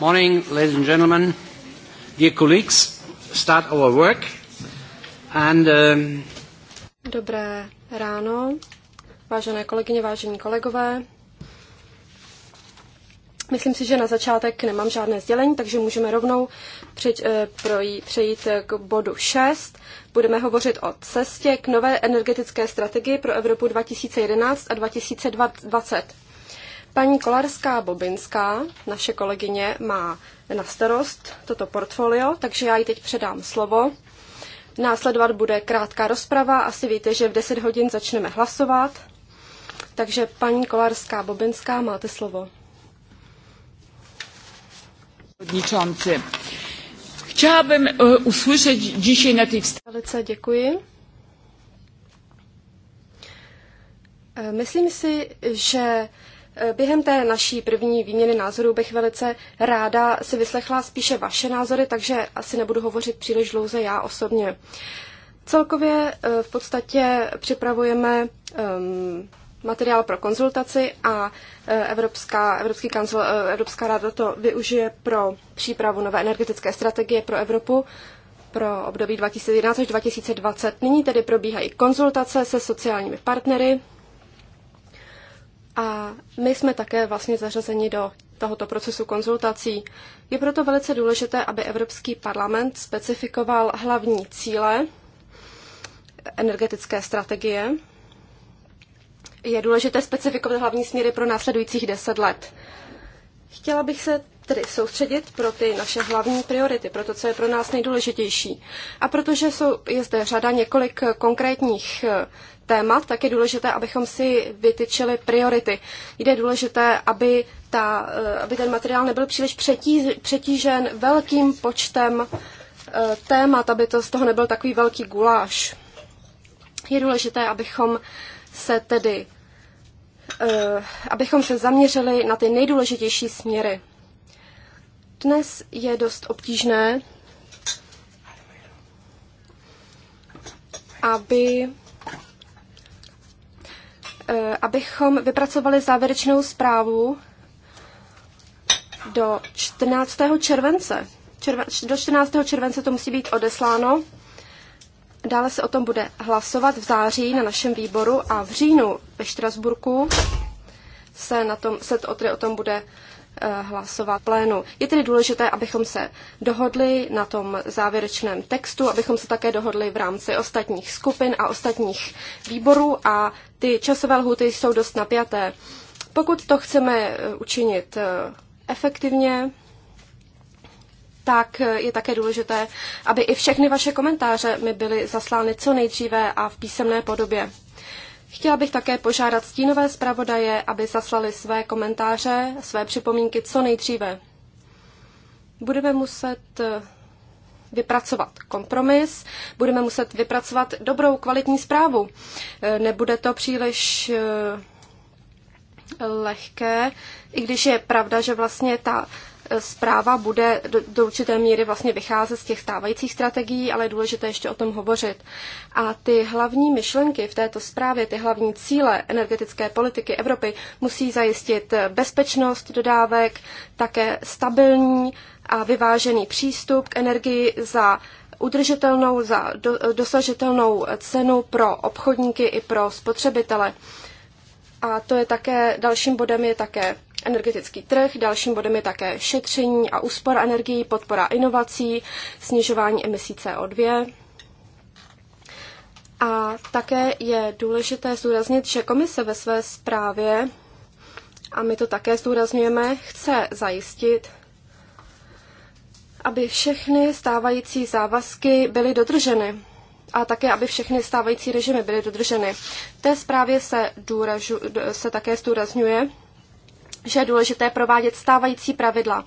Morning, ladies and gentlemen, dear colleagues, start our work. And, um... Dobré ráno, vážené kolegyně, vážení kolegové. Myslím si, že na začátek nemám žádné sdělení, takže můžeme rovnou přeď, eh, projí, přejít k bodu 6. Budeme hovořit o cestě k nové energetické strategii pro Evropu 2011 a 2020. Paní Kolarská Bobinská, naše kolegyně, má na starost toto portfolio, takže já jí teď předám slovo. Následovat bude krátká rozprava. Asi víte, že v 10 hodin začneme hlasovat. Takže paní Kolarská Bobinská, máte slovo. Podničanci. Chtěla bych uh, e, uslyšet dzisiaj na tej Velice děkuji. E, myslím si, že Eh, během té naší první výměny názorů bych velice ráda si vyslechla spíše vaše názory, takže asi nebudu hovořit příliš dlouze já osobně. Celkově eh, v podstatě připravujeme ehm, materiál pro konzultaci a eh, Evropská, Evropský kancel, Evropská rada to využije pro přípravu nové energetické strategie pro Evropu pro období 2011 až 2020. Nyní tedy probíhají konzultace se sociálními partnery, a my jsme také vlastně zařazeni do tohoto procesu konzultací. Je proto velice důležité, aby Evropský parlament specifikoval hlavní cíle energetické strategie. Je důležité specifikovat hlavní směry pro následujících deset let. Chtěla bych se tedy soustředit pro ty naše hlavní priority, pro to, co je pro nás nejdůležitější. A protože jsou, je zde řada několik konkrétních témat, tak je důležité, abychom si vytyčili priority. Jde důležité, aby, ta, eh, aby ten materiál nebyl příliš přetížen velkým počtem eh, témat, aby to z toho nebyl takový velký guláš. Je důležité, abychom se tedy eh, abychom se zaměřili na ty nejdůležitější směry. Dnes je dost obtížné, aby Eh, abychom vypracovali závěrečnou zprávu do 14. července. Červen, do 14. července to musí být odesláno. Dále se o tom bude hlasovat v září na našem výboru a v říjnu ve Štrasburku se, na tom, se to, o tom bude Eh, hlasovat plénu. Je tedy důležité, abychom se dohodli na tom závěrečném textu, abychom se také dohodli v rámci ostatních skupin a ostatních výborů a ty časové lhuty jsou dost napjaté. Pokud to chceme eh, učinit eh, efektivně, tak je také důležité, aby i všechny vaše komentáře mi byly zaslány co nejdříve a v písemné podobě. Chtěla bych také požádat stínové zpravodaje, aby zaslali své komentáře, své připomínky co nejdříve. Budeme muset eh, vypracovat kompromis, budeme muset vypracovat dobrou kvalitní zprávu. Eh, nebude to příliš eh, lehké, i když je pravda, že vlastně ta zpráva bude do, do určité míry vlastně vycházet z těch stávajících strategií, ale je důležité ještě o tom hovořit. A ty hlavní myšlenky v této zprávě, ty hlavní cíle energetické politiky Evropy musí zajistit bezpečnost dodávek, také stabilní a vyvážený přístup k energii za udržitelnou, za do, dosažitelnou cenu pro obchodníky i pro spotřebitele. A to je také, dalším bodem je také energetický trh. Dalším bodem je také šetření a úspor energií, podpora inovací, snižování emisí CO2. A také je důležité zdůraznit, že komise ve své zprávě, a my to také zdůrazňujeme, chce zajistit, aby všechny stávající závazky byly dodrženy a také, aby všechny stávající režimy byly dodrženy. V té zprávě se, důražu, se také zdůrazňuje, že je důležité provádět stávající pravidla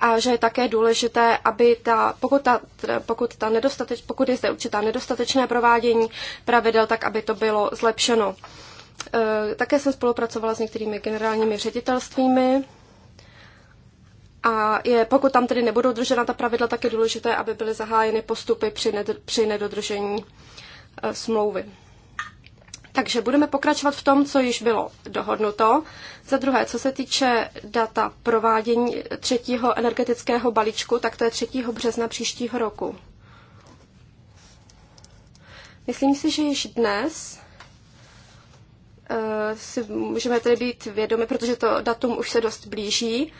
a že je také důležité, aby ta, pokud, ta, pokud, ta nedostateč, pokud je zde určitá nedostatečné provádění pravidel, tak aby to bylo zlepšeno. E, také jsem spolupracovala s některými generálními ředitelstvími a je, pokud tam tedy nebudou dodržena ta pravidla, tak je důležité, aby byly zahájeny postupy při, ned, při nedodržení e, smlouvy. Takže budeme pokračovat v tom, co již bylo dohodnuto. Za druhé, co se týče data provádění třetího energetického balíčku, tak to je 3. března příštího roku. Myslím si, že již dnes eh, si můžeme tedy být vědomi, protože to datum už se dost blíží.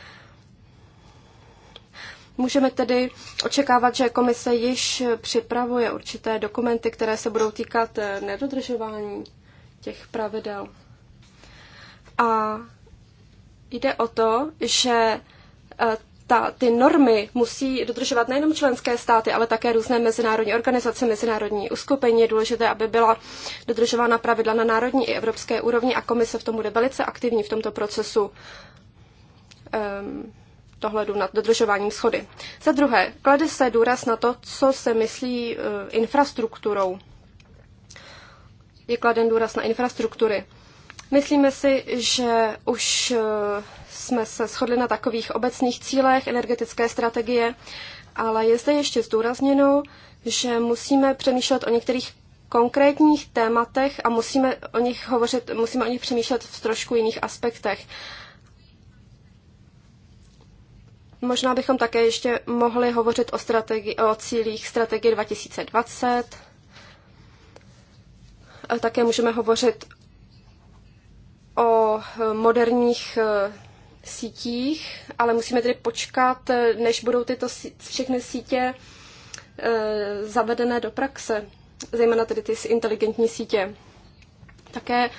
Můžeme tedy očekávat, že komise již připravuje určité dokumenty, které se budou týkat eh, nedodržování těch pravidel. A jde o to, že e, ta, ty normy musí dodržovat nejenom členské státy, ale také různé mezinárodní organizace, mezinárodní uskupení. Je důležité, aby byla dodržována pravidla na národní i evropské úrovni a komise v tom bude velice aktivní v tomto procesu um, dohledu nad dodržováním schody. Za druhé, klade se důraz na to, co se myslí uh, infrastrukturou je kladen důraz na infrastruktury. Myslíme si, že už eh, jsme se shodli na takových obecných cílech energetické strategie, ale je zde ještě zdůrazněno, že musíme přemýšlet o některých konkrétních tématech a musíme o nich hovořit, musíme o nich přemýšlet v trošku jiných aspektech. Možná bychom také ještě mohli hovořit o, strategi- o cílích strategie 2020, také můžeme hovořit o moderních eh, sítích, ale musíme tedy počkat, eh, než budou tyto všechny sítě eh, zavedené do praxe, zejména tedy ty inteligentní sítě. Také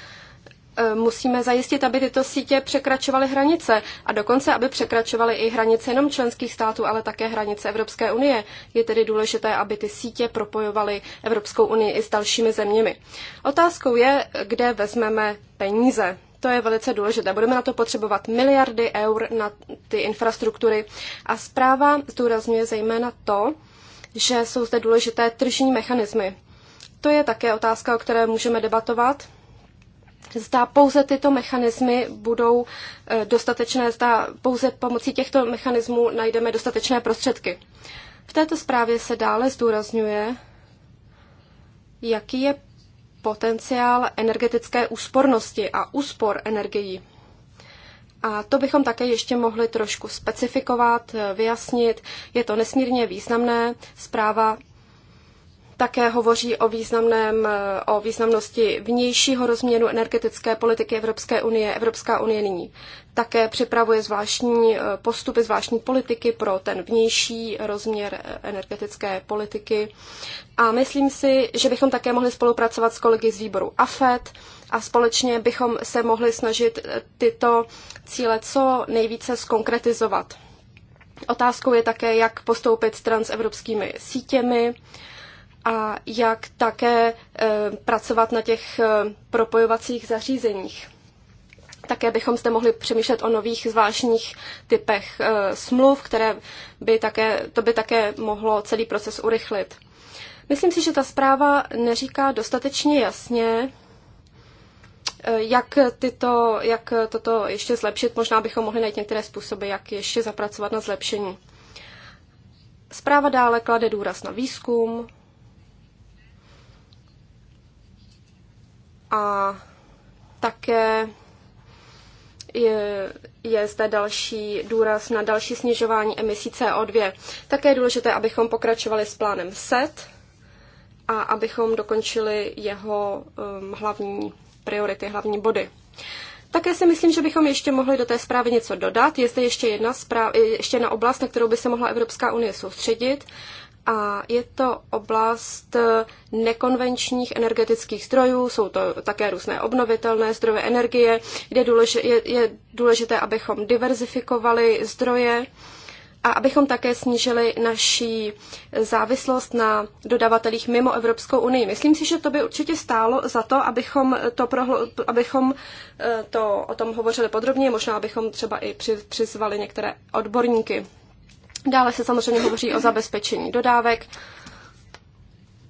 E, musíme zajistit, aby tyto sítě překračovaly hranice a dokonce, aby překračovaly i hranice jenom členských států, ale také hranice Evropské unie. Je tedy důležité, aby ty sítě propojovaly Evropskou unii i s dalšími zeměmi. Otázkou je, kde vezmeme peníze. To je velice důležité. Budeme na to potřebovat miliardy eur na ty infrastruktury. A zpráva zdůrazňuje zejména to, že jsou zde důležité tržní mechanismy. To je také otázka, o které můžeme debatovat Zda pouze tyto mechanismy budou eh, dostatečné, zda pouze pomocí těchto mechanismů najdeme dostatečné prostředky. V této zprávě se dále zdůrazňuje, jaký je potenciál energetické úspornosti a úspor energií. A to bychom také ještě mohli trošku specifikovat, eh, vyjasnit. Je to nesmírně významné. Zpráva také hovoří o, významném, o významnosti vnějšího rozměru energetické politiky Evropské unie. Evropská unie nyní také připravuje zvláštní eh, postupy, zvláštní politiky pro ten vnější rozměr energetické politiky. A myslím si, že bychom také mohli spolupracovat s kolegy z výboru AFET a společně bychom se mohli snažit eh, tyto cíle co nejvíce zkonkretizovat. Otázkou je také, jak postoupit s transevropskými sítěmi, a jak také eh, pracovat na těch eh, propojovacích zařízeních. Také bychom zde mohli přemýšlet o nových zvláštních typech eh, smluv, které by také, to by také mohlo celý proces urychlit. Myslím si, že ta zpráva neříká dostatečně jasně, jak, tyto, jak toto ještě zlepšit. Možná bychom mohli najít některé způsoby, jak ještě zapracovat na zlepšení. Zpráva dále klade důraz na výzkum, a také je, je zde další důraz na další snižování emisí CO2. Také je důležité, abychom pokračovali s plánem SET a abychom dokončili jeho um, hlavní priority, hlavní body. Také si myslím, že bychom ještě mohli do té zprávy něco dodat. Je zde ještě jedna, zpráv, ještě jedna oblast, na kterou by se mohla Evropská unie soustředit, a je to oblast eh, nekonvenčních energetických zdrojů, jsou to také různé obnovitelné zdroje energie, kde je, důležité, abychom diverzifikovali zdroje a abychom také snížili naší závislost na dodavatelích mimo Evropskou unii. Myslím si, že to by určitě stálo za to, abychom to, prohlo, abychom eh, to o tom hovořili podrobně, možná abychom třeba i přizvali některé odborníky. Dále se samozřejmě hovoří o zabezpečení dodávek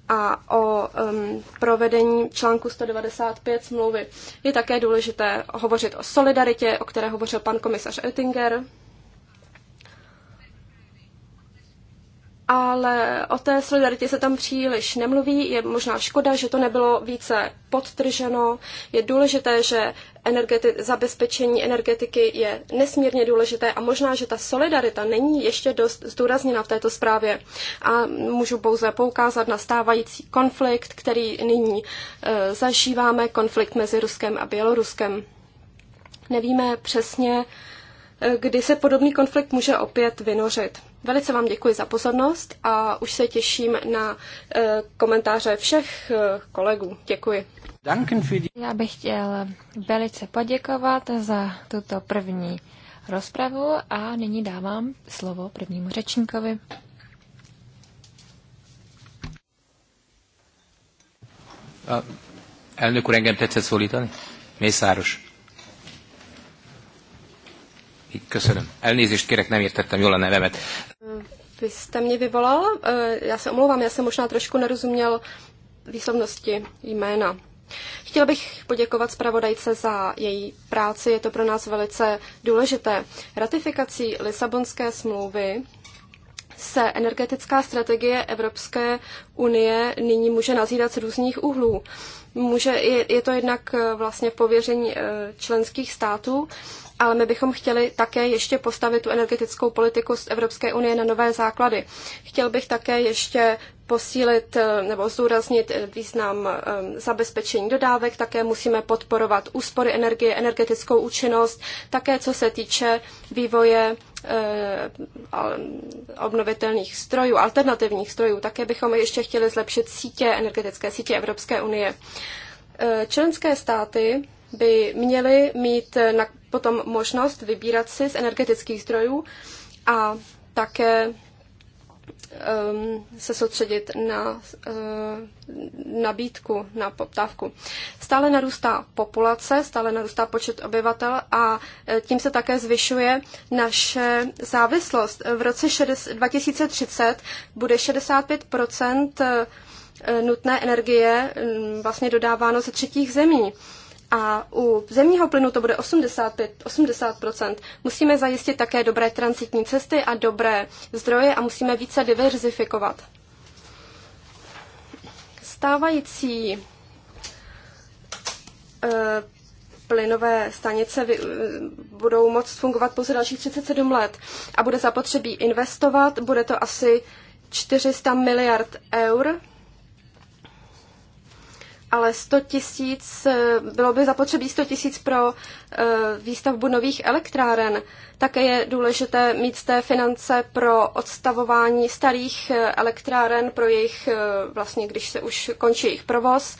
a o um, provedení článku 195 smlouvy. Je také důležité hovořit o solidaritě, o které hovořil pan komisař Oettinger. ale o té solidaritě se tam příliš nemluví. Je možná škoda, že to nebylo více podtrženo. Je důležité, že energeti- zabezpečení energetiky je nesmírně důležité a možná, že ta solidarita není ještě dost zdůrazněna v této zprávě. A můžu pouze poukázat na stávající konflikt, který nyní e, zažíváme, konflikt mezi Ruskem a Běloruskem. Nevíme přesně, kdy se podobný konflikt může opět vynořit. Velice vám děkuji za pozornost a už se těším na eh, komentáře všech eh, kolegů. Děkuji. Já bych chtěl velice poděkovat za tuto první rozpravu a nyní dávám slovo prvnímu řečníkovi. Elnök úr, engem tetszett szólítani? Mészáros. Köszönöm. Elnézést kérek, nem értettem jól a nevemet. Vy jste mě vyvolal, eh, já se omlouvám, já jsem možná trošku nerozuměl výslovnosti jména. Chtěl bych poděkovat zpravodajce za její práci, je to pro nás velice důležité. Ratifikací Lisabonské smlouvy se energetická strategie Evropské unie nyní může nazírat z různých úhlů. Může, je, je to jednak eh, vlastně v pověření eh, členských států, ale my bychom chtěli také ještě postavit tu energetickou politiku z Evropské unie na nové základy. Chtěl bych také ještě posílit eh, nebo zdůraznit eh, význam eh, zabezpečení dodávek, také musíme podporovat úspory energie, energetickou účinnost, také co se týče vývoje obnovitelných strojů, alternativních strojů. Také bychom ještě chtěli zlepšit sítě, energetické sítě Evropské unie. Členské státy by měly mít na potom možnost vybírat si z energetických zdrojů a také um, se soustředit na uh, nabídku, na poptávku. Stále narůstá populace, stále narůstá počet obyvatel a uh, tím se také zvyšuje naše závislost. V roce 2030 bude 65 uh, nutné energie um, vlastně dodáváno ze třetích zemí a u zemního plynu to bude 85, 80%. Musíme zajistit také dobré transitní cesty a dobré zdroje a musíme více diverzifikovat. Stávající e, plynové stanice vy, eh, budou moct fungovat pouze dalších 37 let a bude zapotřebí investovat, bude to asi 400 miliard eur ale 100 tisíc, eh, bylo by zapotřebí 100 tisíc pro eh, výstavbu nových elektráren. Také je důležité mít té finance pro odstavování starých eh, elektráren, pro jejich, vlastně když se už končí jejich provoz.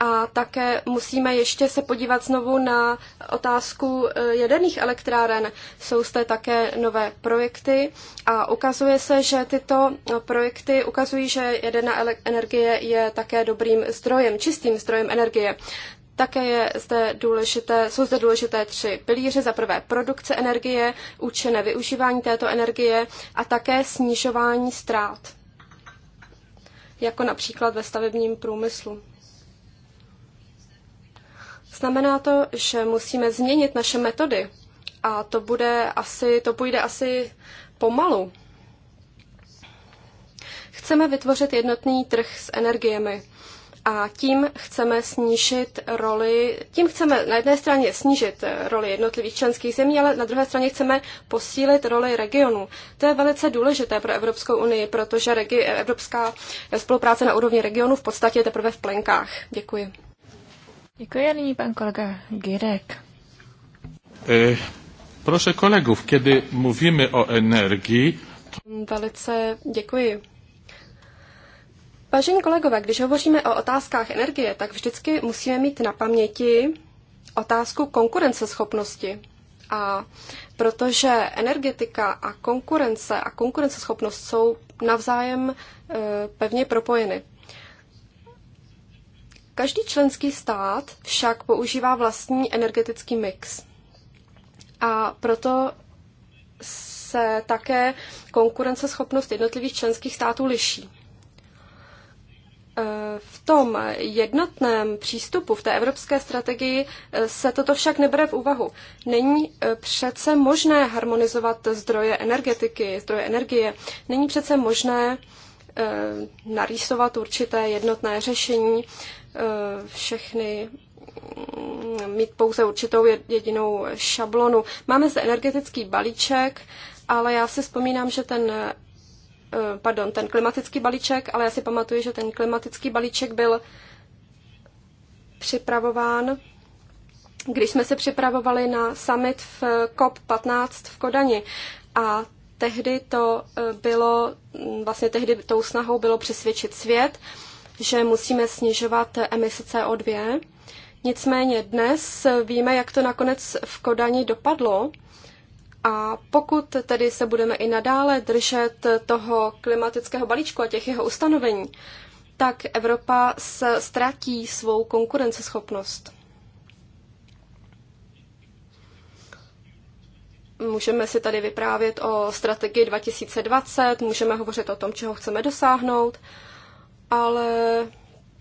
A také musíme ještě se podívat znovu na otázku e, jaderných elektráren. Jsou zde také nové projekty a ukazuje se, že tyto projekty ukazují, že jaderná energie je také dobrým zdrojem, čistým zdrojem energie. Také je zde důležité, jsou zde důležité tři pilíře. Za prvé produkce energie, účinné využívání této energie a také snižování ztrát, jako například ve stavebním průmyslu. Znamená to, že musíme změnit naše metody a to, bude asi, to půjde asi pomalu. Chceme vytvořit jednotný trh s energiemi a tím chceme snížit roli, tím chceme na jedné straně snížit roli jednotlivých členských zemí, ale na druhé straně chceme posílit roli regionu. To je velice důležité pro Evropskou unii, protože regi, evropská spolupráce na úrovni regionu v podstatě je teprve v plenkách. Děkuji. Děkuji a nyní pan kolega Girek. E, proszę kolegów, kiedy mówimy o energii... Velice děkuji. Vážení kolegové, když hovoříme o otázkách energie, tak vždycky musíme mít na paměti otázku konkurenceschopnosti. A protože energetika a konkurence a konkurenceschopnost jsou navzájem e, pevně propojeny. Každý členský stát však používá vlastní energetický mix. A proto se také konkurenceschopnost jednotlivých členských států liší. V tom jednotném přístupu, v té evropské strategii, se toto však nebere v úvahu. Není eh, přece možné harmonizovat zdroje energetiky, zdroje energie. Není přece možné eh, narýsovat určité jednotné řešení. Eh, všechny mm, mít pouze určitou jedinou šablonu. Máme zde energetický balíček, ale já si vzpomínám, že ten eh, pardon, ten klimatický balíček, ale já si pamatuju, že ten klimatický balíček byl připravován, když jsme se připravovali na summit v eh, COP15 v Kodani. A tehdy to bylo, mm, vlastně tehdy tou snahou bylo přesvědčit svět, že musíme snižovat emise CO2. Nicméně dnes víme, jak to nakonec v Kodani dopadlo. A pokud tedy se budeme i nadále držet toho klimatického balíčku a těch jeho ustanovení, tak Evropa ztratí svou konkurenceschopnost. Můžeme si tady vyprávět o strategii 2020, můžeme hovořit o tom, čeho chceme dosáhnout, ale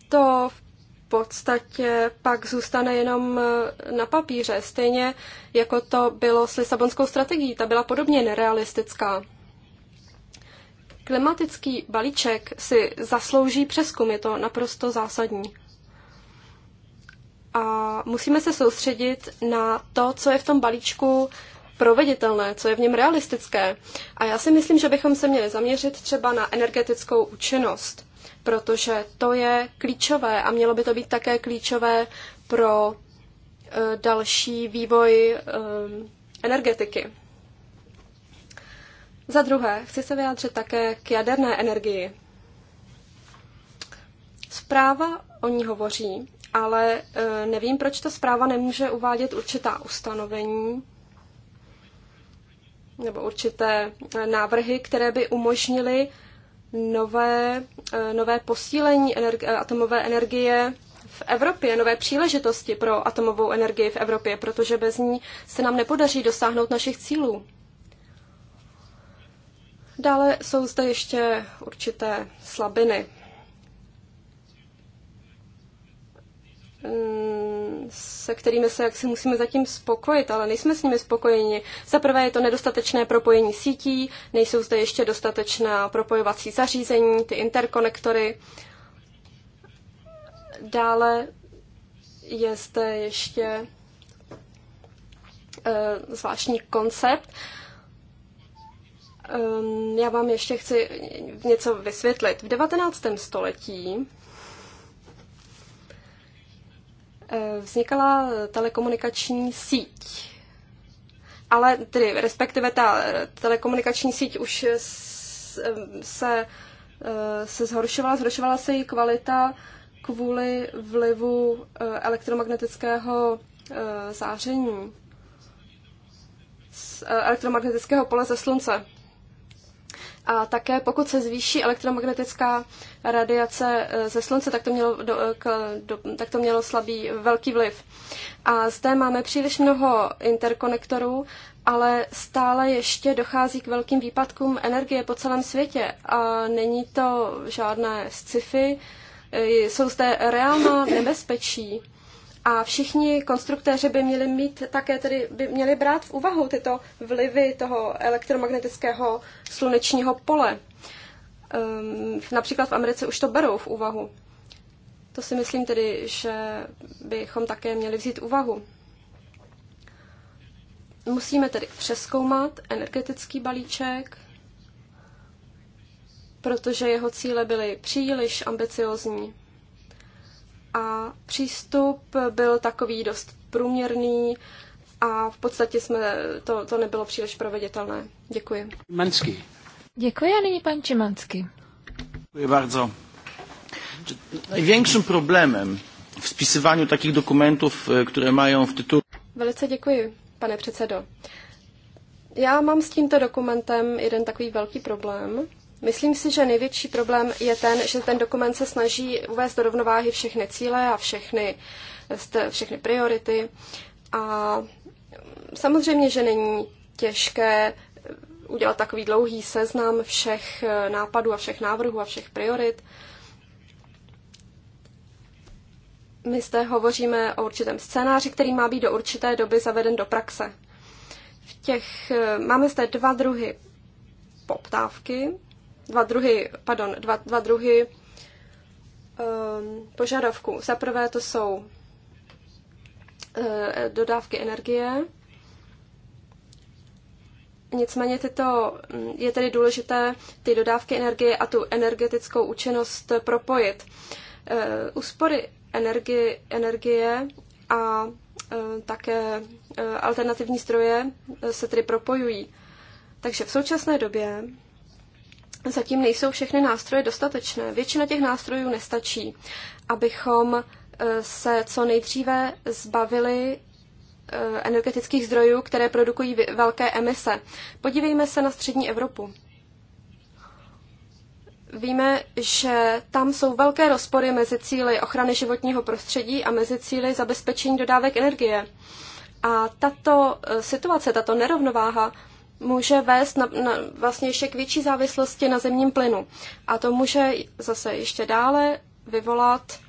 to v podstatě pak zůstane jenom na papíře, stejně jako to bylo s Lisabonskou strategií, ta byla podobně nerealistická. Klimatický balíček si zaslouží přeskum, je to naprosto zásadní. A musíme se soustředit na to, co je v tom balíčku proveditelné, co je v něm realistické. A já si myslím, že bychom se měli zaměřit třeba na energetickou účinnost protože to je klíčové a mělo by to být také klíčové pro eh, další vývoj eh, energetiky. Za druhé, chci se vyjádřit také k jaderné energii. Zpráva o ní hovoří, ale eh, nevím, proč ta zpráva nemůže uvádět určitá ustanovení nebo určité návrhy, které by umožnily nové, eh, nové posílení energi- eh, atomové energie v Evropě, nové příležitosti pro atomovou energii v Evropě, protože bez ní se nám nepodaří dosáhnout našich cílů. Dále jsou zde ještě určité slabiny se kterými se jaksi musíme zatím spokojit, ale nejsme s nimi spokojeni. Za prvé je to nedostatečné propojení sítí, nejsou zde ještě dostatečná propojovací zařízení, ty interkonektory. Dále je zde ještě eh, zvláštní koncept. Ehm, já vám ještě chci něco vysvětlit. V 19. století Eh, vznikala telekomunikační síť. Ale tedy, respektive ta eh, telekomunikační síť už eh, se, se zhoršovala, zhoršovala se její kvalita kvůli vlivu elektromagnetického záření z elektromagnetického pole ze slunce. A také pokud se zvýší elektromagnetická radiace eh, ze slunce, tak to mělo, do, eh, k, do, tak to mělo slabý velký vliv. A zde máme příliš mnoho interkonektorů, ale stále ještě dochází k velkým výpadkům energie po celém světě a není to žádné sci-fi, eh, jsou zde reálná nebezpečí a všichni konstruktéři by měli mít také tedy by měli brát v úvahu tyto vlivy toho elektromagnetického slunečního pole. Um, například v Americe už to berou v úvahu. To si myslím tedy, že bychom také měli vzít úvahu. Musíme tedy přeskoumat energetický balíček, protože jeho cíle byly příliš ambiciozní a přístup byl takový dost průměrný a v podstatě jsme, to, to nebylo příliš proveditelné. Děkuji. Manský. Děkuji a nyní pan Čimanský. Děkuji bardzo. Největším problémem v spisování takých dokumentů, e, které mají v titulu Velice děkuji, pane předsedo. Já mám s tímto dokumentem jeden takový velký problém, Myslím si, že největší problém je ten, že ten dokument se snaží uvést do rovnováhy všechny cíle a všechny, všechny priority. A samozřejmě, že není těžké udělat takový dlouhý seznam všech eh, nápadů a všech návrhů a všech priorit. My zde hovoříme o určitém scénáři, který má být do určité doby zaveden do praxe. V těch, eh, máme zde dva druhy poptávky dva druhy, pardon, dva, dva druhy um, požadavků. Za prvé to jsou uh, dodávky energie. Nicméně tyto, hm, je tedy důležité ty dodávky energie a tu energetickou účinnost propojit. Uh, úspory energie, energie a eh, také alternativní stroje se tedy propojují. Takže v současné době zatím nejsou všechny nástroje dostatečné. Většina těch nástrojů nestačí, abychom eh, se co nejdříve zbavili eh, energetických zdrojů, které produkují velké emise. Podívejme se na střední Evropu. Víme, že tam jsou velké rozpory mezi cíly ochrany životního prostředí a mezi cíly zabezpečení dodávek energie. A tato eh, situace, tato nerovnováha může vést na, na, vlastně ještě k větší závislosti na zemním plynu. A to může zase ještě dále vyvolat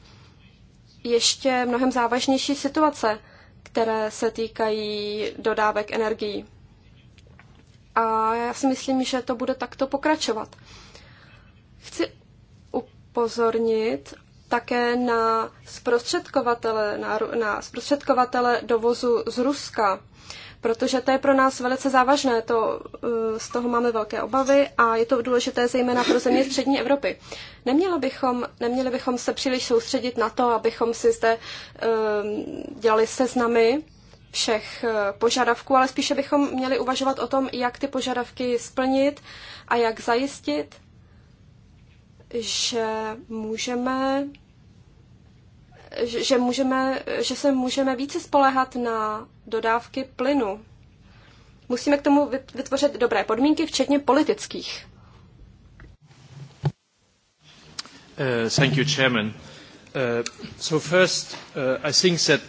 ještě mnohem závažnější situace, které se týkají dodávek energií. A já si myslím, že to bude takto pokračovat. Chci upozornit také na zprostředkovatele, na, na zprostředkovatele dovozu z Ruska protože to je pro nás velice závažné, to, eh, z toho máme velké obavy a je to důležité zejména pro země střední Evropy. Neměli bychom, neměli bychom se příliš soustředit na to, abychom si zde eh, dělali seznamy všech eh, požadavků, ale spíše bychom měli uvažovat o tom, jak ty požadavky splnit a jak zajistit, že můžeme že, můžeme, že se můžeme více spolehat na dodávky plynu. Musíme k tomu vytvořit dobré podmínky, včetně politických. Uh, thank you, Chairman. Uh, so first, uh, I think that,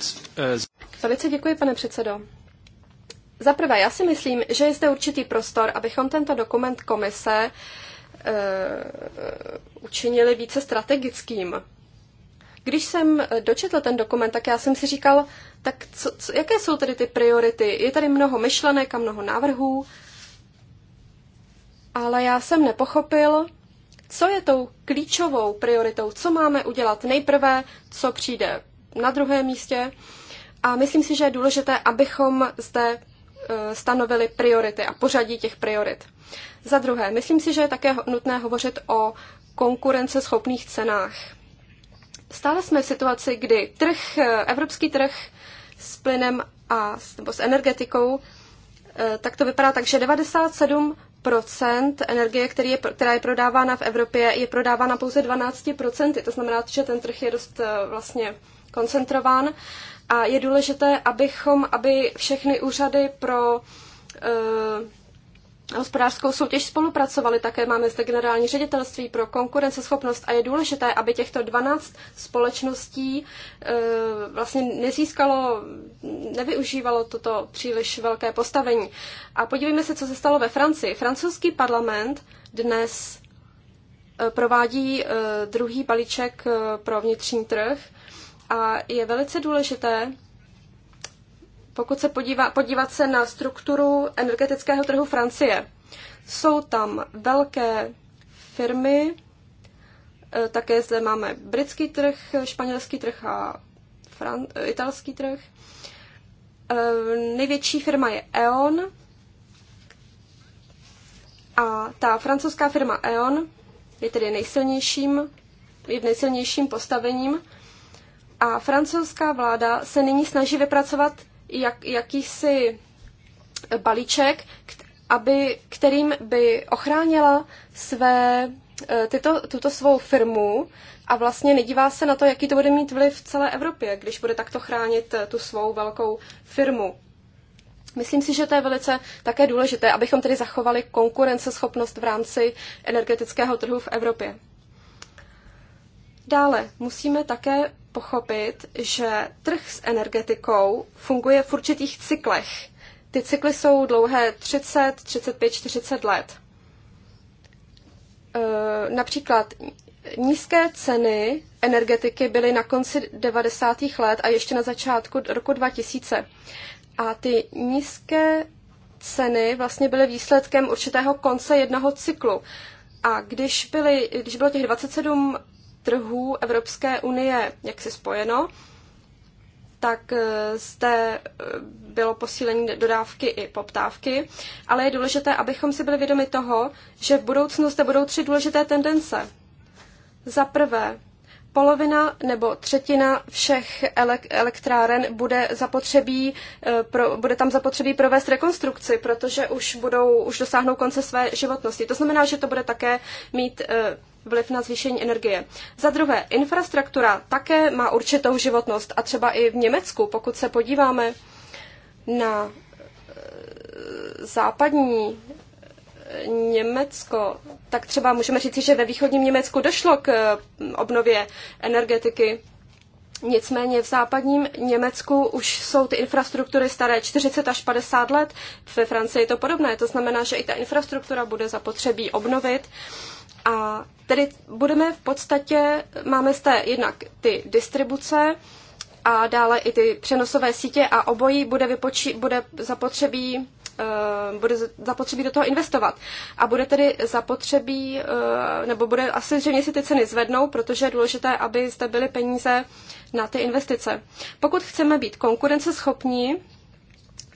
Velice děkuji, pane předsedo. Za prvé, já si myslím, že je zde určitý prostor, abychom tento dokument komise uh, učinili více strategickým když jsem eh, dočetl ten dokument, tak já jsem si říkal, tak co, co, jaké jsou tedy ty priority? Je tady mnoho myšlenek a mnoho návrhů, ale já jsem nepochopil, co je tou klíčovou prioritou, co máme udělat nejprve, co přijde na druhém místě. A myslím si, že je důležité, abychom zde eh, stanovili priority a pořadí těch priorit. Za druhé, myslím si, že je také nutné hovořit o konkurenceschopných cenách stále jsme v situaci, kdy trh, eh, evropský trh s plynem a nebo s energetikou, eh, tak to vypadá tak, že 97 procent energie, který je, která je prodávána v Evropě, je prodávána pouze 12%. To znamená, že ten trh je dost eh, vlastně koncentrován. A je důležité, abychom, aby všechny úřady pro uh, hospodářskou soutěž spolupracovali. Také máme zde generální ředitelství pro konkurenceschopnost a je důležité, aby těchto 12 společností e, vlastně nezískalo, nevyužívalo toto příliš velké postavení. A podívejme se, co se stalo ve Francii. Francouzský parlament dnes e, provádí e, druhý balíček pro vnitřní trh a je velice důležité, pokud se podívá, podívat se na strukturu energetického trhu Francie, jsou tam velké firmy, eh, také zde máme britský trh, španělský trh a fran- italský trh. Eh, největší firma je E.ON a ta francouzská firma E.ON je tedy nejsilnějším, je v nejsilnějším postavením a francouzská vláda se nyní snaží vypracovat jak, jakýsi balíček, aby, kterým by ochránila své, e, tyto, tuto svou firmu a vlastně nedívá se na to, jaký to bude mít vliv v celé Evropě, když bude takto chránit e, tu svou velkou firmu. Myslím si, že to je velice také důležité, abychom tedy zachovali konkurenceschopnost v rámci energetického trhu v Evropě. Dále musíme také pochopit, že trh s energetikou funguje v určitých cyklech. Ty cykly jsou dlouhé 30, 35, 40 let. E, například nízké ceny energetiky byly na konci 90. let a ještě na začátku roku 2000. A ty nízké ceny vlastně byly výsledkem určitého konce jednoho cyklu. A když, byly, když bylo těch 27 trhů Evropské unie jaksi spojeno, tak eh, zde eh, bylo posílení dodávky i poptávky, ale je důležité, abychom si byli vědomi toho, že v budoucnu zde budou tři důležité tendence. Za prvé, polovina nebo třetina všech elektráren bude zapotřebí, eh, pro, bude tam zapotřebí provést rekonstrukci, protože už budou, už dosáhnou konce své životnosti. To znamená, že to bude také mít vliv na zvýšení energie. Za druhé, infrastruktura také má určitou životnost a třeba i v Německu, pokud se podíváme na eh, západní eh, Německo, tak třeba můžeme říci, že ve východním Německu došlo k eh, obnově energetiky. Nicméně v západním Německu už jsou ty infrastruktury staré 40 až 50 let, ve Francii je to podobné, to znamená, že i ta infrastruktura bude zapotřebí obnovit a tedy budeme v podstatě, máme zde jednak ty distribuce a dále i ty přenosové sítě a obojí bude, vypočí, bude zapotřebí eh, bude zapotřebí do toho investovat. A bude tedy zapotřebí, eh, nebo bude asi zřejmě si ty ceny zvednou, protože je důležité, aby zde byly peníze na ty investice. Pokud chceme být konkurenceschopní,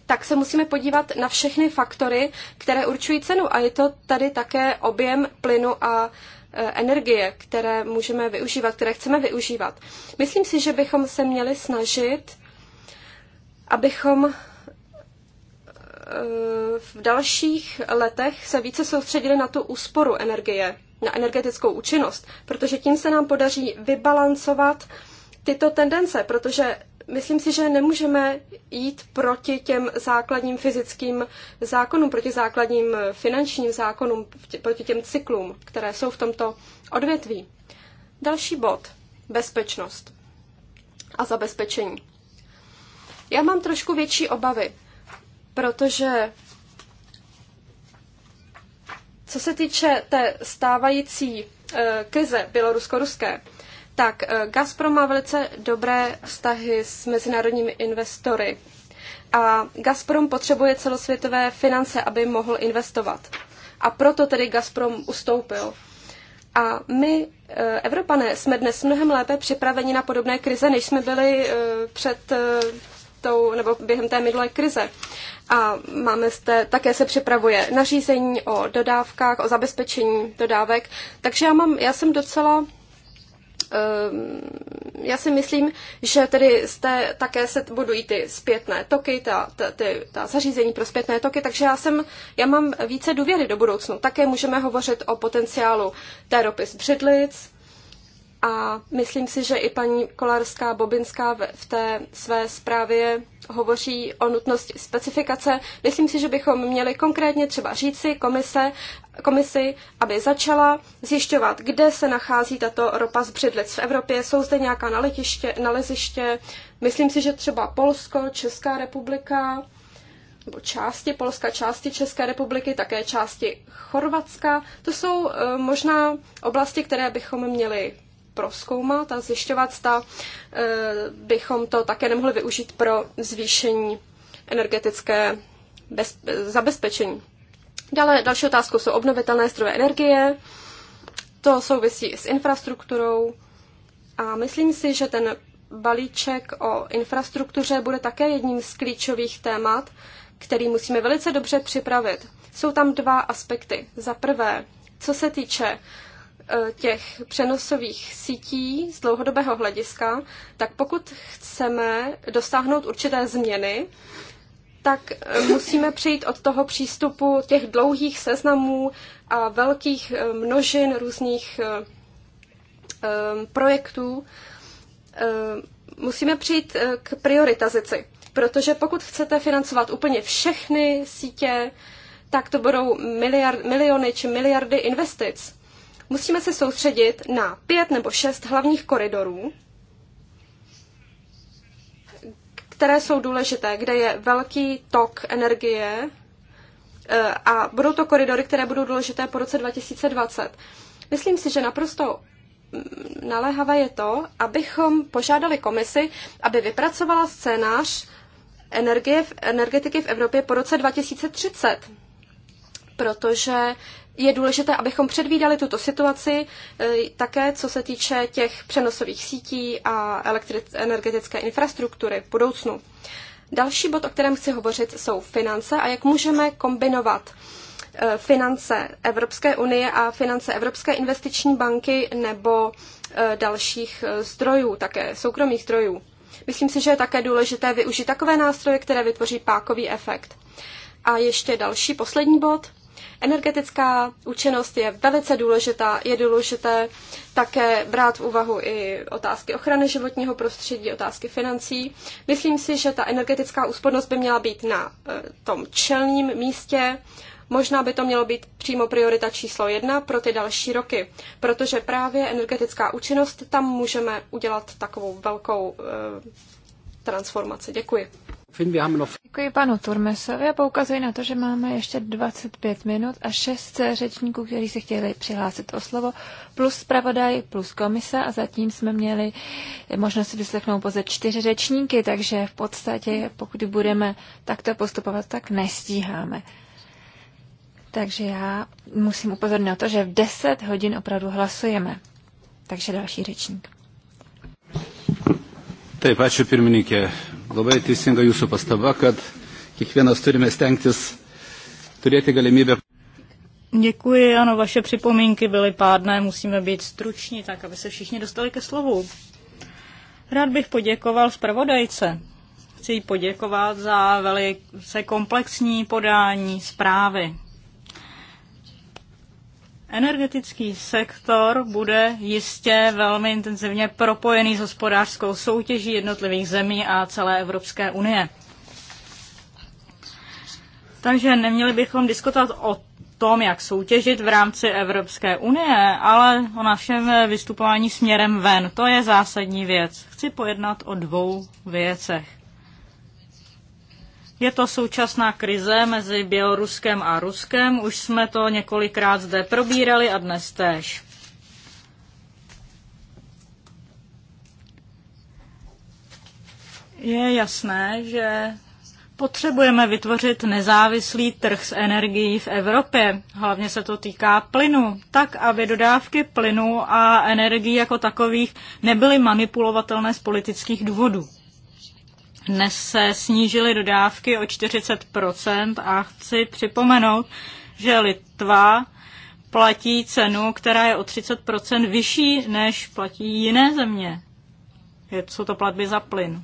tak se musíme podívat na všechny faktory, které určují cenu. A je to tady také objem plynu a e, energie, které můžeme využívat, které chceme využívat. Myslím si, že bychom se měli snažit, abychom e, v dalších letech se více soustředili na tu úsporu energie, na energetickou účinnost, protože tím se nám podaří vybalancovat tyto tendence, protože Myslím si, že nemůžeme jít proti těm základním fyzickým zákonům, proti základním finančním zákonům, proti těm cyklům, které jsou v tomto odvětví. Další bod. Bezpečnost a zabezpečení. Já mám trošku větší obavy, protože co se týče té stávající eh, krize bělorusko-ruské, tak, eh, Gazprom má velice dobré vztahy s mezinárodními investory a Gazprom potřebuje celosvětové finance, aby mohl investovat. A proto tedy Gazprom ustoupil. A my, eh, Evropané, jsme dnes mnohem lépe připraveni na podobné krize, než jsme byli eh, před tou, nebo během té minulé krize. A máme zde, také se připravuje nařízení o dodávkách, o zabezpečení dodávek. Takže já, mám, já jsem docela Ehm, já si myslím, že tedy jste, také se budují ty zpětné toky, ta, ta, ty, ta zařízení pro zpětné toky, takže já, jsem, já mám více důvěry do budoucnu. Také můžeme hovořit o potenciálu té ropy z Břidlic a myslím si, že i paní Kolarská Bobinská v té své zprávě hovoří o nutnosti specifikace. Myslím si, že bychom měli konkrétně třeba říci komise, komisi, aby začala zjišťovat, kde se nachází tato ropa z břidlic v Evropě. Jsou zde nějaká naletiště, naleziště. Myslím si, že třeba Polsko, Česká republika, nebo části Polska, části České republiky, také části Chorvatska. To jsou eh, možná oblasti, které bychom měli proskoumat a zjišťovat, zda e, bychom to také nemohli využít pro zvýšení energetické bez, zabezpečení. Dále další otázkou jsou obnovitelné zdroje energie. To souvisí s infrastrukturou a myslím si, že ten balíček o infrastruktuře bude také jedním z klíčových témat, který musíme velice dobře připravit. Jsou tam dva aspekty. Za prvé, co se týče E, těch přenosových sítí z dlouhodobého hlediska, tak pokud chceme dosáhnout určité změny, tak e, musíme přejít od toho přístupu těch dlouhých seznamů a velkých e, množin různých projektů. Musíme přijít k prioritazici, protože pokud chcete financovat úplně všechny sítě, tak to budou miliard, miliony či miliardy investic musíme se soustředit na pět nebo šest hlavních koridorů, které jsou důležité, kde je velký tok energie eh, a budou to koridory, které budou důležité po roce 2020. Myslím si, že naprosto mm, naléhavé je to, abychom požádali komisi, aby vypracovala scénář energie, energetiky v Evropě po roce 2030, protože je důležité, abychom předvídali tuto situaci e, také, co se týče těch přenosových sítí a energetické infrastruktury v budoucnu. Další bod, o kterém chci hovořit, jsou finance a jak můžeme kombinovat e, finance Evropské unie a finance Evropské investiční banky nebo e, dalších zdrojů, také soukromých zdrojů. Myslím si, že je také důležité využít takové nástroje, které vytvoří pákový efekt. A ještě další, poslední bod – Energetická účinnost je velice důležitá. Je důležité také brát v úvahu i otázky ochrany životního prostředí, otázky financí. Myslím si, že ta energetická úspornost by měla být na eh, tom čelním místě. Možná by to mělo být přímo priorita číslo jedna pro ty další roky, protože právě energetická účinnost, tam můžeme udělat takovou velkou eh, transformaci. Děkuji. Děkuji panu Turmesovi a poukazuji na to, že máme ještě 25 minut a 6 řečníků, kteří se chtěli přihlásit o slovo, plus zpravodaj, plus komise a zatím jsme měli možnost si vyslechnout pouze čtyři řečníky, takže v podstatě, pokud budeme takto postupovat, tak nestíháme. Takže já musím upozornit na to, že v 10 hodin opravdu hlasujeme. Takže další řečník. Tady, ačiū pirmininkė. Labai teisinga jūsų pastaba, kad kiekvienas turime stengtis turėti galimybę. Děkuji, ano, vaše připomínky byly pádné, musíme být struční, tak aby se všichni dostali ke slovu. Rád bych poděkoval zpravodajce. Chci jí poděkovat za velice komplexní podání zprávy. Energetický sektor bude jistě velmi intenzivně propojený s hospodářskou soutěží jednotlivých zemí a celé Evropské unie. Takže neměli bychom diskutovat o tom, jak soutěžit v rámci Evropské unie, ale o našem vystupování směrem ven. To je zásadní věc. Chci pojednat o dvou věcech. Je to současná krize mezi Běloruskem a Ruskem. Už jsme to několikrát zde probírali a dnes též. Je jasné, že potřebujeme vytvořit nezávislý trh s energií v Evropě. Hlavně se to týká plynu, tak aby dodávky plynu a energií jako takových nebyly manipulovatelné z politických důvodů. Dnes se snížily dodávky o 40% a chci připomenout, že Litva platí cenu, která je o 30% vyšší, než platí jiné země. Jsou to platby za plyn.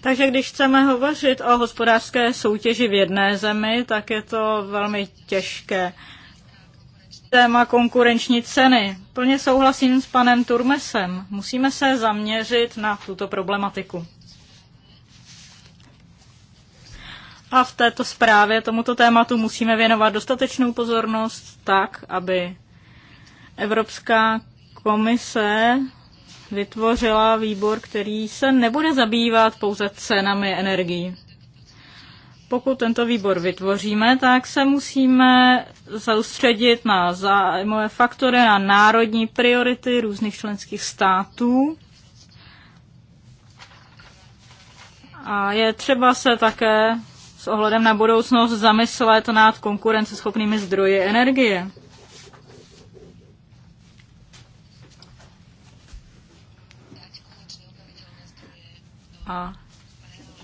Takže když chceme hovořit o hospodářské soutěži v jedné zemi, tak je to velmi těžké. Téma konkurenční ceny. Plně souhlasím s panem Turmesem. Musíme se zaměřit na tuto problematiku. A v této zprávě tomuto tématu musíme věnovat dostatečnou pozornost tak, aby Evropská komise vytvořila výbor, který se nebude zabývat pouze cenami energií. Pokud tento výbor vytvoříme, tak se musíme soustředit na zájmové faktory, na národní priority různých členských států. A je třeba se také s ohledem na budoucnost zamyslet nad konkurenceschopnými zdroji energie. A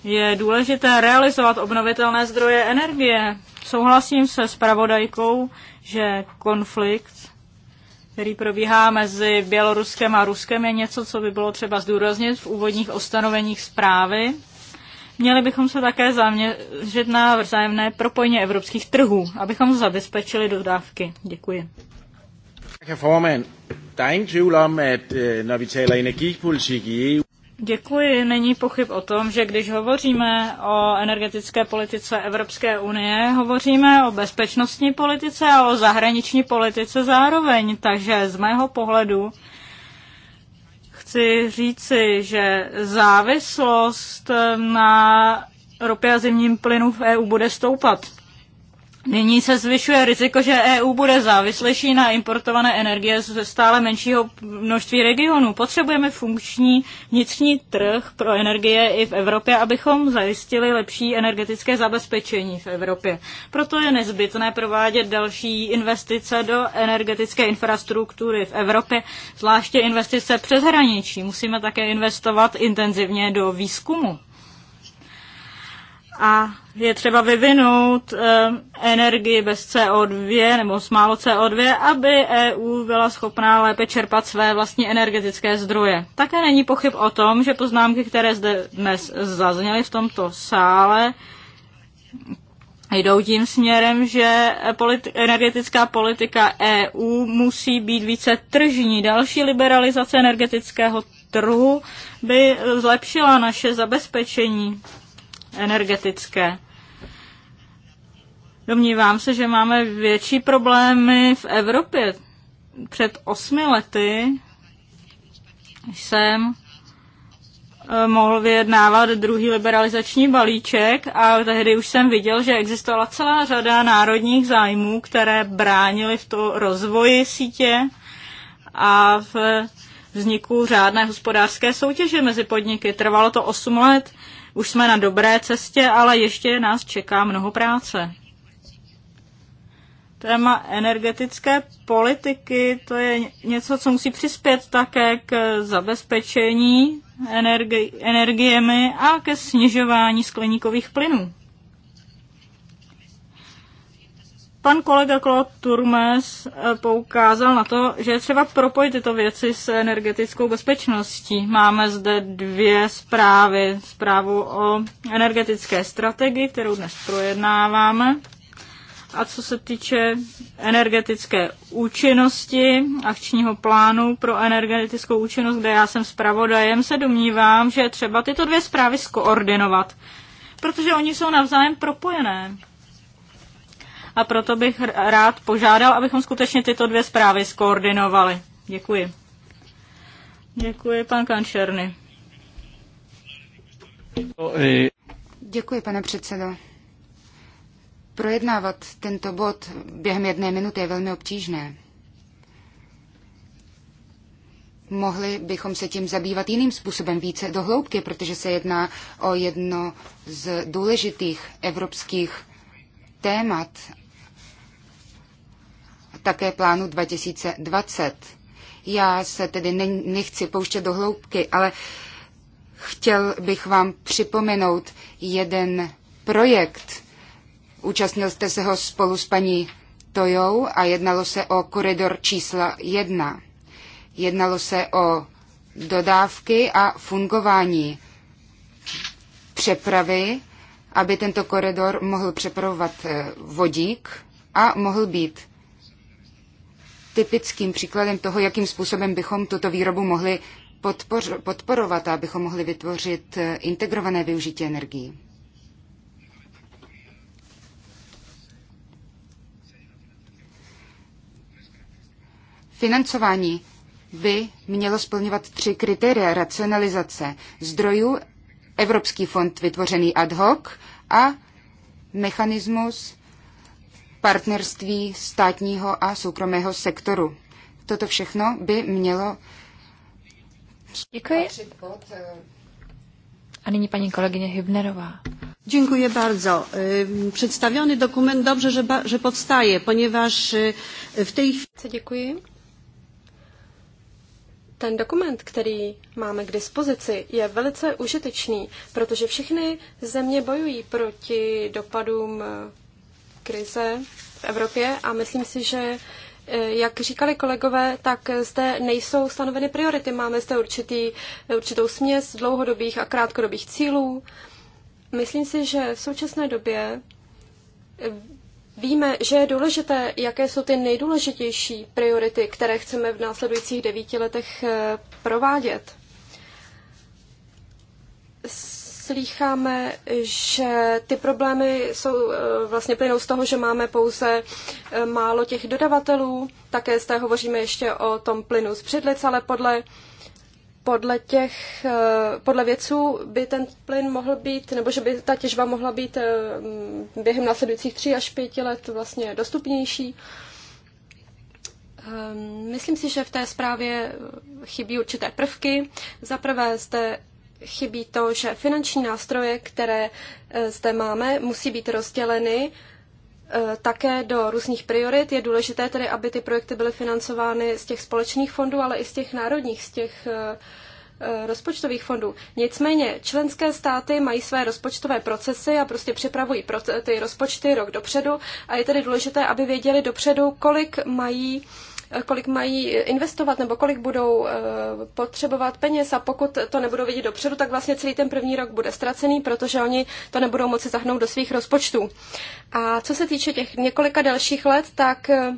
je důležité realizovat obnovitelné zdroje energie. Souhlasím se s pravodajkou, že konflikt, který probíhá mezi Běloruskem a Ruskem, je něco, co by bylo třeba zdůraznit v úvodních ostanoveních zprávy. Měli bychom se také zaměřit na vzájemné propojení evropských trhů, abychom zabezpečili dodávky. Děkuji. Er øh, Děkuji. Není pochyb o tom, že když hovoříme o energetické politice Evropské unie, hovoříme o bezpečnostní politice a o zahraniční politice zároveň. Takže z mého pohledu chci říci, že závislost na ropě a zimním plynu v EU bude stoupat. Nyní se zvyšuje riziko, že EU bude závislejší na importované energie ze stále menšího množství regionů. Potřebujeme funkční vnitřní trh pro energie i v Evropě, abychom zajistili lepší energetické zabezpečení v Evropě. Proto je nezbytné provádět další investice do energetické infrastruktury v Evropě, zvláště investice přes hraničí. Musíme také investovat intenzivně do výzkumu a je třeba vyvinout eh, energii bez CO2 nebo s málo CO2, aby EU byla schopná lépe čerpat své vlastní energetické zdroje. Také není pochyb o tom, že poznámky, které zde dnes zazněly v tomto sále, jdou tím směrem, že politi- energetická politika EU musí být více tržní. Další liberalizace energetického trhu by zlepšila naše zabezpečení energetické. Domnívám se, že máme větší problémy v Evropě. Před osmi lety jsem eh, mohl vyjednávat druhý liberalizační balíček a tehdy už jsem viděl, že existovala celá řada národních zájmů, které bránily v to rozvoji sítě a v vzniku řádné hospodářské soutěže mezi podniky. Trvalo to 8 let, už jsme na dobré cestě, ale ještě nás čeká mnoho práce. Téma energetické politiky, to je něco, co musí přispět také k zabezpečení energi- energiemi a ke snižování skleníkových plynů. Pan kolega Claude Turmes eh, poukázal na to, že je třeba propojit tyto věci s energetickou bezpečností. Máme zde dvě zprávy. Zprávu o energetické strategii, kterou dnes projednáváme. A co se týče energetické účinnosti, akčního plánu pro energetickou účinnost, kde já jsem zpravodajem, se domnívám, že třeba tyto dvě zprávy skoordinovat, protože oni jsou navzájem propojené a proto bych rád požádal, abychom skutečně tyto dvě zprávy skoordinovali. Děkuji. Děkuji, pan Kančerny. Děkuji, pane předsedo. Projednávat tento bod během jedné minuty je velmi obtížné. Mohli bychom se tím zabývat jiným způsobem více do hloubky, protože se jedná o jedno z důležitých evropských témat také plánu 2020. Já se tedy nechci pouštět do hloubky, ale chtěl bych vám připomenout jeden projekt. Účastnil jste se ho spolu s paní Tojou a jednalo se o koridor čísla 1. Jednalo se o dodávky a fungování přepravy, aby tento koridor mohl přepravovat eh, vodík a mohl být typickým příkladem toho, jakým způsobem bychom tuto výrobu mohli podpor, podporovat a abychom mohli vytvořit eh, integrované využití energií. Financování by mělo splňovat tři kritéria racionalizace zdrojů, Evropský fond vytvořený ad hoc a mechanismus partnerství státního a soukromého sektoru. Toto všechno by mělo Děkuji. Eh, a nyní paní kolegyně Hybnerová. Dziękuję bardzo. Przedstawiony dokument dobrze, że, że powstaje, ponieważ e, w tej chwili... Dziękuję. Ten dokument, který máme k dispozici, je velice užitečný, protože všechny země bojují proti dopadům e, krize v Evropě a myslím si, že e, jak říkali kolegové, tak zde nejsou stanoveny priority. Máme zde určitý, určitou směs dlouhodobých a krátkodobých cílů. Myslím si, že v současné době e, víme, že je důležité, jaké jsou ty nejdůležitější priority, které chceme v následujících devíti letech e, provádět slýcháme, že ty problémy jsou eh, vlastně plynou z toho, že máme pouze eh, málo těch dodavatelů. Také zde hovoříme ještě o tom plynu z předlic, ale podle, podle, těch, eh, podle věců by ten plyn mohl být, nebo že by ta těžba mohla být během následujících tří až pěti let vlastně dostupnější. Ehm, myslím si, že v té zprávě chybí určité prvky. Za prvé zde chybí to, že finanční nástroje, které e, zde máme, musí být rozděleny e, také do různých priorit. Je důležité tedy, aby ty projekty byly financovány z těch společných fondů, ale i z těch národních, z těch e, rozpočtových fondů. Nicméně členské státy mají své rozpočtové procesy a prostě připravují ty rozpočty rok dopředu a je tedy důležité, aby věděli dopředu, kolik mají kolik mají investovat nebo kolik budou eh, potřebovat peněz a pokud to nebudou vidět dopředu, tak vlastně celý ten první rok bude ztracený, protože oni to nebudou moci zahnout do svých rozpočtů. A co se týče těch několika dalších let, tak eh,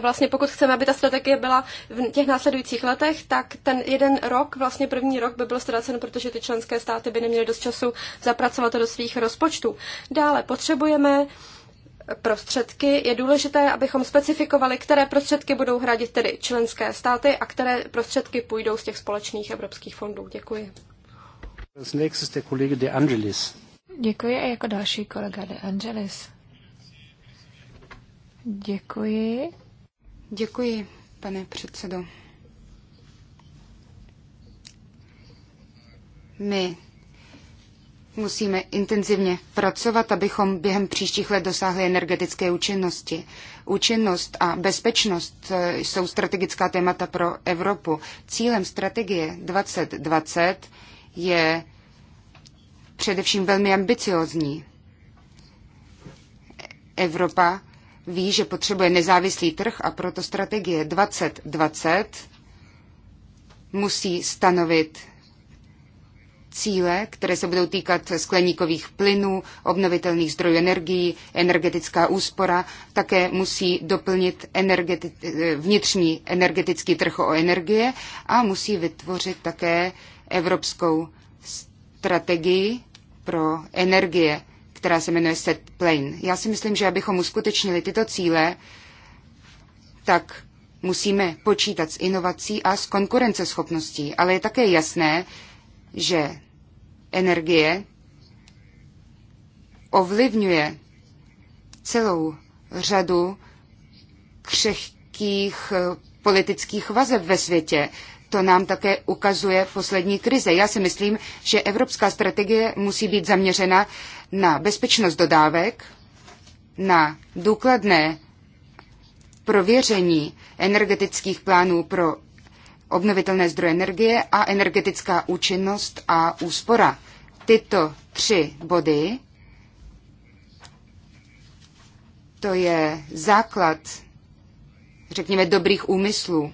vlastně pokud chceme, aby ta strategie byla v těch následujících letech, tak ten jeden rok, vlastně první rok by byl ztracen, protože ty členské státy by neměly dost času zapracovat to do svých rozpočtů. Dále potřebujeme prostředky, je důležité, abychom specifikovali, které prostředky budou hradit tedy členské státy a které prostředky půjdou z těch společných evropských fondů. Děkuji. De Angelis. Děkuji a jako další kolega De Angelis. Děkuji. Děkuji, pane předsedo. My musíme intenzivně pracovat, abychom během příštích let dosáhli energetické účinnosti. Účinnost a bezpečnost eh, jsou strategická témata pro Evropu. Cílem strategie 2020 je především velmi ambiciozní. Evropa ví, že potřebuje nezávislý trh a proto strategie 2020 musí stanovit cíle, které se budou týkat skleníkových plynů, obnovitelných zdrojů energií, energetická úspora, také musí doplnit energeti- vnitřní energetický trh o energie a musí vytvořit také evropskou strategii pro energie, která se jmenuje Set Plain. Já si myslím, že abychom uskutečnili tyto cíle, tak musíme počítat s inovací a s konkurenceschopností, ale je také jasné, že energie ovlivňuje celou řadu křehkých eh, politických vazeb ve světě. To nám také ukazuje poslední krize. Já si myslím, že evropská strategie musí být zaměřena na bezpečnost dodávek, na důkladné prověření energetických plánů pro obnovitelné zdroje energie a energetická účinnost a úspora. Tyto tři body, to je základ, řekněme, dobrých úmyslů.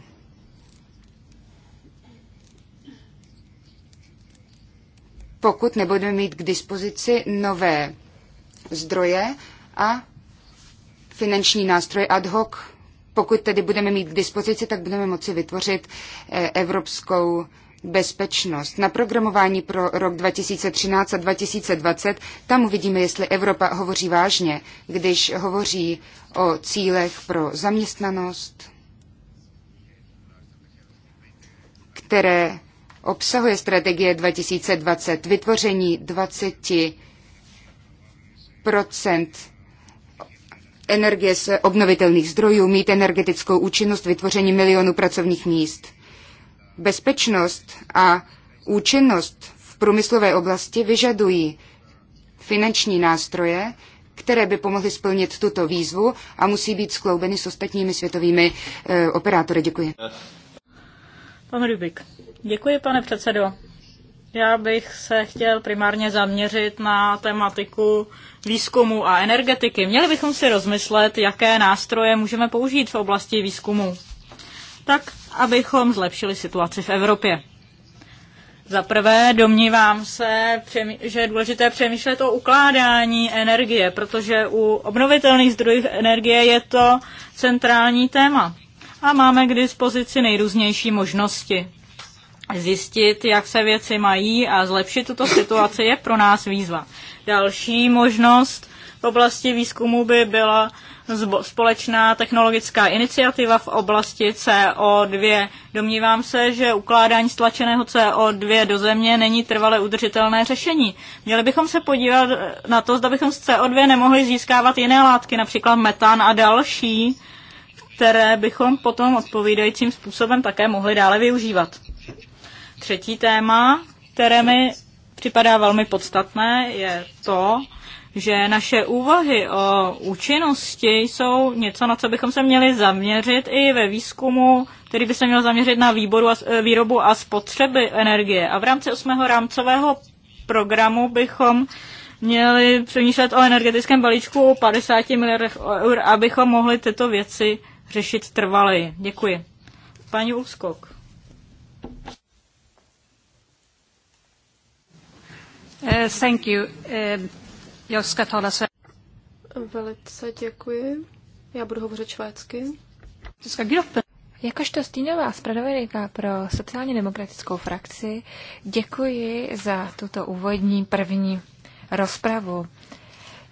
Pokud nebudeme mít k dispozici nové zdroje a finanční nástroje ad hoc pokud tedy budeme mít k dispozici, tak budeme moci vytvořit eh, evropskou bezpečnost. Na programování pro rok 2013 a 2020 tam uvidíme, jestli Evropa hovoří vážně, když hovoří o cílech pro zaměstnanost, které obsahuje strategie 2020, vytvoření 20 procent energie z obnovitelných zdrojů, mít energetickou účinnost, vytvoření milionů pracovních míst. Bezpečnost a účinnost v průmyslové oblasti vyžadují finanční nástroje, které by pomohly splnit tuto výzvu a musí být skloubeny s ostatními světovými e, operátory. Děkuji. Pan Rubik. Děkuji, pane předsedo. Já bych se chtěl primárně zaměřit na tematiku výzkumu a energetiky. Měli bychom si rozmyslet, jaké nástroje můžeme použít v oblasti výzkumu, tak abychom zlepšili situaci v Evropě. Za prvé domnívám se, že je důležité přemýšlet o ukládání energie, protože u obnovitelných zdrojů energie je to centrální téma. A máme k dispozici nejrůznější možnosti zjistit, jak se věci mají a zlepšit tuto situaci je pro nás výzva. Další možnost v oblasti výzkumu by byla společná technologická iniciativa v oblasti CO2. Domnívám se, že ukládání stlačeného CO2 do země není trvale udržitelné řešení. Měli bychom se podívat na to, zda bychom z CO2 nemohli získávat jiné látky, například metan a další, které bychom potom odpovídajícím způsobem také mohli dále využívat. Třetí téma, které mi připadá velmi podstatné, je to, že naše úvahy o účinnosti jsou něco, na co bychom se měli zaměřit i ve výzkumu, který by se měl zaměřit na výboru a, eh, výrobu a spotřeby energie. A v rámci osmého rámcového programu bychom měli přemýšlet o energetickém balíčku o 50 miliardech eur, abychom mohli tyto věci řešit trvaleji. Děkuji. Paní Úskok. Uh, thank you. Uh, jag ska tala Velice děkuji. Já budu hovořit švédsky. Jakožto stínová zpravodajka pro sociálně demokratickou frakci děkuji za tuto úvodní první rozpravu.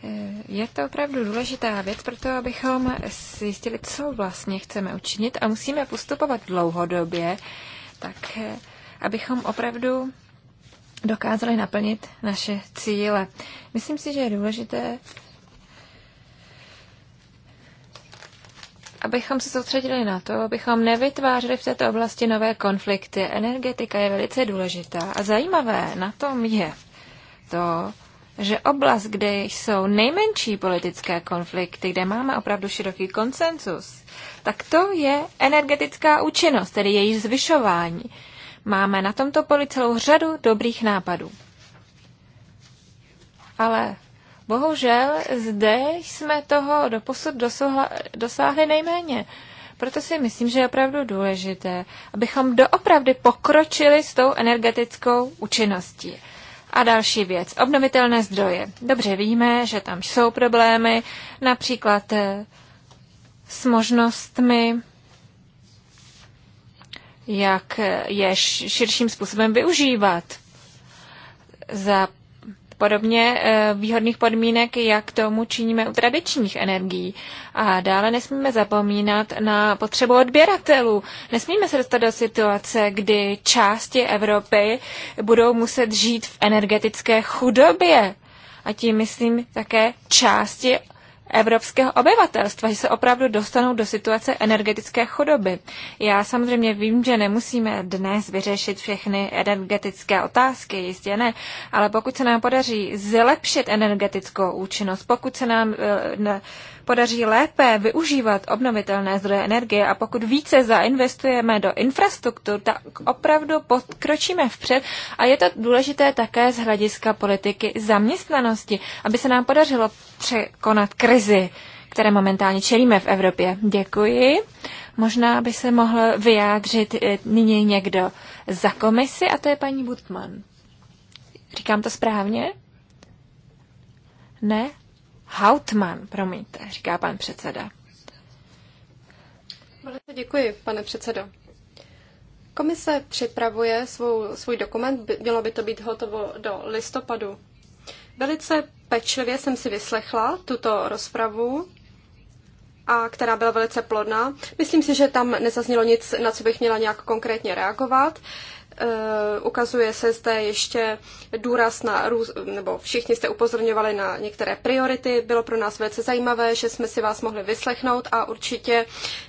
Eh, je to opravdu důležitá věc, proto abychom zjistili, co vlastně chceme učinit a musíme postupovat dlouhodobě, tak eh, abychom opravdu dokázali naplnit naše cíle. Myslím si, že je důležité, abychom se soustředili na to, abychom nevytvářeli v této oblasti nové konflikty. Energetika je velice důležitá a zajímavé na tom je to, že oblast, kde jsou nejmenší politické konflikty, kde máme opravdu široký konsensus, tak to je energetická účinnost, tedy její zvyšování. Máme na tomto poli celou řadu dobrých nápadů. Ale bohužel zde jsme toho doposud dosáhli nejméně. Proto si myslím, že je opravdu důležité, abychom doopravdy pokročili s tou energetickou účinností. A další věc, obnovitelné zdroje. Dobře víme, že tam jsou problémy, například eh, s možnostmi jak je širším způsobem využívat za podobně eh, výhodných podmínek, jak tomu činíme u tradičních energií. A dále nesmíme zapomínat na potřebu odběratelů. Nesmíme se dostat do situace, kdy části Evropy budou muset žít v energetické chudobě. A tím myslím také části evropského obyvatelstva, že se opravdu dostanou do situace energetické chudoby. Já samozřejmě vím, že nemusíme dnes vyřešit všechny energetické otázky, jistě ne, ale pokud se nám podaří zlepšit energetickou účinnost, pokud se nám eh, podaří lépe využívat obnovitelné zdroje energie a pokud více zainvestujeme do infrastruktur, tak opravdu pokročíme vpřed a je to důležité také z hlediska politiky zaměstnanosti, aby se nám podařilo překonat krizi které momentálně čelíme v Evropě. Děkuji. Možná by se mohl vyjádřit eh, nyní někdo za komisi, a to je paní Butman. Říkám to správně? Ne? Hautman, promiňte, říká pan předseda. Velice děkuji, pane předsedo. Komise připravuje svou, svůj dokument, mělo by to být hotovo do listopadu. Velice pečlivě jsem si vyslechla tuto rozpravu, a která byla velice plodná. Myslím si, že tam nezaznělo nic, na co bych měla nějak konkrétně reagovat. Eh, ukazuje se zde ještě důraz na růz, nebo všichni jste upozorňovali na některé priority. Bylo pro nás velice zajímavé, že jsme si vás mohli vyslechnout a určitě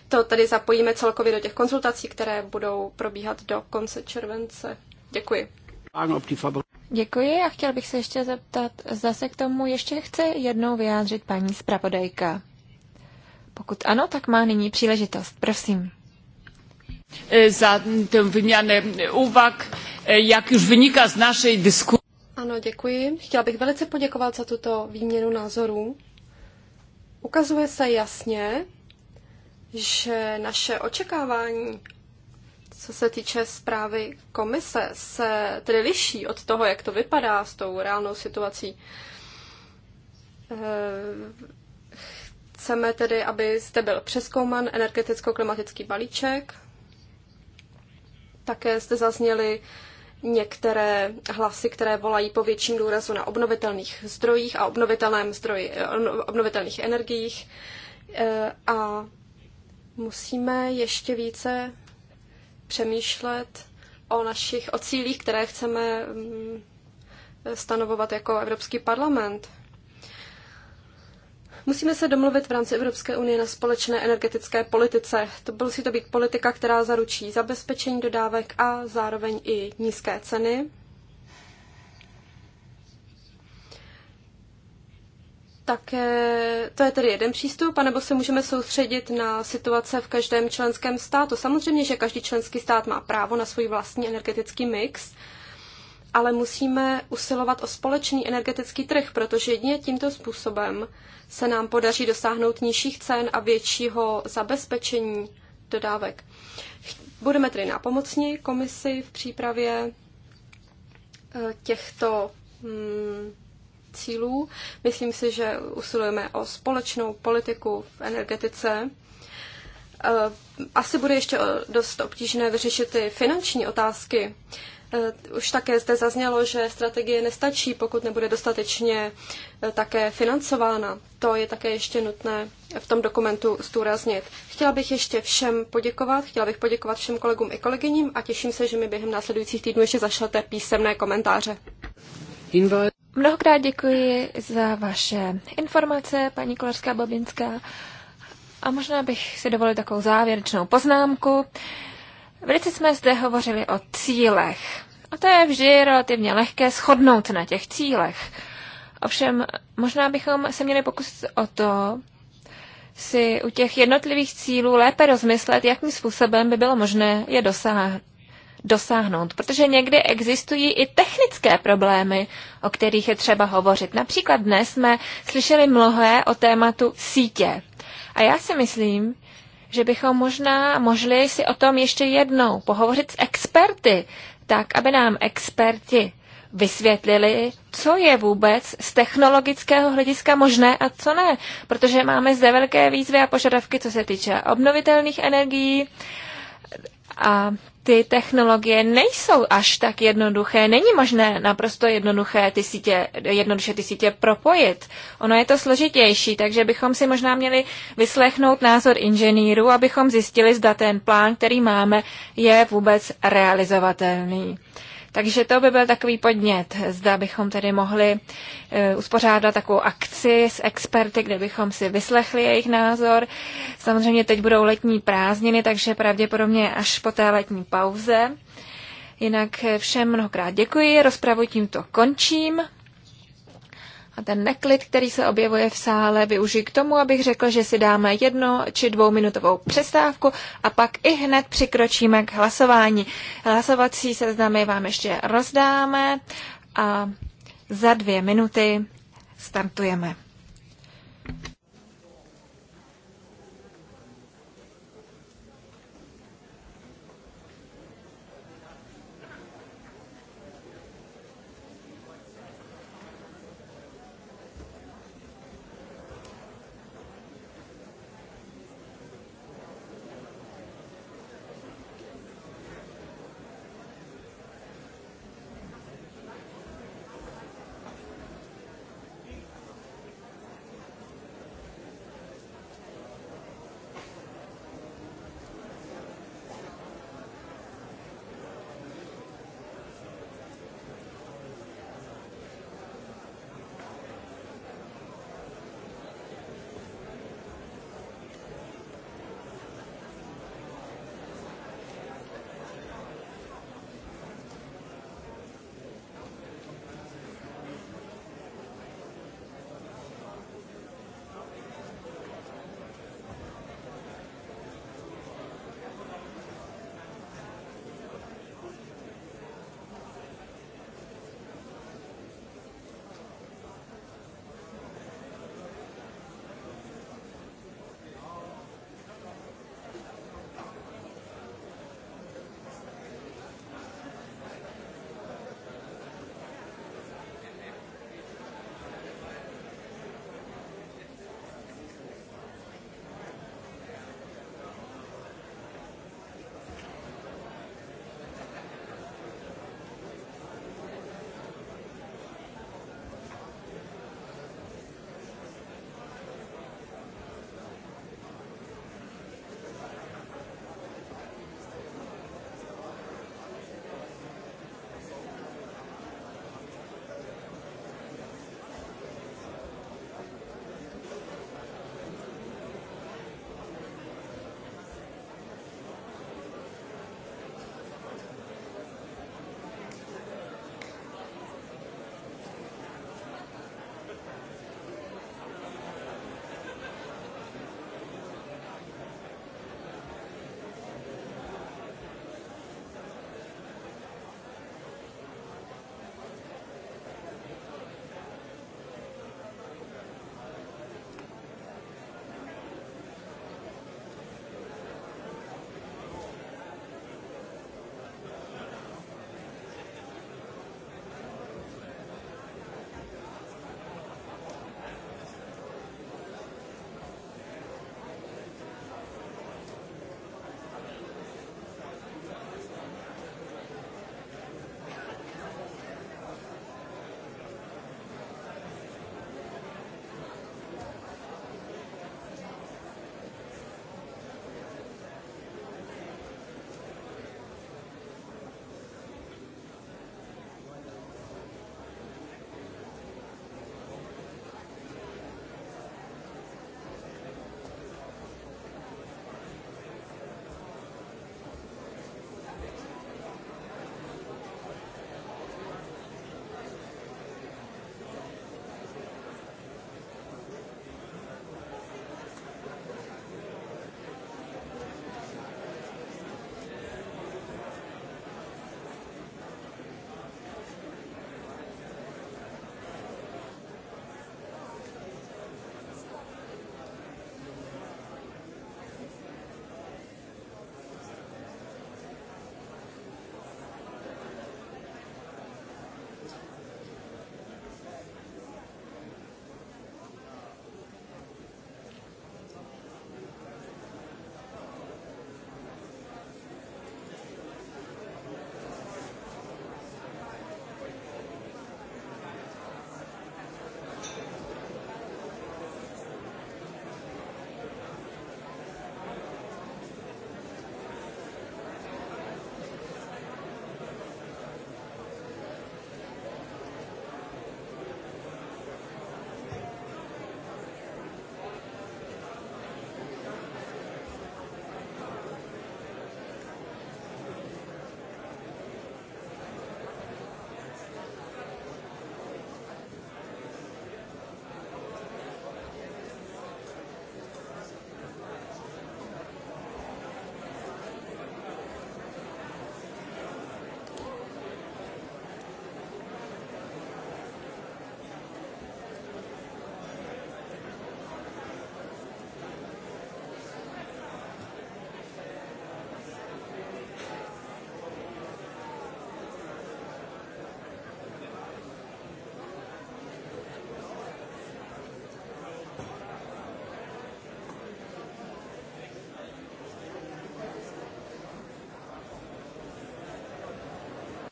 to tady zapojíme celkově do těch konzultací, které budou probíhat do konce července. Děkuji. Děkuji a chtěl bych se ještě zeptat, zase k tomu ještě chce jednou vyjádřit paní zpravodajka. Pokud ano, tak má nyní příležitost. Prosím. E, za tę wymianę uwag. E, jak už wynika z naší diskuse. Ano, děkuji. Chciałabym bych velice poděkovat za tę výměnu názorů. Ukazuje se jasnie, že naše očekávání, co se týče zprávy komise, se tedy liší od toho, jak to vypadá s tou reálnou situací. E, chceme tedy, aby zde byl přeskouman energeticko-klimatický balíček, také zde zazněly některé hlasy, které volají po větším důrazu na obnovitelných zdrojích a obnovitelném zdroji, obnovitelných energiích. Eh, a musíme ještě více přemýšlet o našich o cílích, které chceme mm, stanovovat jako Evropský parlament. Musíme se domluvit v rámci Evropské unie na společné energetické politice. To musí to být politika, která zaručí zabezpečení dodávek a zároveň i nízké ceny. Tak to je tedy jeden přístup, anebo se můžeme soustředit na situace v každém členském státu. Samozřejmě, že každý členský stát má právo na svůj vlastní energetický mix, ale musíme usilovat o společný energetický trh, protože jedině tímto způsobem se nám podaří dosáhnout nižších cen a většího zabezpečení dodávek. Budeme tedy pomocní komisi v přípravě eh, těchto mm, cílů. Myslím si, že usilujeme o společnou politiku v energetice. Eh, asi bude ještě eh, dost obtížné vyřešit ty finanční otázky, Eh, už také zde zaznělo, že strategie nestačí, pokud nebude dostatečně eh, také financována. To je také ještě nutné v tom dokumentu zdůraznit. Chtěla bych ještě všem poděkovat, chtěla bych poděkovat všem kolegům i kolegyním a těším se, že mi během následujících týdnů ještě zašlete písemné komentáře. Mnohokrát děkuji za vaše informace, paní Kolarská Babinská. A možná bych si dovolil takovou závěrečnou poznámku. Velice jsme zde hovořili o cílech. A to je vždy relativně lehké shodnout na těch cílech. Ovšem, možná bychom se měli pokusit o to, si u těch jednotlivých cílů lépe rozmyslet, jakým způsobem by bylo možné je dosáhnout protože někdy existují i technické problémy, o kterých je třeba hovořit. Například dnes jsme slyšeli mnohé o tématu sítě. A já si myslím, že bychom možná mohli si o tom ještě jednou pohovořit s experty, tak aby nám experti vysvětlili, co je vůbec z technologického hlediska možné a co ne. Protože máme zde velké výzvy a požadavky, co se týče obnovitelných energií a ty technologie nejsou až tak jednoduché. Není možné naprosto jednoduché ty sítě, jednoduše ty sítě propojit. Ono je to složitější, takže bychom si možná měli vyslechnout názor inženýrů, abychom zjistili, zda ten plán, který máme, je vůbec realizovatelný. Takže to by byl takový podnět. Zda bychom tedy mohli e, uspořádat takovou akci s experty, kde bychom si vyslechli jejich názor. Samozřejmě teď budou letní prázdniny, takže pravděpodobně až po té letní pauze. Jinak všem mnohokrát děkuji, rozpravu tímto končím a ten neklid, který se objevuje v sále, využij k tomu, abych řekl, že si dáme jedno či dvouminutovou přestávku a pak i hned přikročíme k hlasování. Hlasovací seznamy vám ještě rozdáme a za dvě minuty startujeme.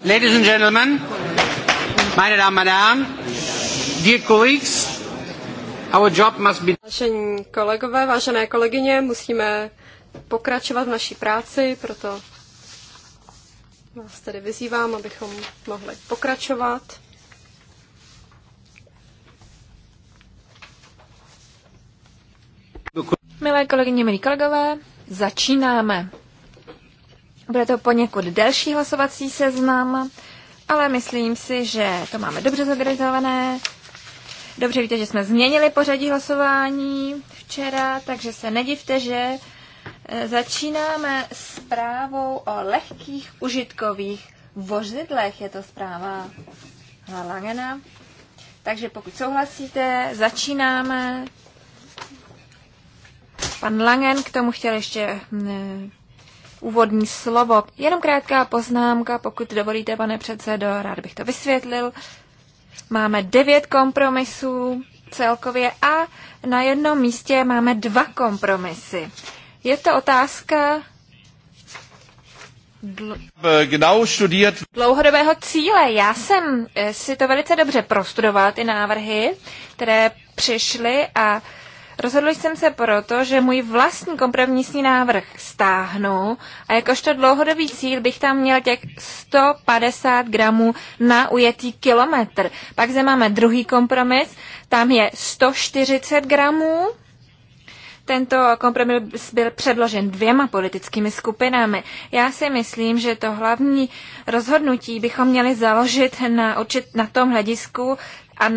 Ladies and gentlemen, meine Damen und Herren, dear colleagues, our job must be... Vážení kolegové, vážené kolegyně, musíme pokračovat v naší práci, proto vás tedy vyzývám, abychom mohli pokračovat. Milé kolegyně, milí kolegové, začínáme. Bude to poněkud delší hlasovací seznam, ale myslím si, že to máme dobře zorganizované. Dobře víte, že jsme změnili pořadí hlasování včera, takže se nedivte, že e, začínáme s zprávou o lehkých užitkových vozidlech. Je to zpráva Langena. Takže pokud souhlasíte, začínáme. Pan Langen k tomu chtěl ještě úvodní slovo. Jenom krátká poznámka, pokud dovolíte, pane předsedo, rád bych to vysvětlil. Máme devět kompromisů celkově a na jednom místě máme dva kompromisy. Je to otázka dlouhodobého cíle. Já jsem eh, si to velice dobře prostudoval, ty návrhy, které přišly a Rozhodl jsem se proto, že můj vlastní kompromisní návrh stáhnu a jakožto dlouhodobý cíl bych tam měl těch 150 gramů na ujetý kilometr. Pak zde máme druhý kompromis, tam je 140 gramů. Tento kompromis byl předložen dvěma politickými skupinami. Já si myslím, že to hlavní rozhodnutí bychom měli založit na, určit, na tom hledisku a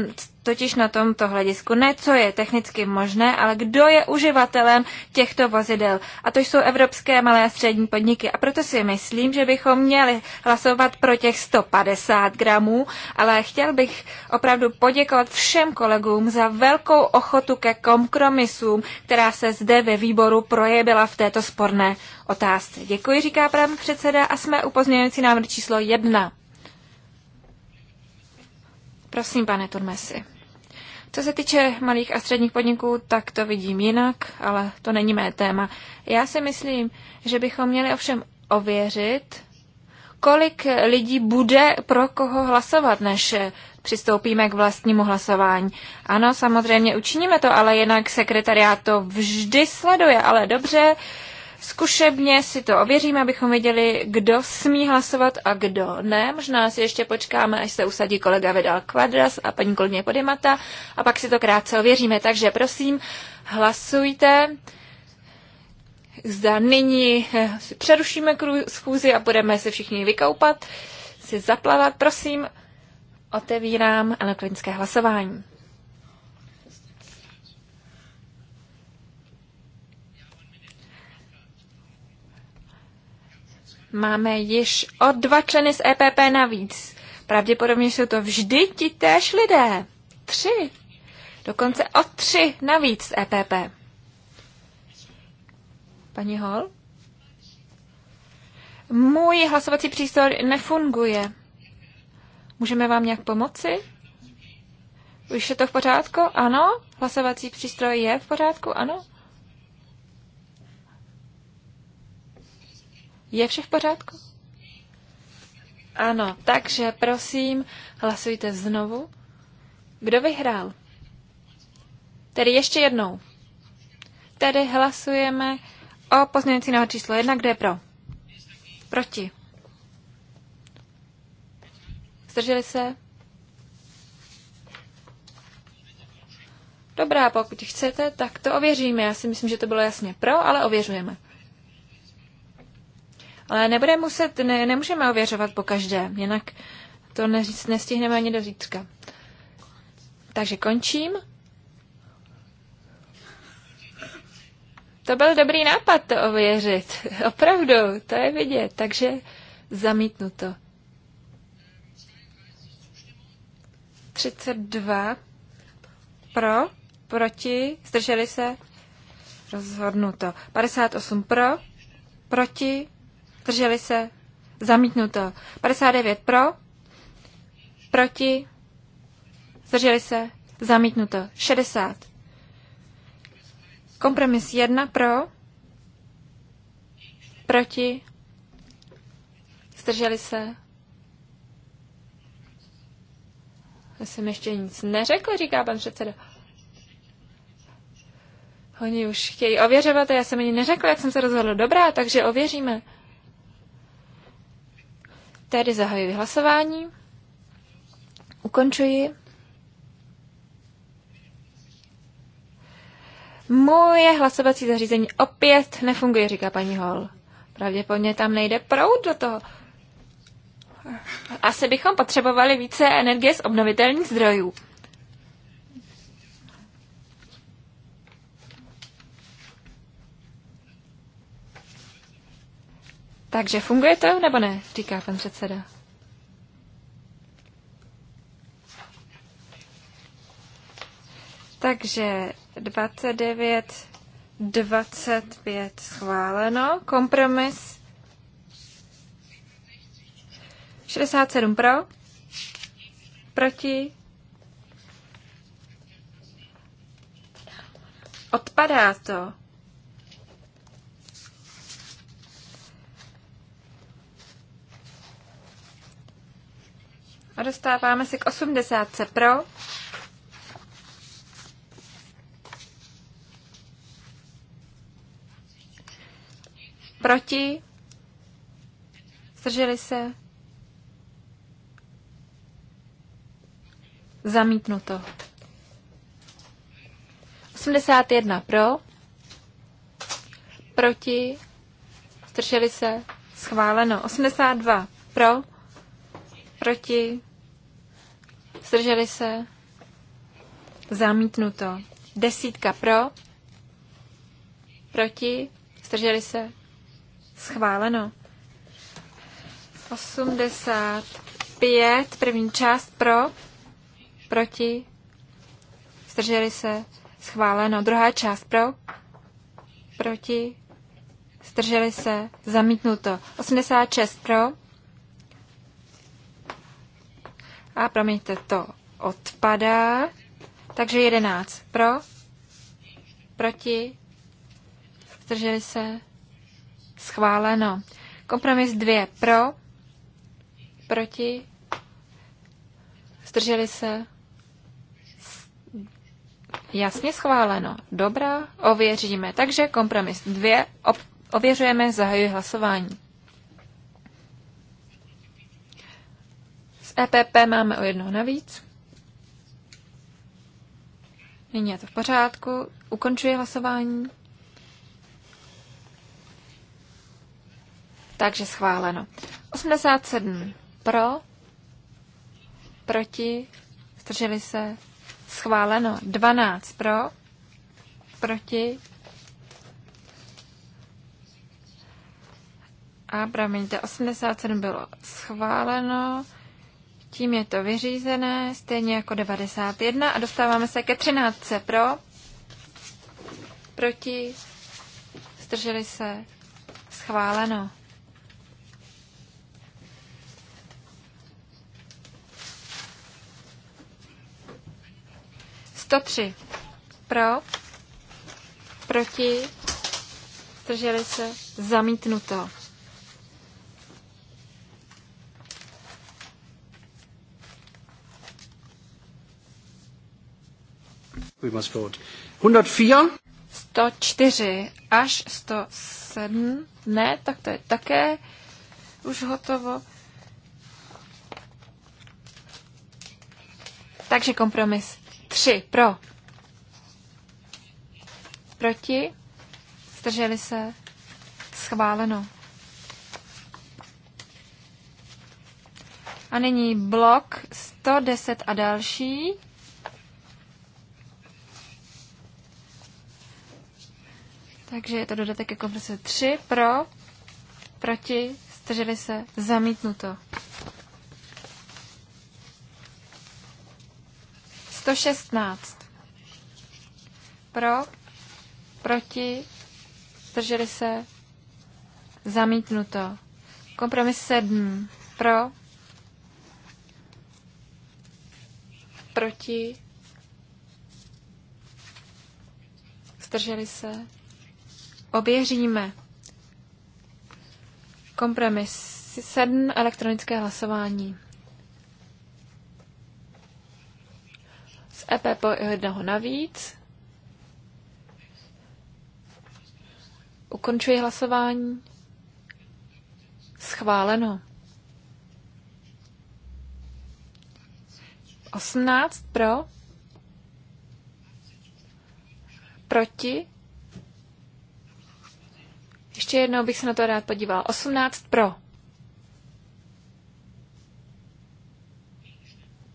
totiž na tomto hledisku. Ne, co je technicky možné, ale kdo je uživatelem těchto vozidel. A to jsou evropské malé a střední podniky. A proto si myslím, že bychom měli hlasovat pro těch 150 gramů, ale chtěl bych opravdu poděkovat všem kolegům za velkou ochotu ke kompromisům, která se zde ve výboru projevila v této sporné otázce. Děkuji, říká pan předseda a jsme u pozměňující návrh číslo 1. Prosím, pane Turmesi. Co se týče malých a středních podniků, tak to vidím jinak, ale to není mé téma. Já si myslím, že bychom měli ovšem ověřit, kolik lidí bude pro koho hlasovat, než přistoupíme k vlastnímu hlasování. Ano, samozřejmě učiníme to, ale jinak sekretariát to vždy sleduje, ale dobře, Zkušebně si to ověříme, abychom věděli, kdo smí hlasovat a kdo ne. Možná si ještě počkáme, až se usadí kolega Vidal Kvadras a paní kolegyně Podimata a pak si to krátce ověříme. Takže prosím, hlasujte. Zda nyní eh, si přerušíme schůzi a budeme se všichni vykoupat, si zaplavat. Prosím, otevírám elektronické hlasování. máme již o dva členy z EPP navíc. Pravděpodobně jsou to vždy ti též lidé. Tři. Dokonce o tři navíc z EPP. Paní Hol? Můj hlasovací přístroj nefunguje. Můžeme vám nějak pomoci? Už je to v pořádku? Ano? Hlasovací přístroj je v pořádku? Ano? Je vše v pořádku? Ano, takže prosím, hlasujte znovu. Kdo vyhrál? Tedy ještě jednou. Tedy hlasujeme o pozměňující návrh číslo jedna. Kdo je pro? Proti. Zdrželi se? Dobrá, pokud chcete, tak to ověříme. Já si myslím, že to bylo jasně pro, ale ověřujeme. Ale nebude muset, ne, nemůžeme ověřovat po každé, jinak to ne, nestihneme ani do zítřka. Takže končím. To byl dobrý nápad to ověřit. Opravdu, to je vidět. Takže zamítnu to. 32 pro, proti, zdrželi se, rozhodnuto. 58 pro, proti, zdrželi se? Zamítnuto. 59 pro? Proti? Zdrželi se? Zamítnuto. 60. Kompromis 1 pro? Proti? Zdrželi se? Já jsem ještě nic neřekl, říká pan předseda. Oni už chtějí ověřovat a já jsem ani neřekla, jak jsem se rozhodl. Dobrá, takže ověříme. Tedy zahajuji hlasování. Ukončuji. Moje hlasovací zařízení opět nefunguje, říká paní Hall. Pravděpodobně tam nejde proud do toho. Asi bychom potřebovali více energie z obnovitelných zdrojů. Takže funguje to nebo ne? Říká pan předseda. Takže 29, 25 schváleno. Kompromis 67 pro, proti. Odpadá to. A dostáváme se k 80 pro. Proti. Zdrželi se. Zamítnuto. 81 pro. Proti. Zdrželi se. Schváleno. 82 pro. Proti. Zdrželi se? Zamítnuto. Desítka pro. Proti. Zdrželi se? Schváleno. 85. První část pro. Proti. Zdrželi se? Schváleno. Druhá část pro. Proti. Zdrželi se? Zamítnuto. 86 pro A promiňte, to odpadá. Takže 11 pro, proti, zdrželi se, schváleno. Kompromis 2 pro, proti, zdrželi se, jasně schváleno. Dobrá, ověříme. Takže kompromis 2, ověřujeme, zahajuji hlasování. EPP máme o jednoho navíc. Nyní je to v pořádku. Ukončuji hlasování. Takže schváleno. 87 pro, proti, zdrželi se, schváleno. 12 pro, proti. A promiňte, 87 bylo schváleno. Tím je to vyřízené, stejně jako 91 a dostáváme se ke 13 pro, proti, zdrželi se, schváleno. Sto tři. Pro, proti, zdrželi se, zamítnuto. We must vote. 104. 104 až 107. Ne, tak to je také už hotovo. Takže kompromis. 3 pro. Proti. Zdrželi se. Schváleno. A nyní blok 110 a další. Takže je to dodatek jako kompromisu 3 pro, proti, strželi se, zamítnuto. 116. Pro, proti, strželi se, zamítnuto. Kompromis 7. Pro, proti, strželi se, ověříme. Kompromis Sedm Elektronické hlasování. Z EPP jednoho navíc. Ukončuji hlasování. Schváleno. 18 pro. Proti. Ještě jednou bych se na to rád podíval. 18 pro.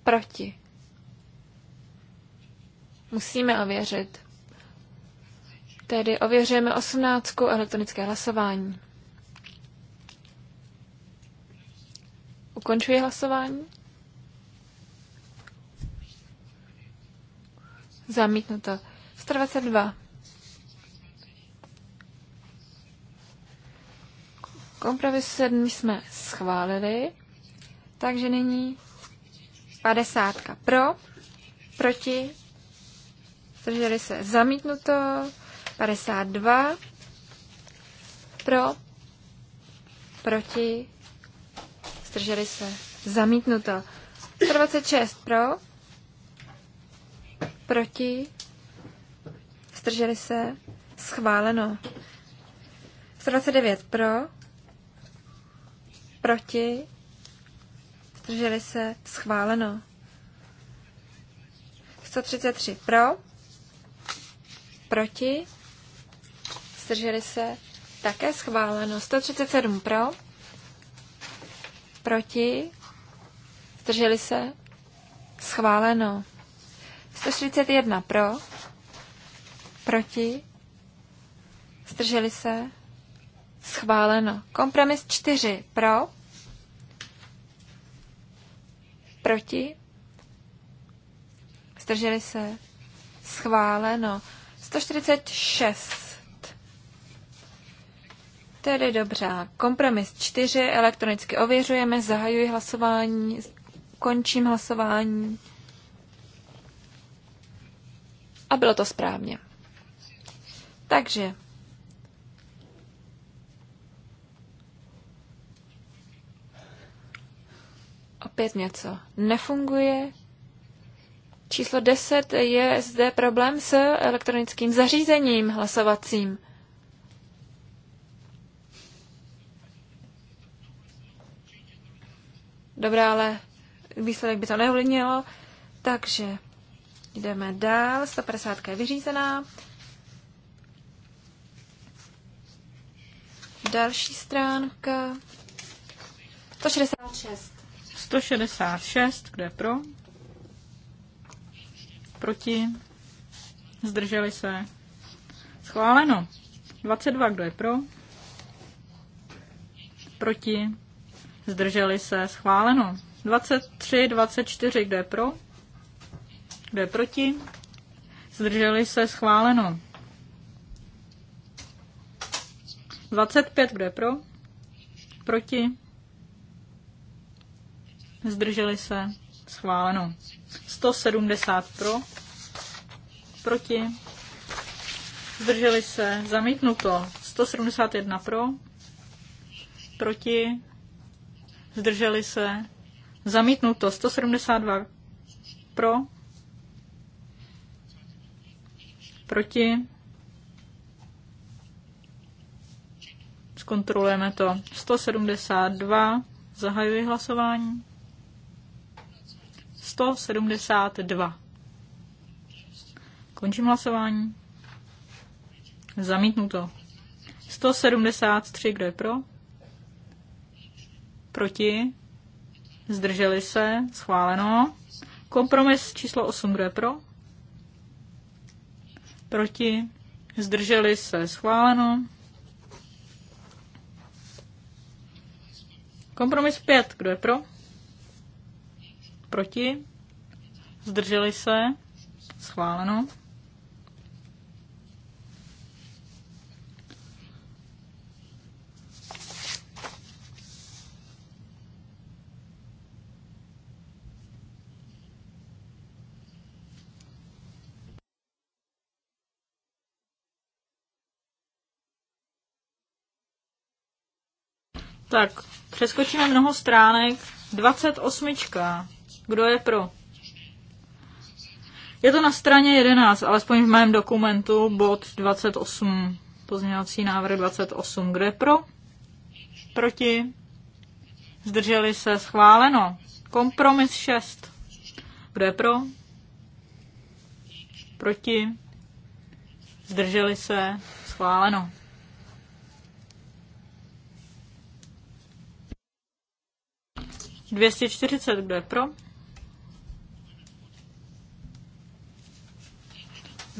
Proti. Musíme ověřit. Tedy ověřujeme 18 elektronické hlasování. Ukončuji hlasování. Zamítnuto. 122. Kompromis 7 jsme schválili, takže nyní 50 pro, proti, zdrželi se zamítnuto, 52 pro, proti, zdrželi se zamítnuto, 126 pro, proti, zdrželi se schváleno, 129 pro, Proti? Zdrželi se? Schváleno. 133 pro? Proti? Zdrželi se? Také schváleno. 137 pro? Proti? Zdrželi se? Schváleno. 141 pro? Proti? Zdrželi se? Schváleno. Kompromis 4 pro. Proti. Zdrželi se. Schváleno. 146. Tedy dobře. Kompromis 4. Elektronicky ověřujeme. Zahajuji hlasování. Končím hlasování. A bylo to správně. Takže opět něco nefunguje. Číslo 10 je zde problém s elektronickým zařízením hlasovacím. Dobrá, ale výsledek by to neovlivnilo. Takže jdeme dál. 150 je vyřízená. Další stránka. 166. 166, kdo je pro? Proti? Zdrželi se? Schváleno. 22, kdo je pro? Proti? Zdrželi se? Schváleno. 23, 24, kdo je pro? Kdo je proti? Zdrželi se? Schváleno. 25, kdo je pro? Proti? zdrželi se, schváleno. 170 pro, proti, zdrželi se, zamítnuto. 171 pro, proti, zdrželi se, zamítnuto. 172 pro, proti, zkontrolujeme to. 172, zahajuji hlasování. 172. Končím hlasování. Zamítnuto. 173, kdo je pro? Proti? Zdrželi se? Schváleno. Kompromis číslo 8, kdo je pro? Proti? Zdrželi se? Schváleno. Kompromis 5, kdo je pro? Proti? Zdrželi se? Schváleno. Tak, přeskočíme mnoho stránek. 28. Kdo je pro? Je to na straně 11, alespoň v mém dokumentu, bod 28, pozměňovací návrh 28. kde je pro? Proti? Zdrželi se? Schváleno. Kompromis 6. Kdo je pro? Proti? Zdrželi se? Schváleno. Dvěstě čtyřicet, kdo je pro?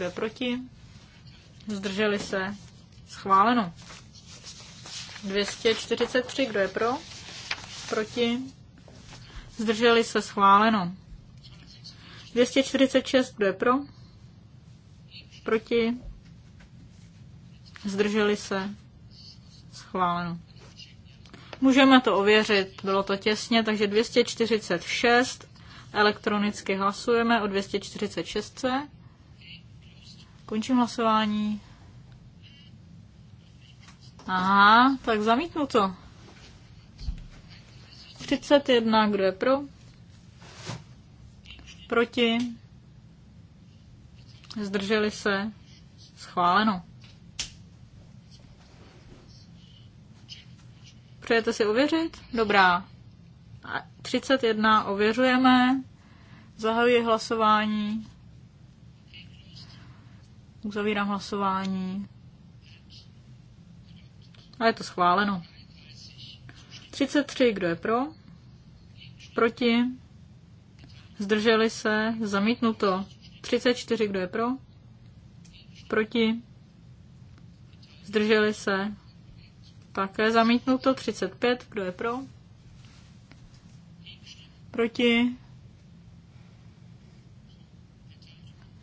kdo je proti, zdrželi se, schváleno. 243, kdo je pro, proti, zdrželi se, schváleno. 246, kdo je pro, proti, zdrželi se, schváleno. Můžeme to ověřit, bylo to těsně, takže 246, elektronicky hlasujeme o 246. Končím hlasování. Aha, tak zamítnu to. 31, kdo je pro? Proti? Zdrželi se? Schváleno. Přejete si ověřit? Dobrá. 31 ověřujeme. Zahajuji hlasování. Uzavírám hlasování. A je to schváleno. 33, kdo je pro? Proti? Zdrželi se? Zamítnuto. 34, kdo je pro? Proti? Zdrželi se? Také zamítnuto. 35, kdo je pro? Proti?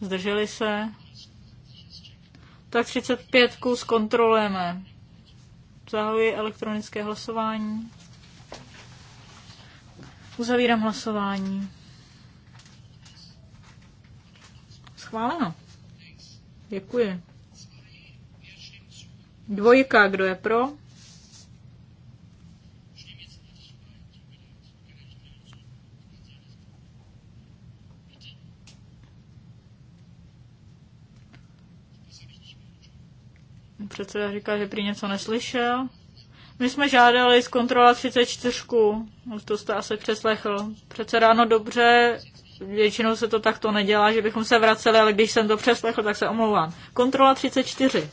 Zdrželi se? Tak 35 zkontrolujeme. Zahajuji elektronické hlasování. Uzavírám hlasování. Schváleno. Děkuji. Dvojka, kdo je pro? předseda říkal, že prý něco neslyšel. My jsme žádali zkontrolovat kontrola 34, to jste asi přeslechl. Přece ráno dobře, většinou se to takto nedělá, že bychom se vraceli, ale když jsem to přeslechl, tak se omlouvám. Kontrola 34.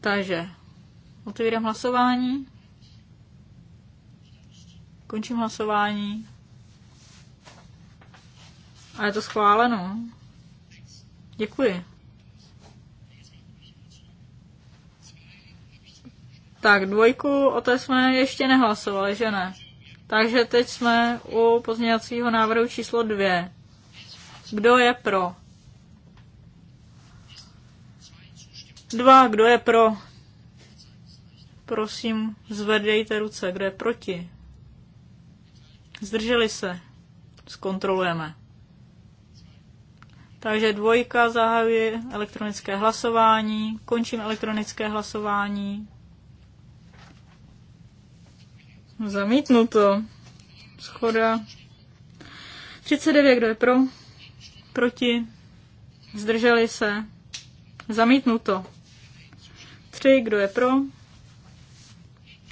Takže otevírám hlasování. Končím hlasování. A je to schváleno. Děkuji. Tak dvojku, o té jsme ještě nehlasovali, že ne? Takže teď jsme u pozměňovacího návrhu číslo dvě. Kdo je pro? Dva, kdo je pro? Prosím, zvedejte ruce, kdo je proti? Zdrželi se. Zkontrolujeme. Takže dvojka zahajuje elektronické hlasování, končím elektronické hlasování. Zamítnuto. Schoda. 39, kdo je pro? Proti? Zdrželi se? Zamítnuto. 3, kdo je pro?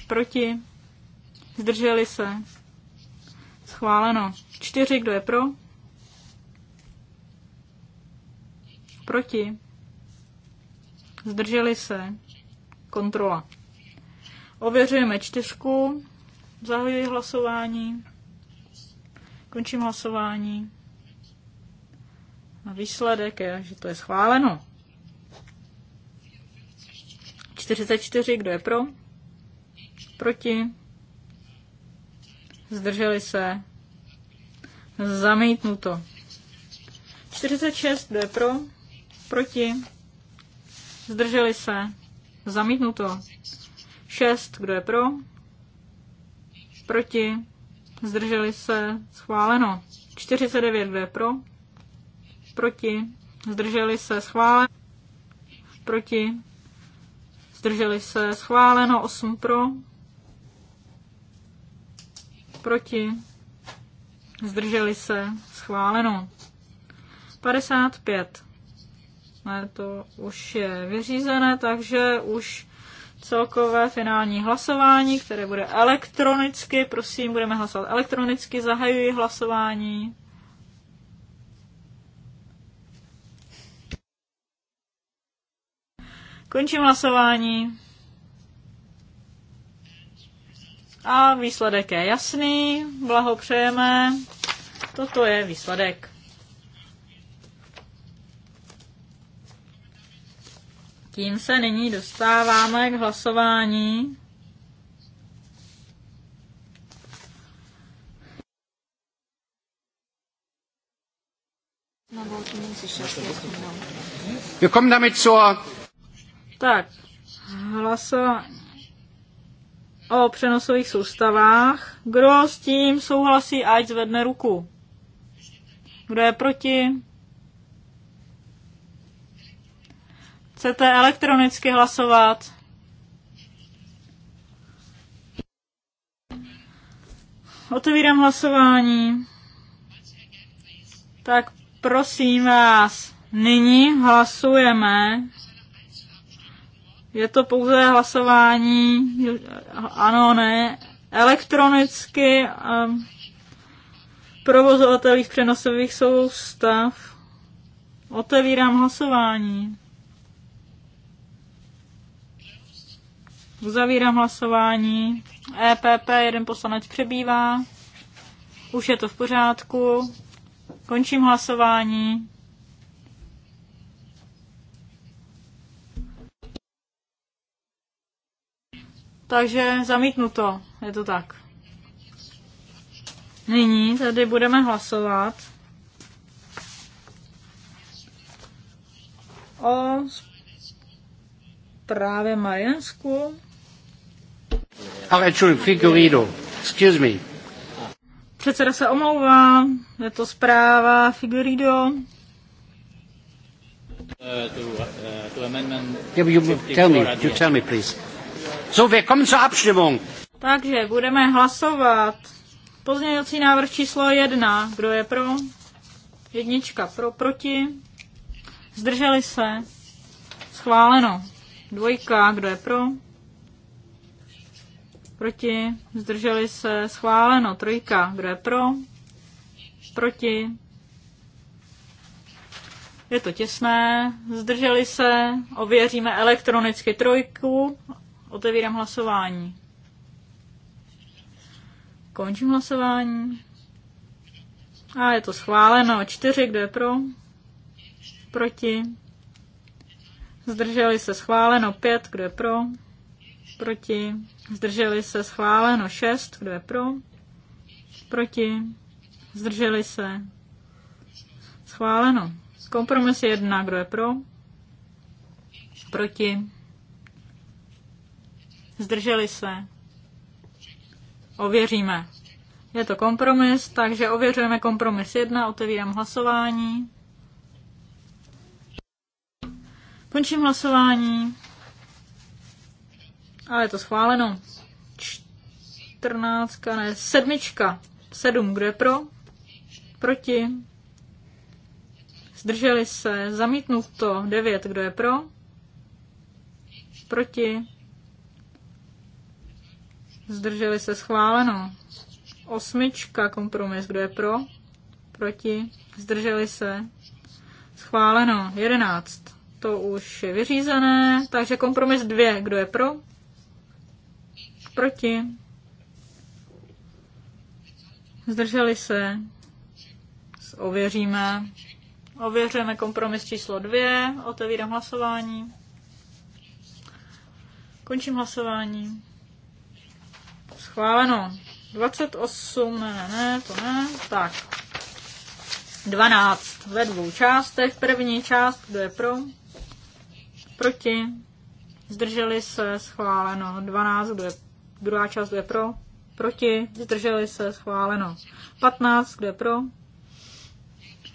Proti? Zdrželi se? Schváleno. 4, kdo je pro? Proti. Zdrželi se. Kontrola. Ověřujeme čtyřku. Zahajuji hlasování. Končím hlasování. A výsledek je, že to je schváleno. 44, kdo je pro? Proti? Zdrželi se? Zamítnuto. 46, kdo je pro? Proti? Zdrželi se? Zamítnuto. 6. Kdo je pro? Proti? Zdrželi se? Schváleno. 49. Kdo je pro? Proti? Zdrželi se? Schváleno. Proti? Zdrželi se? Schváleno. 8 pro? Proti? Zdrželi se? Schváleno. 55. Ne, to už je vyřízené, takže už celkové finální hlasování, které bude elektronicky. Prosím, budeme hlasovat elektronicky. Zahajuji hlasování. Končím hlasování. A výsledek je jasný. Blahopřejeme. Toto je výsledek. Tím se nyní dostáváme k hlasování. Wir kommen damit zur... Tak, hlasování o přenosových soustavách. Kdo s tím souhlasí, ať zvedne ruku. Kdo je proti? Chcete elektronicky hlasovat? Otevírám hlasování. Tak prosím vás, nyní hlasujeme. Je to pouze hlasování, ano, ne, elektronicky um, ehm, provozovatelích přenosových soustav. Otevírám hlasování. Uzavírám hlasování. EPP, jeden poslanec přebývá. Už je to v pořádku. Končím hlasování. Takže zamítnu to. Je to tak. Nyní tady budeme hlasovat o právě Majensku. Ach, ah, Figueiredo. Excuse me. Předseda se omlouvá, je to zpráva Figueiredo. Takže budeme hlasovat. Pozměňovací návrh číslo jedna. Kdo je pro? Jednička pro, proti. Zdrželi se. Schváleno. Dvojka, kdo je pro? Proti? Zdrželi se? Schváleno. Trojka. Kdo je pro? Proti? Je to těsné. Zdrželi se? Ověříme elektronicky trojku. Otevírám hlasování. Končím hlasování. A je to schváleno. Čtyři. Kdo je pro? Proti? Zdrželi se? Schváleno. Pět. Kdo je pro? Proti? Zdrželi se schváleno 6, kdo je pro? Proti? Zdrželi se? Schváleno. Kompromis 1, kdo je pro? Proti? Zdrželi se? Ověříme. Je to kompromis, takže ověřujeme kompromis 1, otevírám hlasování. Končím hlasování. Ale je to schváleno. Čtrnáctka, ne, sedmička. Sedm, kdo je pro? Proti? Zdrželi se. to, Devět, kdo je pro? Proti? Zdrželi se. Schváleno. Osmička, kompromis, kdo je pro? Proti? Zdrželi se. Schváleno. Jedenáct. To už je vyřízené, takže kompromis dvě, kdo je pro? Proti? Zdrželi se? Ověříme. Ověřujeme kompromis číslo dvě. Otevírám hlasování. Končím hlasování. Schváleno. 28, ne, ne, ne, to ne. Tak. 12 ve dvou částech. První část, kdo je pro? Proti. Zdrželi se, schváleno. 12, kdo je Druhá část, kdo je pro? Proti? Zdrželi se? Schváleno. 15, kdo je pro?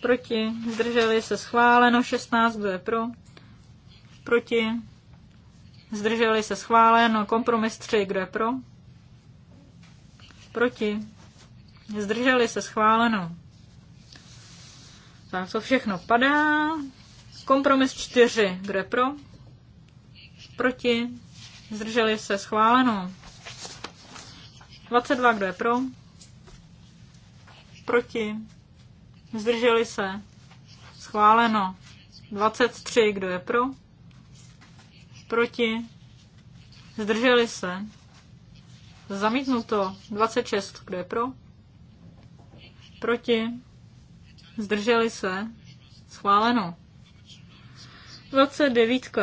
Proti? Zdrželi se? Schváleno. 16, kdo je pro? Proti? Zdrželi se? Schváleno. Kompromis 3, kdo je pro? Proti? Zdrželi se? Schváleno. Tak to všechno padá. Kompromis 4, kdo je pro? Proti? Zdrželi se? Schváleno. 22, kdo je pro? Proti? Zdrželi se? Schváleno. 23, kdo je pro? Proti? Zdrželi se? Zamítnuto. 26, kdo je pro? Proti? Zdrželi se? Schváleno. 29.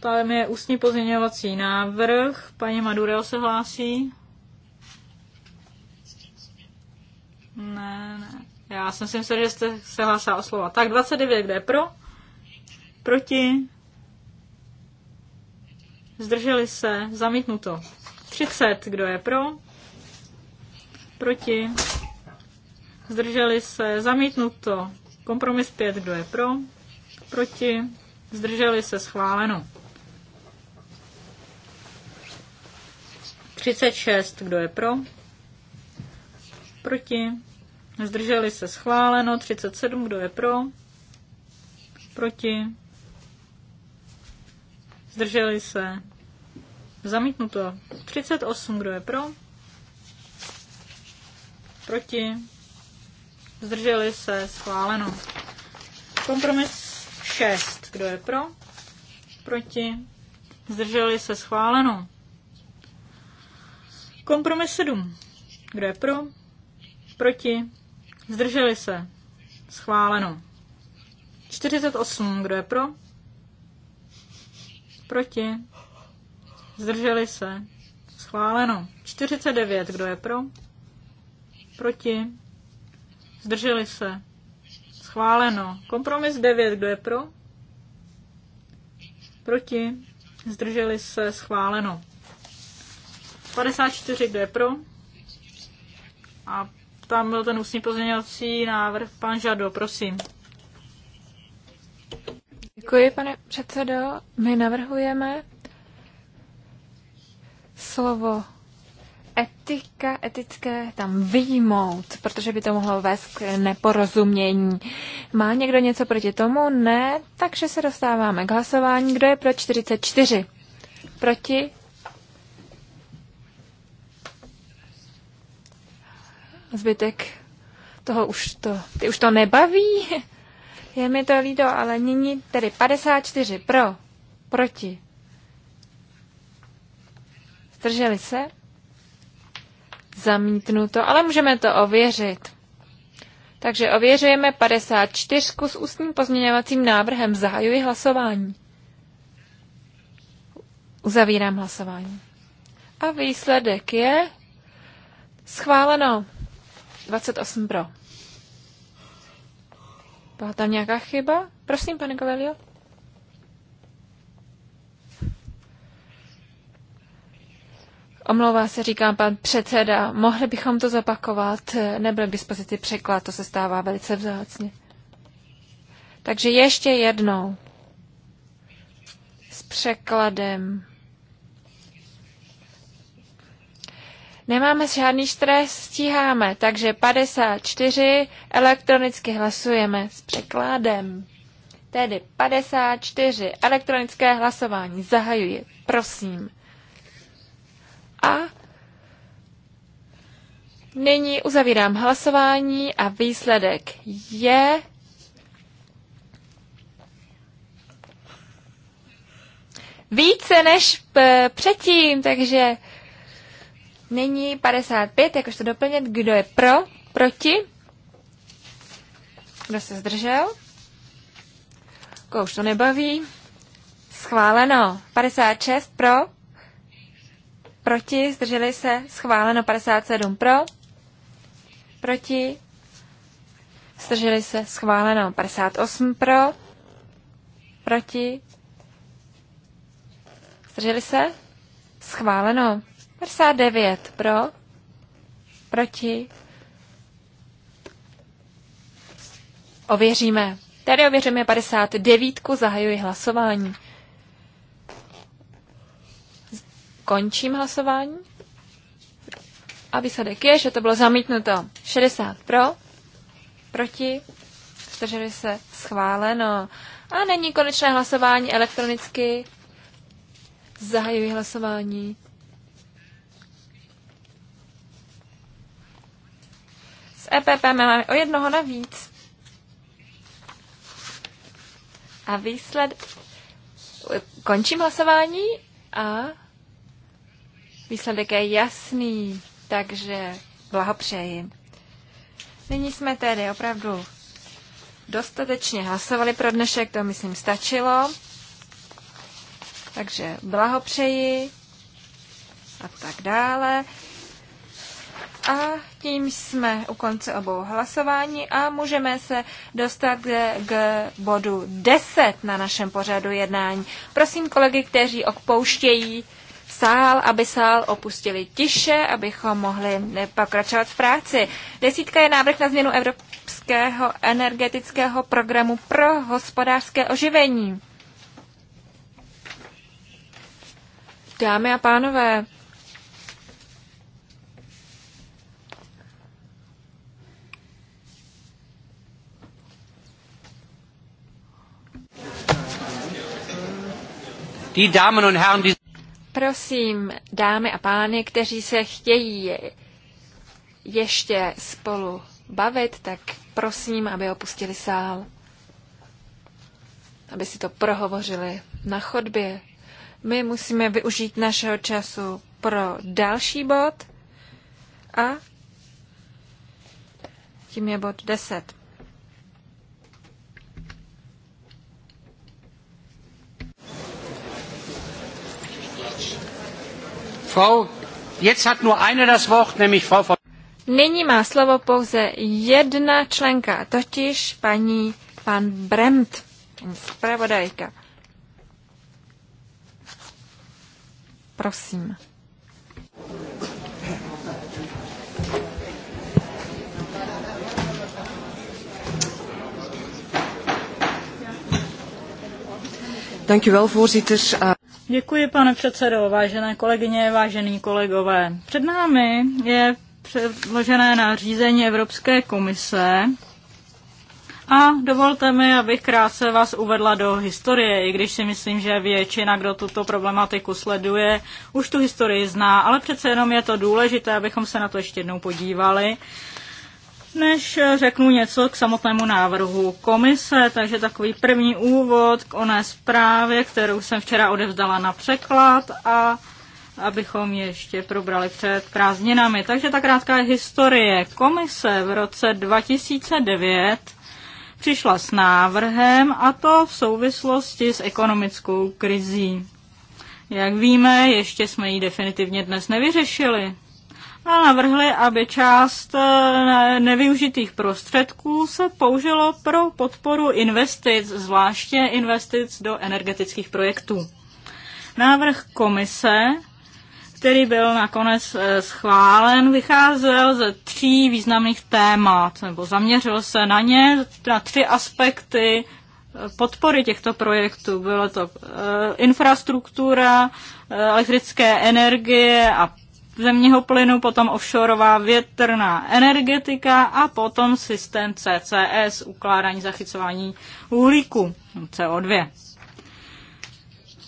Tam je ústní pozměňovací návrh. Paní Madurel se hlásí. Ne, ne. Já jsem si myslel, že jste se hlásila o slova. Tak 29, kde je pro? Proti? Zdrželi se? Zamítnuto. 30, kdo je pro? Proti? Zdrželi se? Zamítnuto. Kompromis 5, kdo je pro? Proti? Zdrželi se? Schváleno. 36, kdo je pro? Proti? Zdrželi se schváleno. 37. Kdo je pro? Proti? Zdrželi se. Zamítnuto. 38. Kdo je pro? Proti? Zdrželi se. Schváleno. Kompromis 6. Kdo je pro? Proti? Zdrželi se. Schváleno. Kompromis 7. Kdo je pro? Proti? Zdrželi se. Schváleno. 48. Kdo je pro? Proti? Zdrželi se. Schváleno. 49. Kdo je pro? Proti? Zdrželi se. Schváleno. Kompromis 9. Kdo je pro? Proti? Zdrželi se. Schváleno. 54. Kdo je pro? A tam byl ten ústní pozměňovací návrh. Pan Žado, prosím. Děkuji, pane předsedo. My navrhujeme slovo etika, etické tam vyjmout, protože by to mohlo vést k neporozumění. Má někdo něco proti tomu? Ne, takže se dostáváme k hlasování. Kdo je pro 44? Proti? Zbytek toho už to, ty už to nebaví. Je mi to líto, ale nyní tedy 54 pro, proti. Zdrželi se? Zamítnuto, ale můžeme to ověřit. Takže ověřujeme 54 s ústním pozměňovacím návrhem. Zahajuji hlasování. Uzavírám hlasování. A výsledek je schváleno. 28 pro. Byla tam nějaká chyba? Prosím, pane Kovelio. Omlouvá se, říká pan předseda, mohli bychom to zapakovat? nebyl k dispozici překlad, to se stává velice vzácně. Takže ještě jednou. S překladem. Nemáme žádný stres, stíháme, takže 54 elektronicky hlasujeme s překládem. Tedy 54 elektronické hlasování zahajuji, prosím. A nyní uzavírám hlasování a výsledek je více než eh, předtím, takže Není 55, to doplnit? kdo je pro, proti, kdo se zdržel, koho už to nebaví, schváleno, 56 pro, proti, zdrželi se, schváleno, 57 pro, proti, zdrželi se, schváleno, 58 pro, proti, zdrželi se, schváleno, 59 pro, proti. Ověříme. Tady ověříme 59. Zahajuji hlasování. Končím hlasování. A výsledek je, že to bylo zamítnuto. 60 pro, proti, zdrželi se, schváleno. A není konečné hlasování elektronicky. Zahajuji hlasování. EPP máme o jednoho navíc. A výsled... Končím hlasování a výsledek je jasný, takže blahopřeji. Nyní jsme tedy opravdu dostatečně hlasovali pro dnešek, to myslím stačilo. Takže blahopřeji a tak dále. A tím jsme u konce obou hlasování a můžeme se dostat k, k bodu 10 na našem pořadu jednání. Prosím kolegy, kteří opouštějí sál, aby sál opustili tiše, abychom mohli pokračovat v práci. Desítka je návrh na změnu Evropského energetického programu pro hospodářské oživení. Dámy a pánové, Prosím, dámy a pány, kteří se chtějí ještě spolu bavit, tak prosím, aby opustili sál. Aby si to prohovořili na chodbě. My musíme využít našeho času pro další bod a tím je bod 10. Frau, jetzt hat nur eine das Wort, nämlich Frau von... Nyní má slovo pouze jedna členka, totiž paní pan Bremt, zpravodajka. Prosím. Dank u wel, voorzitter. Eh, Děkuji, pane předsedo, vážené kolegyně, vážení kolegové. Před námi je předložené nařízení Evropské komise a dovolte mi, abych krátce vás uvedla do historie, i když si myslím, že většina, kdo tuto problematiku sleduje, už tu historii zná, ale přece jenom je to důležité, abychom se na to ještě jednou podívali než eh, řeknu něco k samotnému návrhu komise, takže takový první úvod k oné zprávě, kterou jsem včera odevzdala na překlad a abychom ještě probrali před prázdninami. Takže ta krátká historie. Komise v roce 2009 přišla s návrhem a to v souvislosti s ekonomickou krizí. Jak víme, ještě jsme ji definitivně dnes nevyřešili a navrhli, aby část eh, nevyužitých prostředků se použilo pro podporu investic, zvláště investic do energetických projektů. Návrh komise, který byl nakonec eh, schválen, vycházel ze tří významných témat, nebo zaměřil se na ně, na tři aspekty eh, podpory těchto projektů. Byla to infrastruktura, elektrické energie a zemního plynu, potom offshoreová větrná energetika a potom systém CCS, ukládání zachycování uhlíku CO2.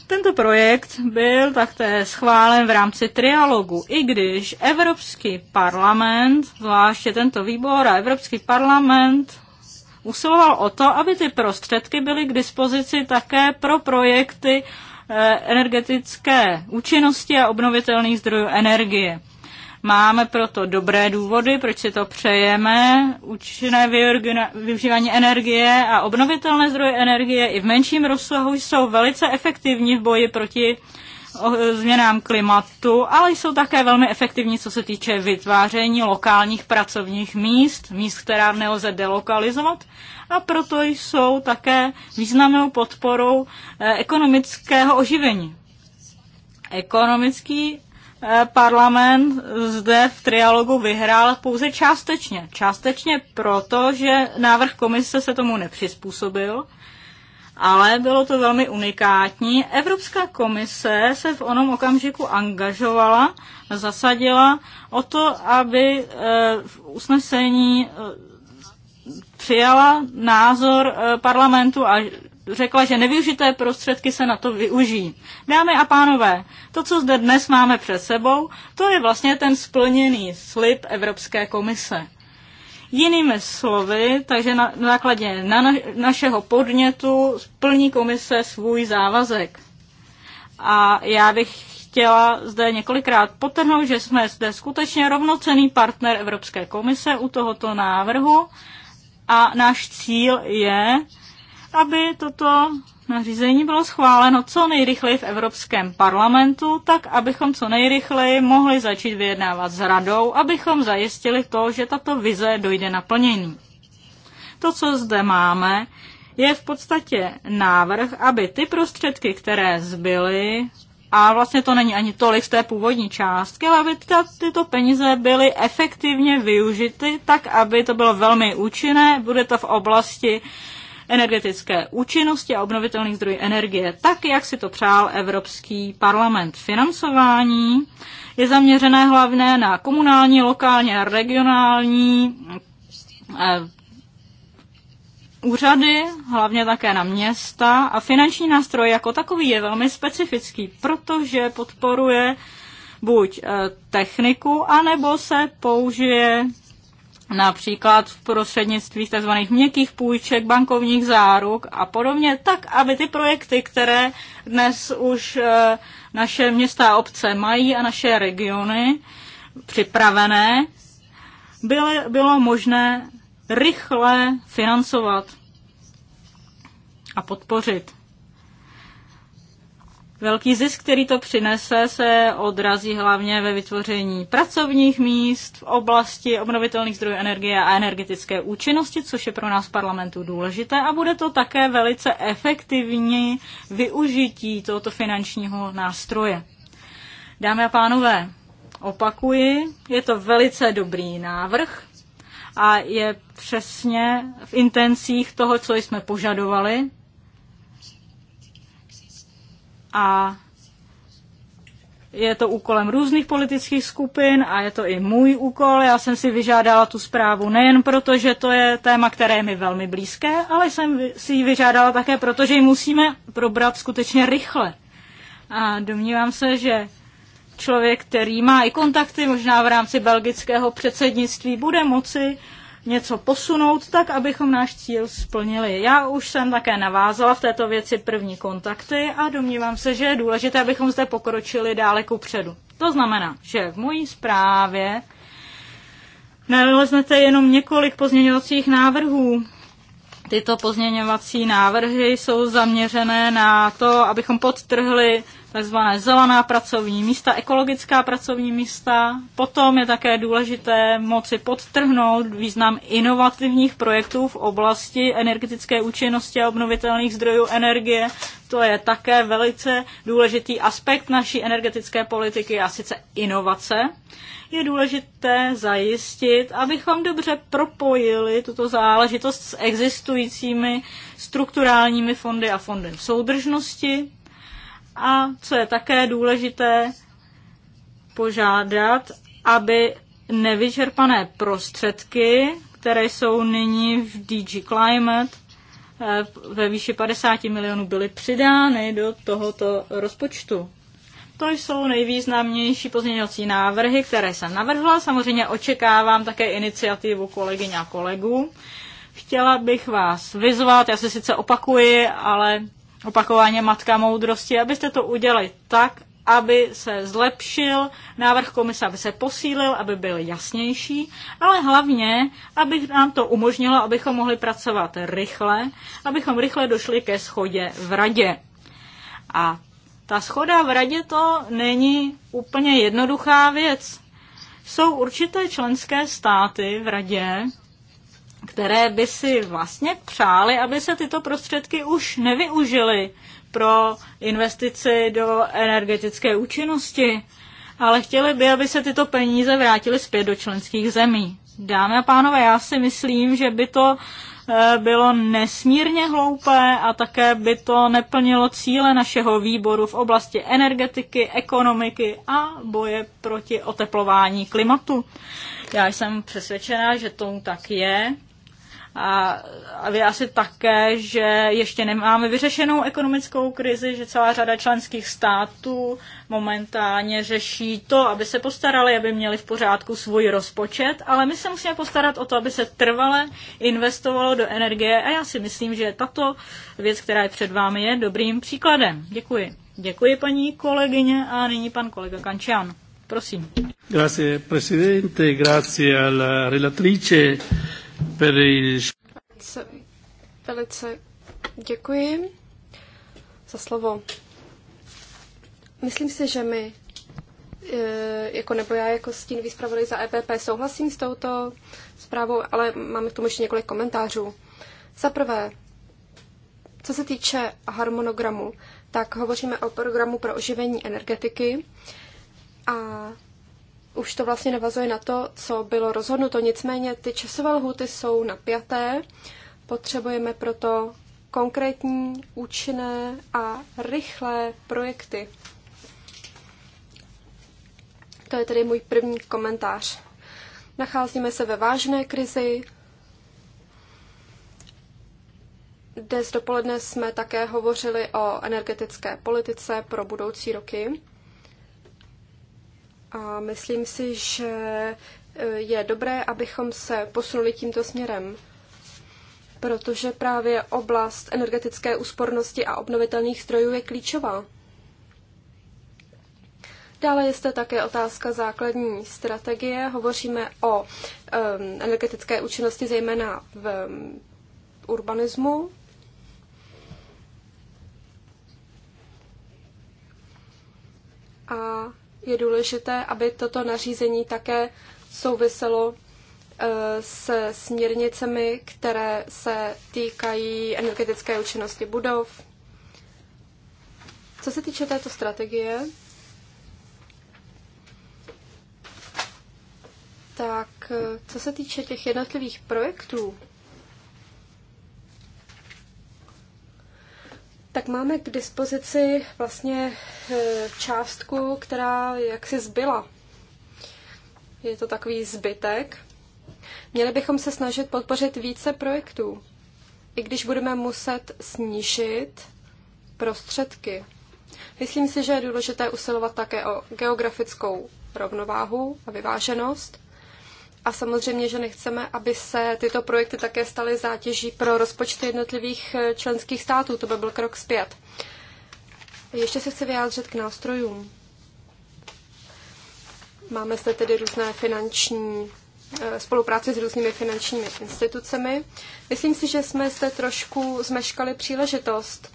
Tento projekt byl takté schválen v rámci trialogu, i když Evropský parlament, zvláště tento výbor a Evropský parlament usiloval o to, aby ty prostředky byly k dispozici také pro projekty Eh, energetické účinnosti a obnovitelných zdrojů energie. Máme proto dobré důvody, proč si to přejeme. Účinné využívání energie a obnovitelné zdroje energie i v menším rozsahu jsou velice efektivní v boji proti změnám klimatu, ale jsou také velmi efektivní, co se týče vytváření lokálních pracovních míst, míst, která nelze delokalizovat a proto jsou také významnou podporou eh, ekonomického oživení. Ekonomický eh, parlament zde v trialogu vyhrál pouze částečně. Částečně proto, že návrh komise se tomu nepřizpůsobil, ale bylo to velmi unikátní. Evropská komise se v onom okamžiku angažovala, zasadila o to, aby eh, v usnesení přijala názor eh, parlamentu a řekla, že nevyužité prostředky se na to využijí. Dámy a pánové, to, co zde dnes máme před sebou, to je vlastně ten splněný slib Evropské komise. Jinými slovy, takže na, na základě na, na, našeho podnětu splní komise svůj závazek. A já bych chtěla zde několikrát potrhnout, že jsme zde skutečně rovnocený partner Evropské komise u tohoto návrhu a náš cíl je, aby toto nařízení bylo schváleno co nejrychleji v Evropském parlamentu, tak abychom co nejrychleji mohli začít vyjednávat s radou, abychom zajistili to, že tato vize dojde naplnění. To, co zde máme, je v podstatě návrh, aby ty prostředky, které zbyly a vlastně to není ani tolik z té původní částky, ale aby ta, tyto peníze byly efektivně využity, tak aby to bylo velmi účinné. Bude to v oblasti energetické účinnosti a obnovitelných zdrojů energie, tak jak si to přál Evropský parlament. Financování je zaměřené hlavně na komunální, lokální a regionální eh, úřady, hlavně také na města a finanční nástroj jako takový je velmi specifický, protože podporuje buď eh, techniku, anebo se použije například v prostřednictví tzv. měkkých půjček, bankovních záruk a podobně, tak, aby ty projekty, které dnes už eh, naše města a obce mají a naše regiony připravené, byly, bylo možné rychle financovat a podpořit. Velký zisk, který to přinese, se odrazí hlavně ve vytvoření pracovních míst v oblasti obnovitelných zdrojů energie a energetické účinnosti, což je pro nás parlamentu důležité a bude to také velice efektivní využití tohoto finančního nástroje. Dámy a pánové, opakuji, je to velice dobrý návrh, a je přesně v intencích toho, co jsme požadovali. A je to úkolem různých politických skupin a je to i můj úkol. Já jsem si vyžádala tu zprávu nejen proto, že to je téma, které je mi velmi blízké, ale jsem si ji vyžádala také proto, že ji musíme probrat skutečně rychle. A domnívám se, že člověk, který má i kontakty, možná v rámci belgického předsednictví, bude moci něco posunout, tak abychom náš cíl splnili. Já už jsem také navázala v této věci první kontakty a domnívám se, že je důležité, abychom zde pokročili dále ku předu. To znamená, že v mojí zprávě naleznete jenom několik pozměňovacích návrhů. Tyto pozměňovací návrhy jsou zaměřené na to, abychom podtrhli takzvané zelená pracovní místa, ekologická pracovní místa. Potom je také důležité moci podtrhnout význam inovativních projektů v oblasti energetické účinnosti a obnovitelných zdrojů energie. To je také velice důležitý aspekt naší energetické politiky a sice inovace. Je důležité zajistit, abychom dobře propojili tuto záležitost s existujícími strukturálními fondy a fondem soudržnosti a co je také důležité, požádat, aby nevyčerpané prostředky, které jsou nyní v DG Climate eh, ve výši 50 milionů, byly přidány do tohoto rozpočtu. To jsou nejvýznamnější pozměňovací návrhy, které jsem navrhla. Samozřejmě očekávám také iniciativu kolegyň a kolegů. Chtěla bych vás vyzvat, já se sice opakuji, ale opakování matka moudrosti, abyste to udělali tak, aby se zlepšil, návrh komise, aby se posílil, aby byl jasnější, ale hlavně, aby nám to umožnilo, abychom mohli pracovat rychle, abychom rychle došli ke schodě v radě. A ta schoda v radě to není úplně jednoduchá věc. Jsou určité členské státy v radě, které by si vlastně přáli, aby se tyto prostředky už nevyužily pro investici do energetické účinnosti, ale chtěli by, aby se tyto peníze vrátily zpět do členských zemí. Dámy a pánové, já si myslím, že by to eh, bylo nesmírně hloupé a také by to neplnilo cíle našeho výboru v oblasti energetiky, ekonomiky a boje proti oteplování klimatu. Já jsem přesvědčená, že tomu tak je a, a vy asi také, že ještě nemáme vyřešenou ekonomickou krizi, že celá řada členských států momentálně řeší to, aby se postarali, aby měli v pořádku svůj rozpočet, ale my se musíme postarat o to, aby se trvale investovalo do energie a já si myslím, že tato věc, která je před vámi, je dobrým příkladem. Děkuji. Děkuji paní kolegyně a nyní pan kolega Kančian. Prosím. Grazie presidente, grazie alla relatrice. Velice, velice děkuji za slovo. Myslím si, že my, e, jako nebo já jako stínový zpravodaj za EPP, souhlasím s touto zprávou, ale máme k tomu ještě několik komentářů. Za prvé, co se týče harmonogramu, tak hovoříme o programu pro oživení energetiky a už to vlastně navazuje na to, co bylo rozhodnuto. Nicméně ty časové lhuty jsou napjaté, potřebujeme proto konkrétní, účinné a rychlé projekty. To je tedy můj první komentář. Nacházíme se ve vážné krizi. Dnes dopoledne jsme také hovořili o energetické politice pro budoucí roky. A myslím si, že e, je dobré, abychom se posunuli tímto směrem, protože právě oblast energetické úspornosti a obnovitelných zdrojů je klíčová. Dále je zde také otázka základní strategie. Hovoříme o um, energetické účinnosti zejména v um, urbanismu. A je důležité, aby toto nařízení také souviselo e, se směrnicemi, které se týkají energetické účinnosti budov. Co se týče této strategie, tak e, co se týče těch jednotlivých projektů, tak máme k dispozici vlastně e, částku, která jaksi zbyla. Je to takový zbytek. Měli bychom se snažit podpořit více projektů, i když budeme muset snížit prostředky. Myslím si, že je důležité usilovat také o geografickou rovnováhu a vyváženost a samozřejmě, že nechceme, aby se tyto projekty také staly zátěží pro rozpočty jednotlivých eh, členských států. To by byl krok zpět. Ještě se chci vyjádřit k nástrojům. Máme zde tedy různé finanční eh, spolupráci s různými finančními institucemi. Myslím si, že jsme zde trošku zmeškali příležitost,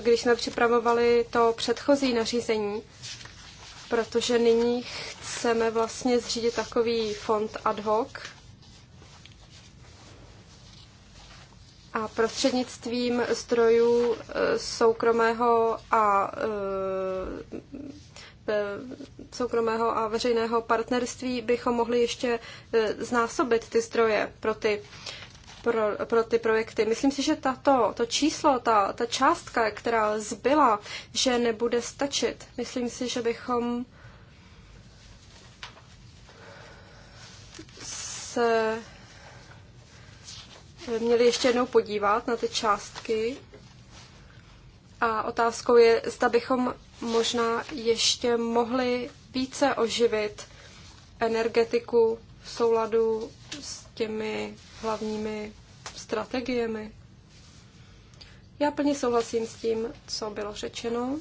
když jsme připravovali to předchozí nařízení, protože nyní chceme vlastně zřídit takový fond ad hoc, a prostřednictvím zdrojů eh, soukromého a eh, soukromého a veřejného partnerství bychom mohli ještě eh, znásobit ty zdroje pro ty pro, pro ty projekty. Myslím si, že tato, to číslo, ta, ta částka, která zbyla, že nebude stačit. Myslím si, že bychom se měli ještě jednou podívat na ty částky. A otázkou je, zda bychom možná ještě mohli více oživit energetiku v souladu s těmi hlavními strategiemi. Já plně souhlasím s tím, co bylo řečeno.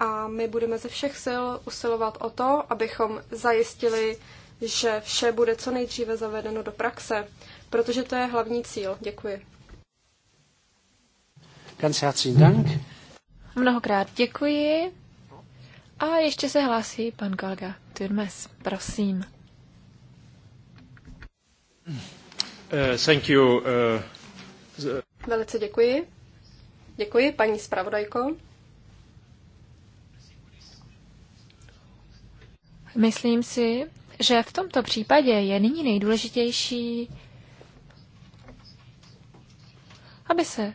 A my budeme ze všech sil usilovat o to, abychom zajistili, že vše bude co nejdříve zavedeno do praxe, protože to je hlavní cíl. Děkuji. Ganz herzlichen Dank. Mnohokrát děkuji. A ještě se hlásí pan kolega Turmes. Prosím. Uh, thank you. Uh, Velice děkuji. Děkuji, paní zpravodajko. Myslím si, že v tomto případě je nyní nejdůležitější, aby se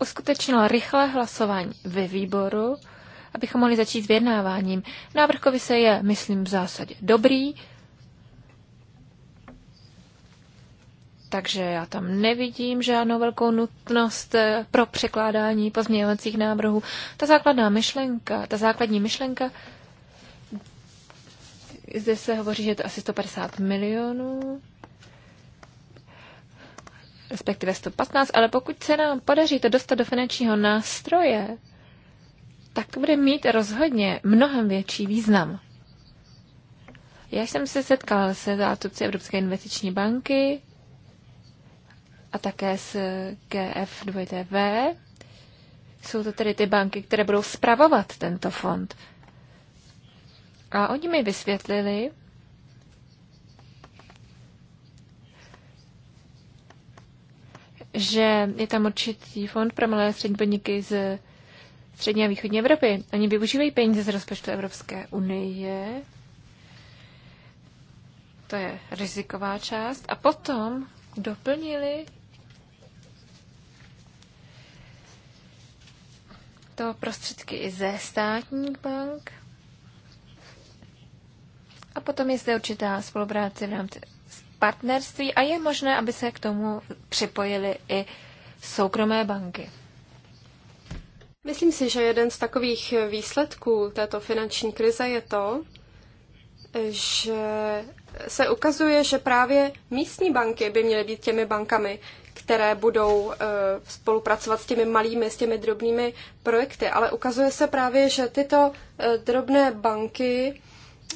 uskutečnilo rychlé hlasování ve výboru, abychom mohli začít s vyjednáváním. Návrh komise je, myslím, v zásadě dobrý. Takže já tam nevidím žádnou velkou nutnost eh, pro překládání pozměňovacích návrhů. Ta základná myšlenka, ta základní myšlenka, zde se hovoří, že je to asi 150 milionů, respektive 115, ale pokud se nám podaří to dostat do finančního nástroje, tak bude mít rozhodně mnohem větší význam. Já jsem se setkal se zástupci Evropské investiční banky, a také s gf 2 tv Jsou to tedy ty banky, které budou spravovat tento fond. A oni mi vysvětlili, že je tam určitý fond pro malé střední podniky z střední a východní Evropy. Oni využívají peníze z rozpočtu Evropské unie. To je riziková část. A potom doplnili to prostředky i ze státních bank. A potom je zde určitá spolupráce v rámci partnerství a je možné, aby se k tomu připojily i soukromé banky. Myslím si, že jeden z takových výsledků této finanční krize je to, že se ukazuje, že právě místní banky by měly být těmi bankami, které budou eh, spolupracovat s těmi malými, s těmi drobnými projekty. Ale ukazuje se právě, že tyto eh, drobné banky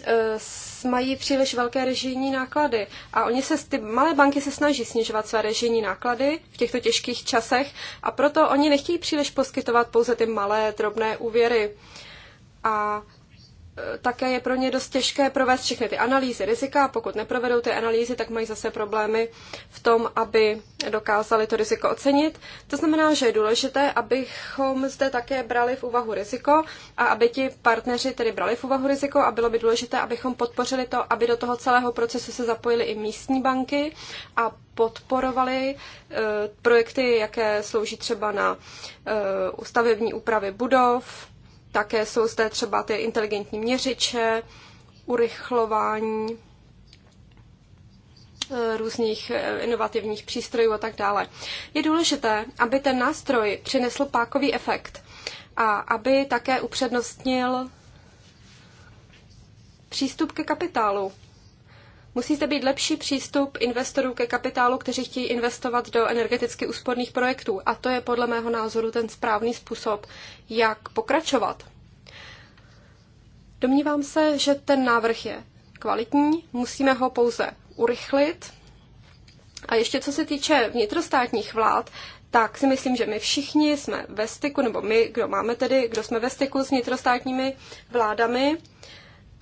eh, mají příliš velké režijní náklady. A oni se, ty malé banky se snaží snižovat své režijní náklady v těchto těžkých časech a proto oni nechtějí příliš poskytovat pouze ty malé, drobné úvěry. A Eh, také je pro ně dost těžké provést všechny ty analýzy rizika. Pokud neprovedou ty analýzy, tak mají zase problémy v tom, aby dokázali to riziko ocenit. To znamená, že je důležité, abychom zde také brali v úvahu riziko a aby ti partneři tedy brali v úvahu riziko a bylo by důležité, abychom podpořili to, aby do toho celého procesu se zapojili i místní banky a podporovali eh, projekty, jaké slouží třeba na eh, ustavební úpravy budov, také jsou zde třeba ty inteligentní měřiče, urychlování eh, různých eh, inovativních přístrojů a tak dále. Je důležité, aby ten nástroj přinesl pákový efekt a aby také upřednostnil přístup ke kapitálu. Musí zde být lepší přístup investorů ke kapitálu, kteří chtějí investovat do energeticky úsporných projektů. A to je podle mého názoru ten správný způsob, jak pokračovat. Domnívám se, že ten návrh je kvalitní, musíme ho pouze urychlit. A ještě co se týče vnitrostátních vlád, tak si myslím, že my všichni jsme ve styku, nebo my, kdo máme tedy, kdo jsme ve styku s vnitrostátními vládami,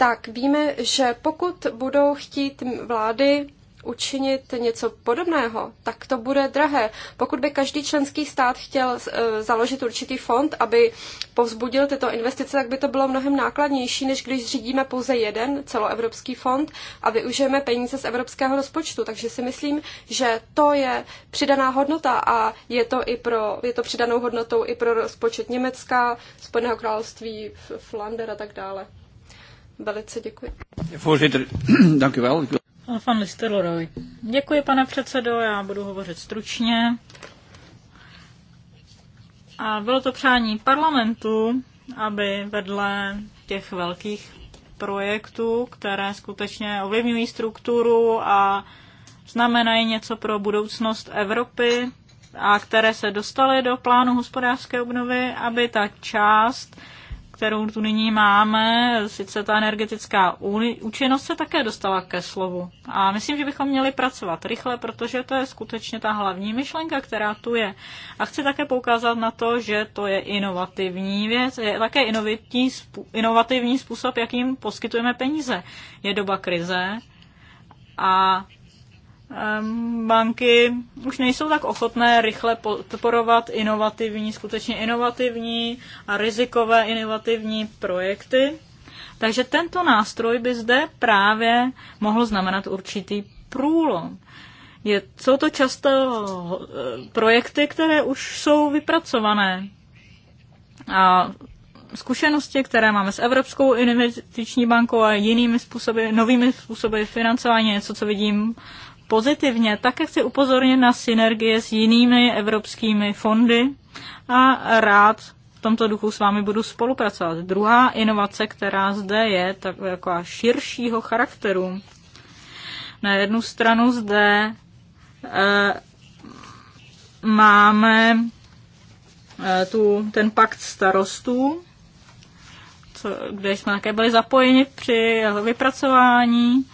tak víme, že pokud budou chtít vlády učinit něco podobného, tak to bude drahé. Pokud by každý členský stát chtěl eh, založit určitý fond, aby povzbudil tyto investice, tak by to bylo mnohem nákladnější, než když zřídíme pouze jeden celoevropský fond a využijeme peníze z evropského rozpočtu. Takže si myslím, že to je přidaná hodnota a je to, i pro, je to přidanou hodnotou i pro rozpočet Německa, Spojeného království, Flander a tak dále. Velice děkuji. Voorzitter, dank u wel. Pan Děkuji, pane předsedo, já budu hovořit stručně. A bylo to přání parlamentu, aby vedle těch velkých projektů, které skutečně ovlivňují strukturu a znamenají něco pro budoucnost Evropy a které se dostaly do plánu hospodářské obnovy, aby ta část kterou tu nyní máme, sice ta energetická účinnost se také dostala ke slovu. A myslím, že bychom měli pracovat rychle, protože to je skutečně ta hlavní myšlenka, která tu je. A chci také poukázat na to, že to je inovativní věc, je také inovativní, způsob, jakým poskytujeme peníze. Je doba krize a Ehm, banky už nejsou tak ochotné rychle podporovat inovativní, skutečně inovativní a rizikové inovativní projekty. Takže tento nástroj by zde právě mohl znamenat určitý průlom. Je, jsou to často eh, projekty, které už jsou vypracované. A zkušenosti, které máme s Evropskou investiční bankou a jinými způsoby, novými způsoby financování, něco, co vidím pozitivně. Také chci upozornit na synergie s jinými evropskými fondy a rád v tomto duchu s vámi budu spolupracovat. Druhá inovace, která zde je, taková širšího charakteru. Na jednu stranu zde e, máme e, tu, ten pakt starostů, co, kde jsme také byli zapojeni při vypracování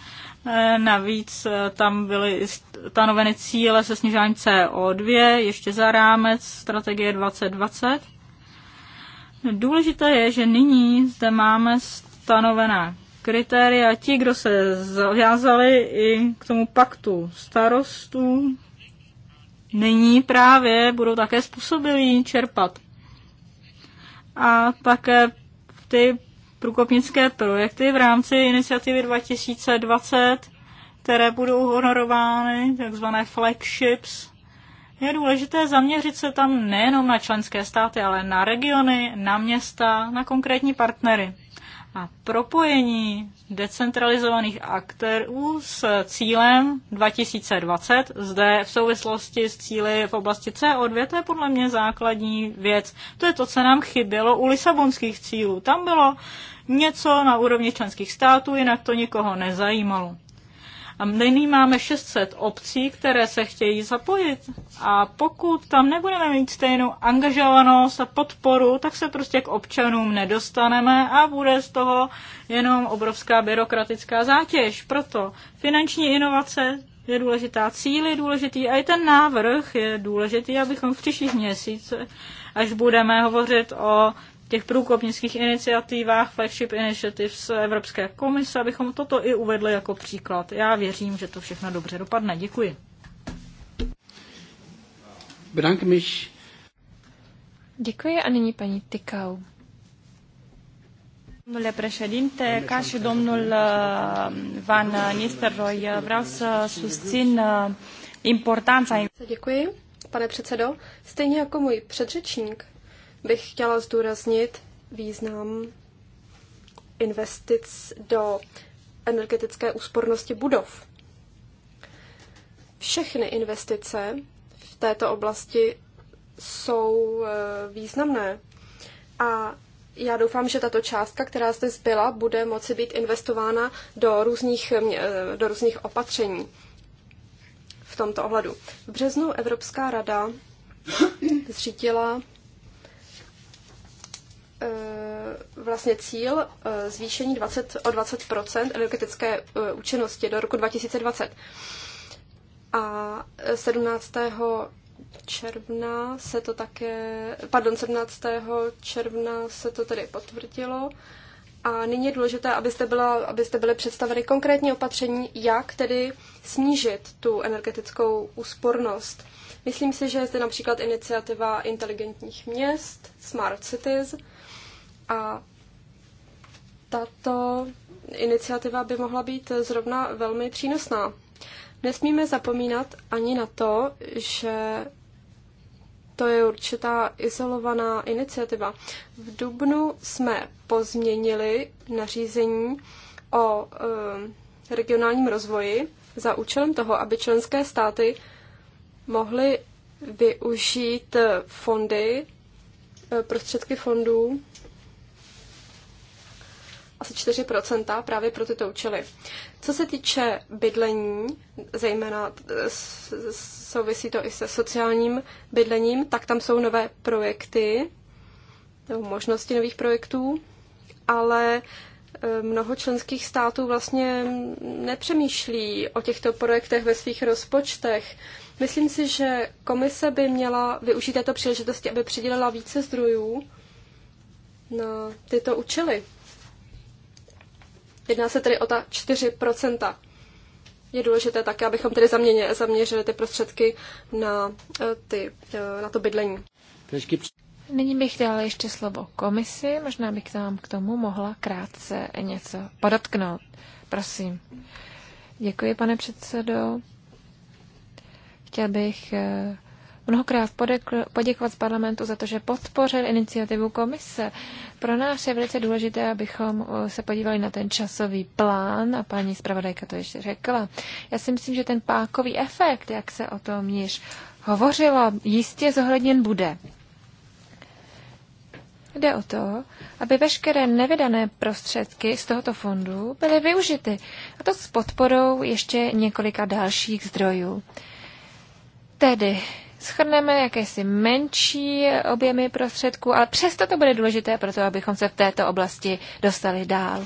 Eh, navíc eh, tam byly stanoveny cíle se snižováním CO2 ještě za rámec strategie 2020. Důležité je, že nyní zde máme stanovená kritéria. Ti, kdo se zavázali i k tomu paktu starostů, nyní právě budou také způsobilí čerpat. A také ty průkopnické projekty v rámci iniciativy 2020, které budou honorovány, takzvané flagships. Je důležité zaměřit se tam nejenom na členské státy, ale na regiony, na města, na konkrétní partnery a propojení decentralizovaných aktérů s cílem 2020, zde v souvislosti s cíly v oblasti CO2, to je podle mě základní věc. To je to, co nám chybělo u lisabonských cílů. Tam bylo něco na úrovni členských států, jinak to nikoho nezajímalo. A nyní máme 600 obcí, které se chtějí zapojit. A pokud tam nebudeme mít stejnou angažovanost a podporu, tak se prostě k občanům nedostaneme a bude z toho jenom obrovská byrokratická zátěž. Proto finanční inovace je důležitá, cíl je důležitý a i ten návrh je důležitý, abychom v příštích měsících, až budeme hovořit o těch průkopnických iniciativách, flagship initiatives Evropské komise, abychom toto i uvedli jako příklad. Já věřím, že to všechno dobře dopadne. Děkuji. Děkuji a nyní paní Tykau. Domnule președinte, ca și domnul uh, Van Nistelrooy, uh, vreau să susțin uh, importanța... Děkuji, pane předsedo. Stejně jako můj předřečník, bych chtěla zdůraznit význam investic do energetické úspornosti budov. Všechny investice v této oblasti jsou e, významné a já doufám, že tato částka, která zde zbyla, bude moci být investována do různých, e, do různých opatření v tomto ohledu. V březnu Evropská rada zřídila E, vlastně cíl e, zvýšení 20, o 20 energetické e, účinnosti do roku 2020. A 17. června se to také, pardon, 17. června se to tedy potvrdilo. A nyní je důležité, abyste, byla, abyste byly představeny konkrétní opatření, jak tedy snížit tu energetickou úspornost. Myslím si, že je zde například iniciativa inteligentních měst, Smart Cities, a tato iniciativa by mohla být zrovna velmi přínosná. Nesmíme zapomínat ani na to, že to je určitá izolovaná iniciativa. V Dubnu jsme pozměnili nařízení o e, regionálním rozvoji za účelem toho, aby členské státy mohly využít fondy, eh, prostředky fondů asi 4% právě pro tyto účely. Co se týče bydlení, zejména eh, souvisí to i se sociálním bydlením, tak tam jsou nové projekty, nebo možnosti nových projektů, ale eh, mnoho členských států vlastně nepřemýšlí o těchto projektech ve svých rozpočtech. Myslím si, že komise by měla využít této příležitosti, aby přidělila více zdrojů na tyto účely. Jedná se tedy o ta 4 je důležité také, abychom tedy zaměřili ty prostředky na, eh, ty, eh, na to bydlení. Nyní bych dala ještě slovo komisi, možná bych vám k tomu mohla krátce něco podotknout. Prosím. Děkuji, pane předsedo. Chtěl bych eh, mnohokrát poděkovat z parlamentu za to, že podpořil iniciativu komise. Pro nás je velice důležité, abychom uh, se podívali na ten časový plán a paní zpravodajka to ještě řekla. Já si myslím, že ten pákový efekt, jak se o tom již hovořilo, jistě zohledněn bude. Jde o to, aby veškeré nevydané prostředky z tohoto fondu byly využity, a to s podporou ještě několika dalších zdrojů. Tedy schrneme jakési menší objemy prostředků, ale přesto to bude důležité pro to, abychom se v této oblasti dostali dál.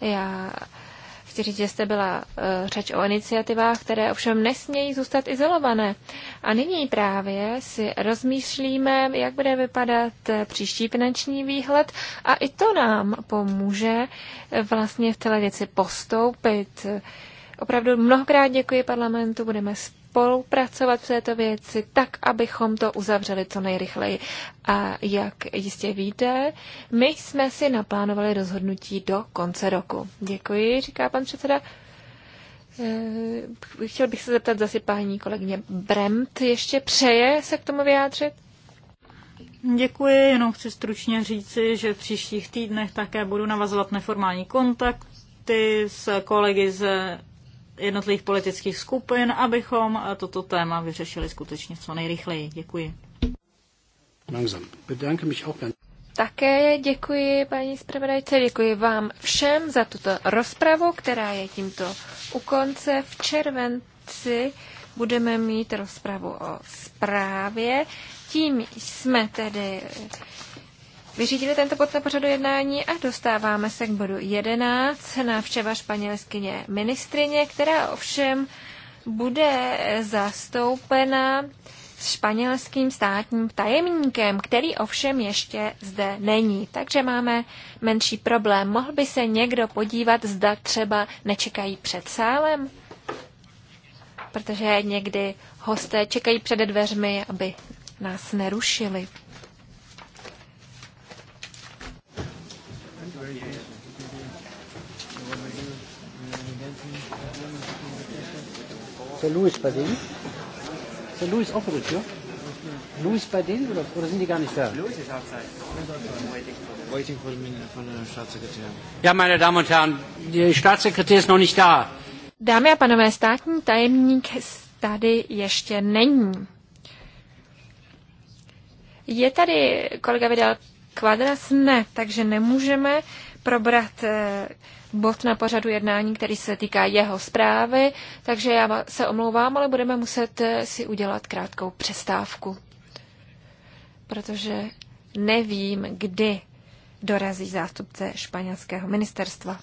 Já chci říct, že jste byla uh, řeč o iniciativách, které ovšem nesmějí zůstat izolované. A nyní právě si rozmýšlíme, jak bude vypadat eh, příští finanční výhled a i to nám pomůže eh, vlastně v celé věci postoupit. Opravdu mnohokrát děkuji parlamentu, budeme spolupracovat v této věci tak, abychom to uzavřeli co nejrychleji. A jak jistě víte, my jsme si naplánovali rozhodnutí do konce roku. Děkuji, říká pan předseda. Eh, chtěl bych se zeptat zase paní kolegyně Bremt. Ještě přeje se k tomu vyjádřit? Děkuji, jenom chci stručně říci, že v příštích týdnech také budu navazovat neformální kontakty s kolegy z jednotlivých politických skupin, abychom eh, toto téma vyřešili skutečně co nejrychleji. Děkuji. Také děkuji paní zpravodajce, děkuji vám všem za tuto rozpravu, která je tímto u konce. V červenci budeme mít rozpravu o zprávě. Tím jsme tedy vyřídili tento bod na pořadu jednání a dostáváme se k bodu 11, návštěva španělskyně ministrině, která ovšem bude zastoupena s španělským státním tajemníkem, který ovšem ještě zde není. Takže máme menší problém. Mohl by se někdo podívat, zda třeba nečekají před sálem? Protože někdy hosté čekají před dveřmi, aby nás nerušili. C'est Louis Padin. C'est Louis auch vor der Tür? Louis Padin, denen oder, oder sind die gar nicht da? Louis ist outside. Waiting for the Staatssekretär. Ja, meine Damen und Herren, der Staatssekretär ist noch nicht da. Dámy a panové, státní tajemník tady ještě není. Je tady kolega Vidal Kvadras? Ne, takže nemůžeme probrat eh, bod na pořadu jednání, který se týká jeho zprávy, takže já se omlouvám, ale budeme muset eh, si udělat krátkou přestávku, protože nevím, kdy dorazí zástupce španělského ministerstva.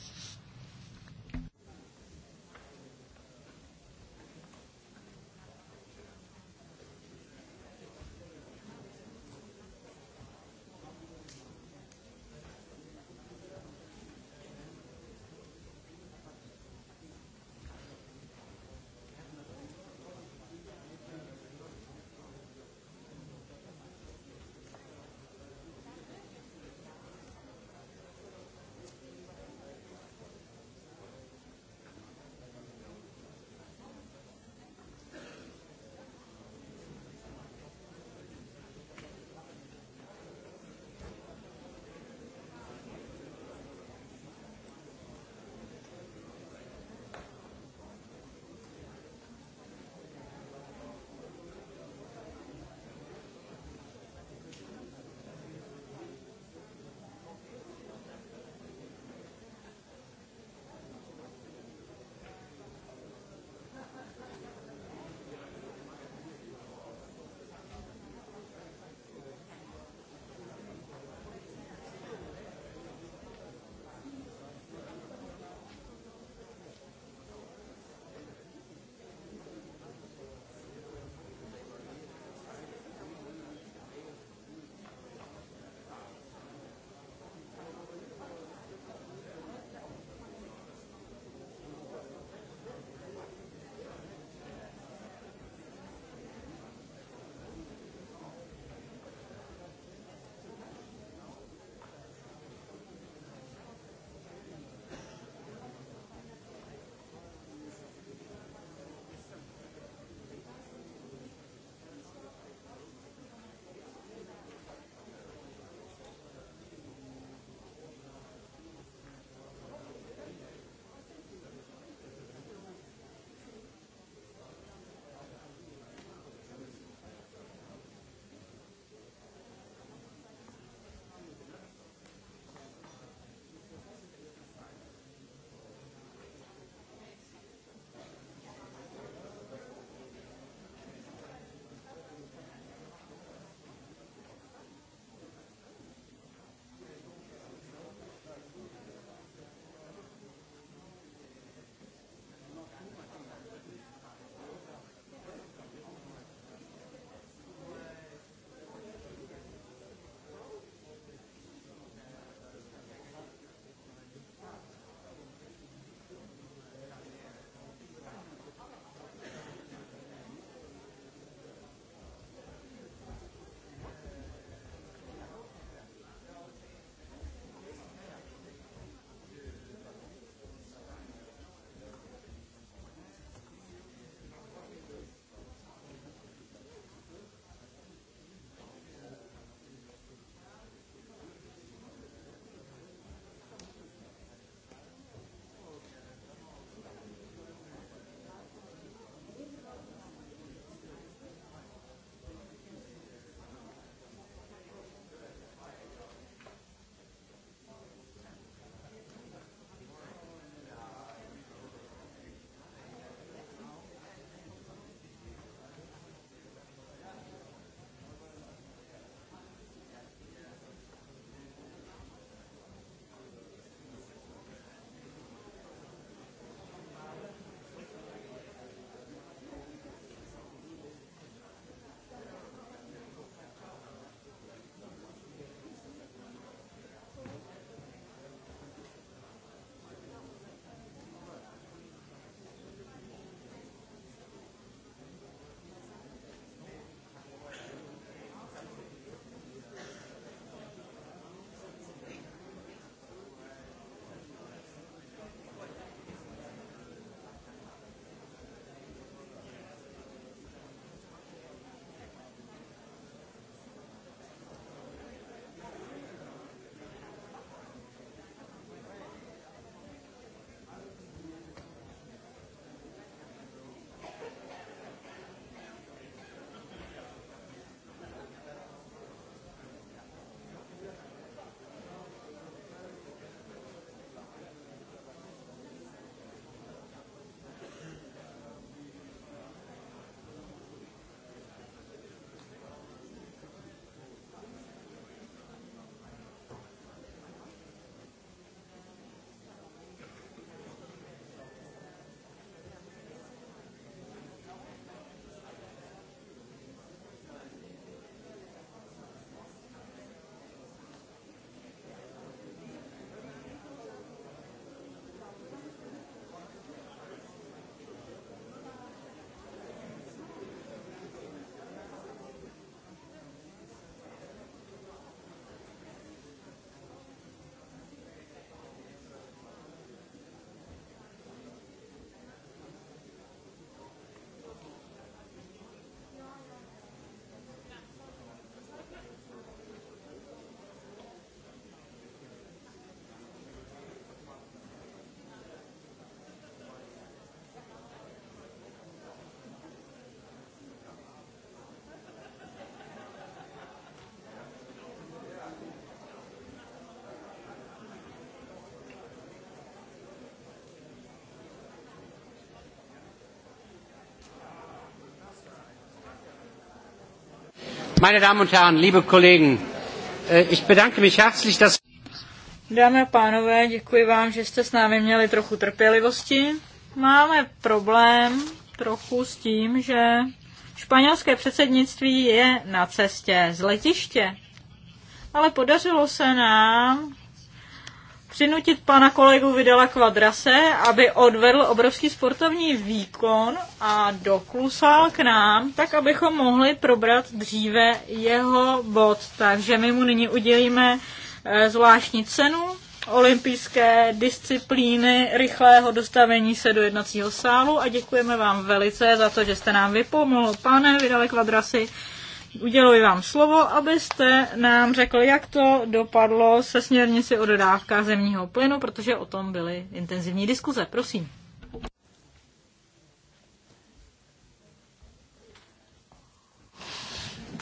Meine Damen und Herren, liebe Kollegen, äh, ich bedanke mich herzlich, dass... Dámy a pánové, děkuji vám, že jste s námi měli trochu trpělivosti. Máme problém trochu s tím, že španělské předsednictví je na cestě z letiště. Ale podařilo se nám přinutit pana kolegu Vidala Kvadrase, aby odvedl obrovský sportovní výkon a doklusal k nám, tak abychom mohli probrat dříve jeho bod. Takže my mu nyní udělíme eh, zvláštní cenu olympijské disciplíny rychlého dostavení se do jednacího sálu a děkujeme vám velice za to, že jste nám vypomohl. Pane Vidale Kvadrasi, uděluji vám slovo, abyste nám řekl, jak to dopadlo se směrnici o dodávkách zemního plynu, protože o tom byly intenzivní diskuze. Prosím.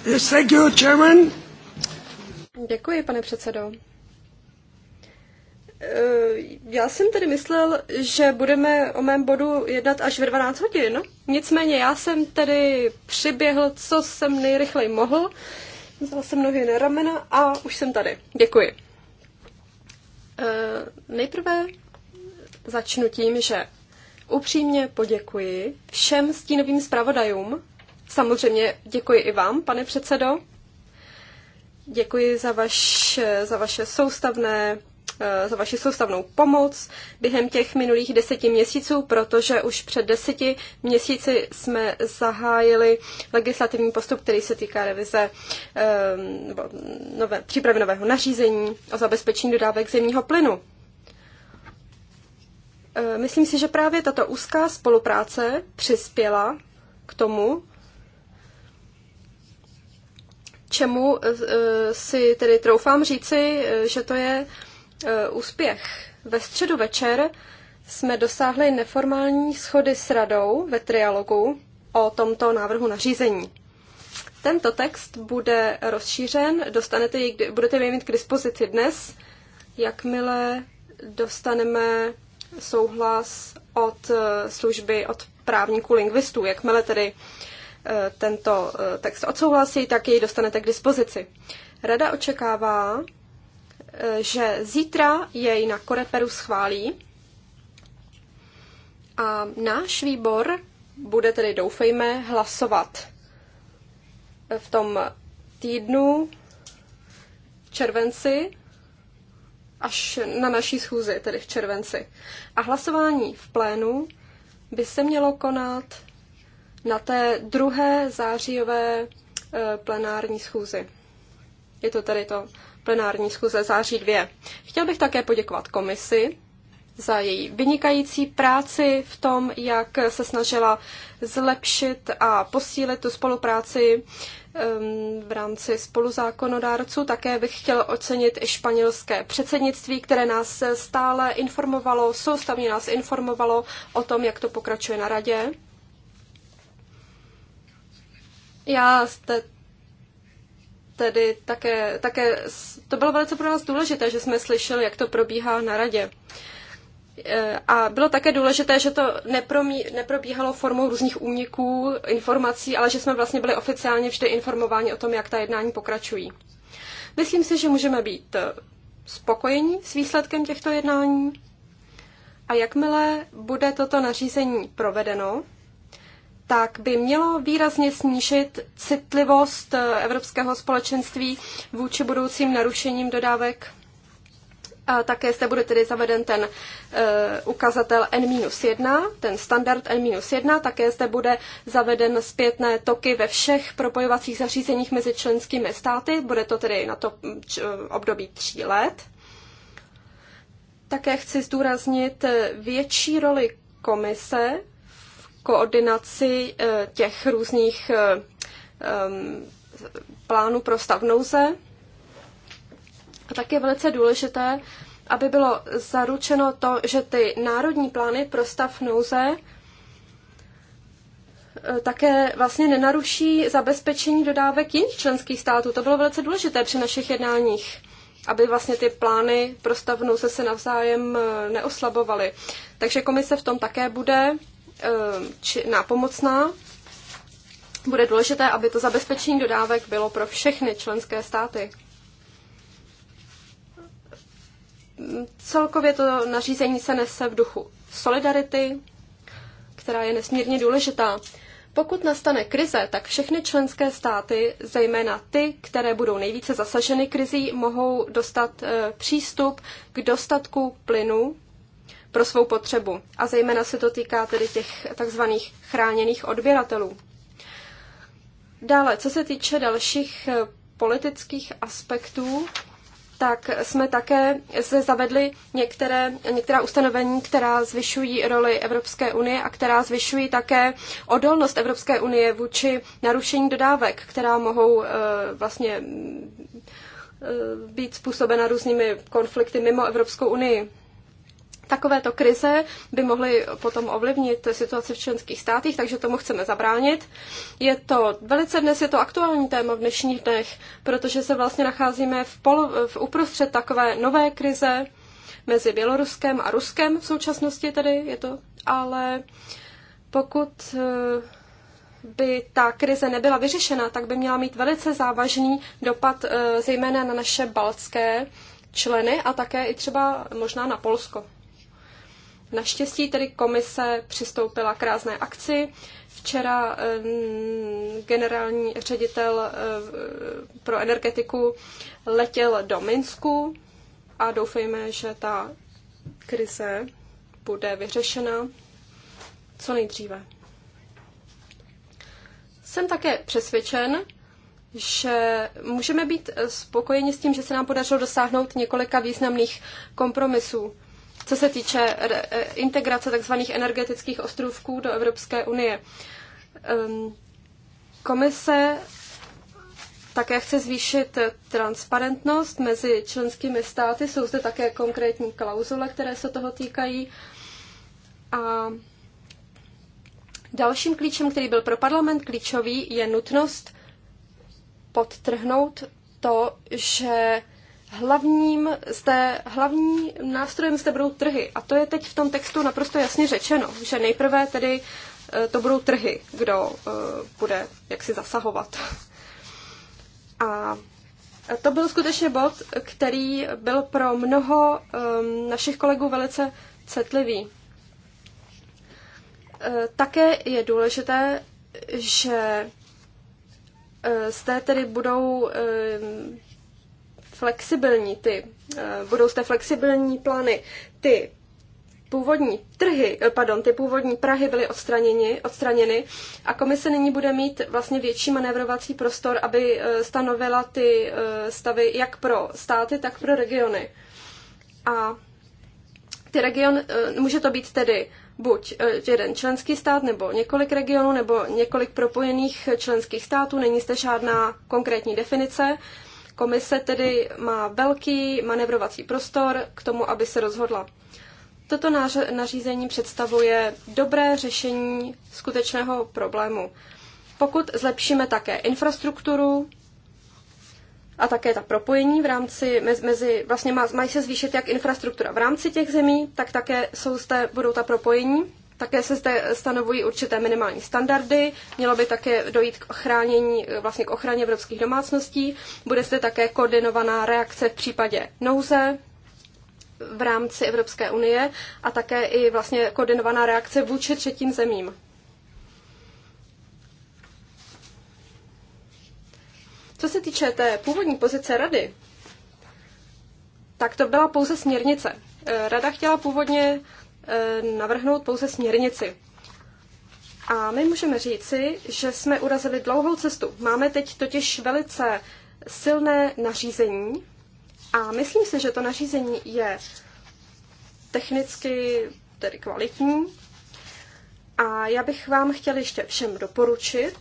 Yes, thank you, Chairman. Děkuji, pane předsedo. Eh, já jsem tedy myslel, že budeme o mém bodu jednat až ve 12 hodin. No. Nicméně já jsem tedy přiběhl, co jsem nejrychleji mohl. Vzal jsem nohy na ramena a už jsem tady. Děkuji. Eh, nejprve začnu tím, že upřímně poděkuji všem stínovým zpravodajům. Samozřejmě děkuji i vám, pane předsedo. Děkuji za, vaš, za vaše soustavné Eh, za vaši soustavnou pomoc během těch minulých deseti měsíců, protože už před deseti měsíci jsme zahájili legislativní postup, který se týká revize eh, nebo nové, přípravy nového nařízení o zabezpečení dodávek zemního plynu. Eh, myslím si, že právě tato úzká spolupráce přispěla k tomu, čemu si tedy troufám říci, že to je Eh, úspěch. Ve středu večer jsme dosáhli neformální schody s radou ve trialogu o tomto návrhu nařízení. Tento text bude rozšířen, dostanete jej, budete jej mít k dispozici dnes, jakmile dostaneme souhlas od eh, služby, od právníků lingvistů. Jakmile tedy eh, tento text odsouhlasí, tak jej dostanete k dispozici. Rada očekává, že zítra jej na Koreperu schválí a náš výbor bude tedy, doufejme, hlasovat v tom týdnu v červenci až na naší schůzi, tedy v červenci. A hlasování v plénu by se mělo konat na té druhé zářijové eh, plenární schůzi. Je to tedy to plenární schůze září 2. Chtěl bych také poděkovat komisi za její vynikající práci v tom, jak se snažila zlepšit a posílit tu spolupráci um, v rámci spoluzákonodárců. Také bych chtěl ocenit i španělské předsednictví, které nás stále informovalo, soustavně nás informovalo o tom, jak to pokračuje na radě. Já zde tedy také, také, to bylo velice pro nás důležité, že jsme slyšeli, jak to probíhá na radě. E, a bylo také důležité, že to nepromí, neprobíhalo formou různých úniků, informací, ale že jsme vlastně byli oficiálně vždy informováni o tom, jak ta jednání pokračují. Myslím si, že můžeme být e, spokojení s výsledkem těchto jednání. A jakmile bude toto nařízení provedeno, tak by mělo výrazně snížit citlivost eh, Evropského společenství vůči budoucím narušením dodávek. A také zde bude tedy zaveden ten e, ukazatel N-1, ten standard N-1, také zde bude zaveden zpětné toky ve všech propojovacích zařízeních mezi členskými státy, bude to tedy na to č, eh, období tří let. Také chci zdůraznit větší roli komise koordinaci eh, těch různých eh, plánů pro stav nouze. A také velice důležité, aby bylo zaručeno to, že ty národní plány pro stav nouze eh, také vlastně nenaruší zabezpečení dodávek jiných členských států. To bylo velice důležité při našich jednáních, aby vlastně ty plány pro stav nouze se navzájem neoslabovaly. Takže komise v tom také bude Eh, či nápomocná. Bude důležité, aby to zabezpečení dodávek bylo pro všechny členské státy. Celkově to nařízení se nese v duchu solidarity, která je nesmírně důležitá. Pokud nastane krize, tak všechny členské státy, zejména ty, které budou nejvíce zasaženy krizí, mohou dostat eh, přístup k dostatku plynu pro svou potřebu. A zejména se to týká tedy těch takzvaných chráněných odběratelů. Dále, co se týče dalších eh, politických aspektů, tak jsme také se zavedli některé, některá ustanovení, která zvyšují roli Evropské unie a která zvyšují také odolnost Evropské unie vůči narušení dodávek, která mohou eh, vlastně eh, být způsobena různými konflikty mimo Evropskou unii. Takovéto krize by mohly potom ovlivnit situaci v členských státech, takže tomu chceme zabránit. Je to velice dnes je to aktuální téma v dnešních dnech, protože se vlastně nacházíme v, polo, v uprostřed takové nové krize mezi Běloruskem a Ruskem v současnosti tedy je to, ale pokud eh, by ta krize nebyla vyřešena, tak by měla mít velice závažný dopad eh, zejména na naše baltské členy a také i třeba možná na Polsko. Naštěstí tedy komise přistoupila k rázné akci. Včera eh, generální ředitel eh, pro energetiku letěl do Minsku a doufejme, že ta krize bude vyřešena co nejdříve. Jsem také přesvědčen, že můžeme být spokojeni s tím, že se nám podařilo dosáhnout několika významných kompromisů co se týče e, integrace tzv. energetických ostrovků do Evropské unie. Komise také chce zvýšit transparentnost mezi členskými státy. Jsou zde také konkrétní klauzule, které se toho týkají. A dalším klíčem, který byl pro parlament klíčový, je nutnost podtrhnout to, že Hlavním jste, hlavní nástrojem zde budou trhy. A to je teď v tom textu naprosto jasně řečeno, že nejprve tedy eh, to budou trhy, kdo eh, bude jaksi zasahovat. A to byl skutečně bod, který byl pro mnoho ehm, našich kolegů velice citlivý. Eh, také je důležité, že zde tedy budou ehm, flexibilní, ty, eh, budou zde flexibilní plány. Ty původní trhy, eh, pardon, ty původní Prahy byly odstraněny, odstraněny a komise nyní bude mít vlastně větší manévrovací prostor, aby eh, stanovila ty stavy jak pro státy, tak pro regiony. A ty region, může to být tedy buď jeden členský stát, nebo několik regionů, nebo několik propojených členských států, není zde žádná konkrétní definice. Komise tedy má velký manevrovací prostor k tomu, aby se rozhodla. Toto nařízení představuje dobré řešení skutečného problému. Pokud zlepšíme také infrastrukturu a také ta propojení v rámci, mezi, vlastně má, mají se zvýšit jak infrastruktura v rámci těch zemí, tak také jsou zde, budou ta propojení také se zde stanovují určité minimální standardy, mělo by také dojít k ochránění, vlastně k ochraně evropských domácností, bude zde také koordinovaná reakce v případě nouze v rámci Evropské unie a také i vlastně koordinovaná reakce vůči třetím zemím. Co se týče té původní pozice rady, tak to byla pouze směrnice. Rada chtěla původně Eh, navrhnout pouze směrnici. A my můžeme říci, že jsme urazili dlouhou cestu. Máme teď totiž velice silné nařízení a myslím si, že to nařízení je technicky tedy kvalitní. A já bych vám chtěl ještě všem doporučit,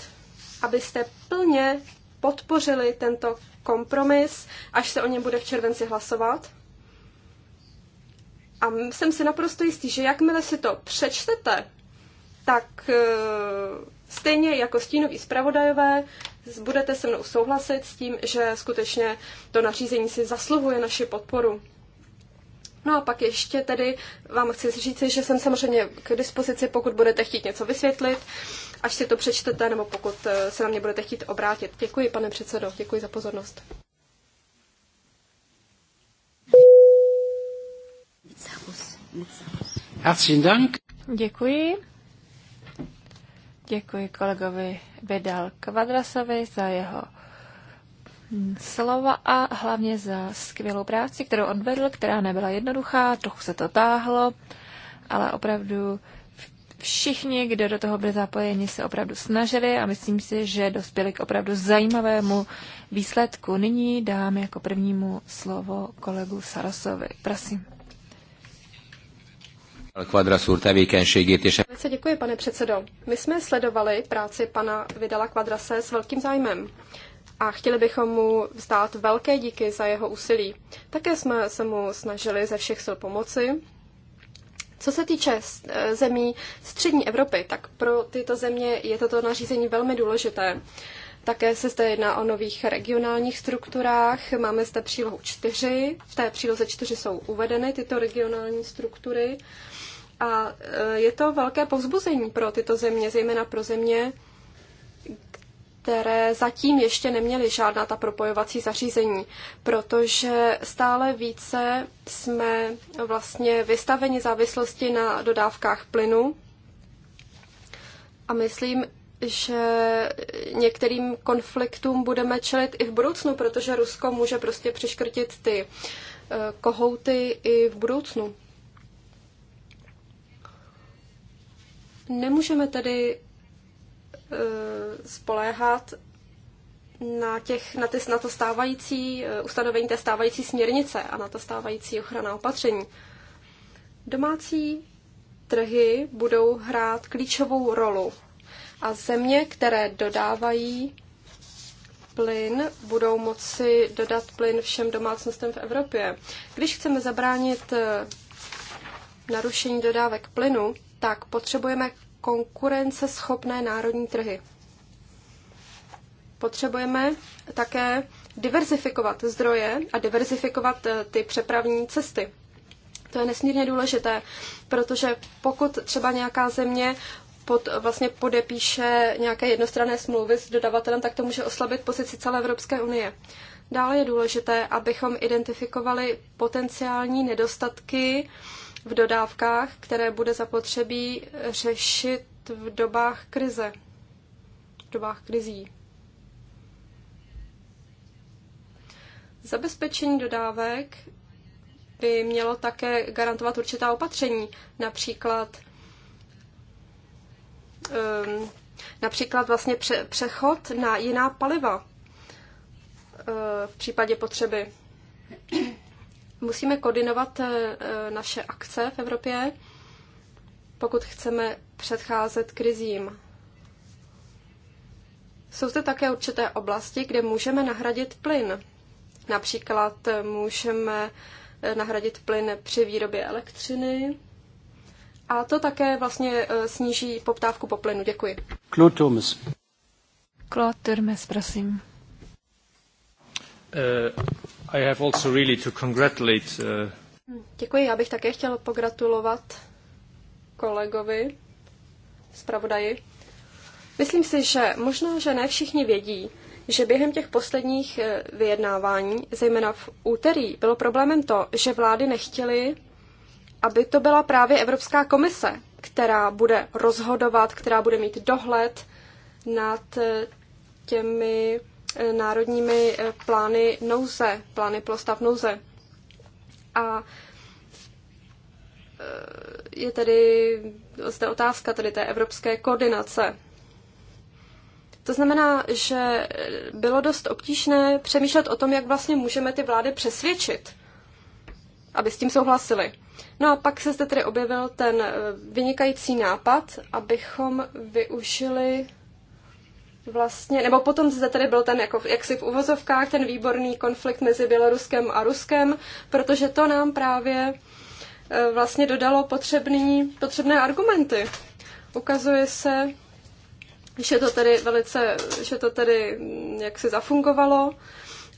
abyste plně podpořili tento kompromis, až se o něm bude v červenci hlasovat. A jsem si naprosto jistý, že jakmile si to přečtete, tak e, stejně jako stínoví zpravodajové budete se mnou souhlasit s tím, že skutečně to nařízení si zasluhuje naši podporu. No a pak ještě tedy vám chci říct, že jsem samozřejmě k dispozici, pokud budete chtít něco vysvětlit, až si to přečtete, nebo pokud e, se na mě budete chtít obrátit. Děkuji, pane předsedo, děkuji za pozornost. Herzlichen Dank. Děkuji. Děkuji kolegovi Vidal Kvadrasovi za jeho slova a hlavně za skvělou práci, kterou on vedl, která nebyla jednoduchá, trochu se to táhlo, ale opravdu všichni, kdo do toho byli zapojeni, se opravdu snažili a myslím si, že dospěli k opravdu zajímavému výsledku. Nyní dám jako prvnímu slovo kolegu Sarasovi. Prosím. Kvadrasur tevékenységét és... Velice děkuji, pane předsedo. My jsme sledovali práci pana Vydala Kvadrase s velkým zájmem a chtěli bychom mu vzdát velké díky za jeho úsilí. Také jsme se mu snažili ze všech sil pomoci. Co se týče eh, zemí střední Evropy, tak pro tyto země je toto nařízení velmi důležité. Také se zde jedná o nových regionálních strukturách. Máme zde přílohu čtyři. V té příloze čtyři jsou uvedeny tyto regionální struktury. A e, je to velké povzbuzení pro tyto země, zejména pro země, které zatím ještě neměly žádná ta propojovací zařízení, protože stále více jsme vlastně vystaveni závislosti na dodávkách plynu a myslím, že některým konfliktům budeme čelit i v budoucnu, protože Rusko může prostě přiškrtit ty e, kohouty i v budoucnu. Nemůžeme tedy e, spoléhat na, těch, na, ty, na to stávající e, ustanovení té stávající směrnice a na to stávající ochrana opatření. Domácí trhy budou hrát klíčovou rolu a země, které dodávají plyn, budou moci dodat plyn všem domácnostem v Evropě. Když chceme zabránit e, narušení dodávek plynu, tak potřebujeme konkurenceschopné národní trhy. Potřebujeme také diverzifikovat zdroje a diverzifikovat eh, ty přepravní cesty. To je nesmírně důležité, protože pokud třeba nějaká země pod, vlastně podepíše nějaké jednostranné smlouvy s dodavatelem, tak to může oslabit pozici celé Evropské unie. Dále je důležité, abychom identifikovali potenciální nedostatky v dodávkách, které bude zapotřebí řešit v dobách krize, v dobách krizí. Zabezpečení dodávek by mělo také garantovat určitá opatření, například um, například vlastně pře- přechod na jiná paliva uh, v případě potřeby. Musíme koordinovat eh, eh, naše akce v Evropě, pokud chceme předcházet krizím. Jsou zde také určité oblasti, kde můžeme nahradit plyn. Například eh, můžeme nahradit plyn při výrobě elektřiny. A to také vlastně sníží poptávku po plynu. Děkuji. Claude Turmes. Claude prosím. I have also really to congratulate, uh... Děkuji, já bych také chtěl pogratulovat kolegovi, zpravodaji. Myslím si, že možná, že ne všichni vědí, že během těch posledních eh, vyjednávání, zejména v úterý, bylo problémem to, že vlády nechtěly, aby to byla právě Evropská komise, která bude rozhodovat, která bude mít dohled nad eh, těmi Eh, národními eh, plány nouze, plány pro stav nouze. A eh, je tedy zde otázka tedy té evropské koordinace. To znamená, že bylo dost obtížné přemýšlet o tom, jak vlastně můžeme ty vlády přesvědčit, aby s tím souhlasili. No a pak se zde tedy objevil ten vynikající nápad, abychom využili vlastně, nebo potom zde tedy byl ten, jako, jaksi v uvozovkách, ten výborný konflikt mezi Běloruskem a Ruskem, protože to nám právě e, vlastně dodalo potřebný, potřebné argumenty. Ukazuje se, že to tedy velice, že to tedy mm, jaksi zafungovalo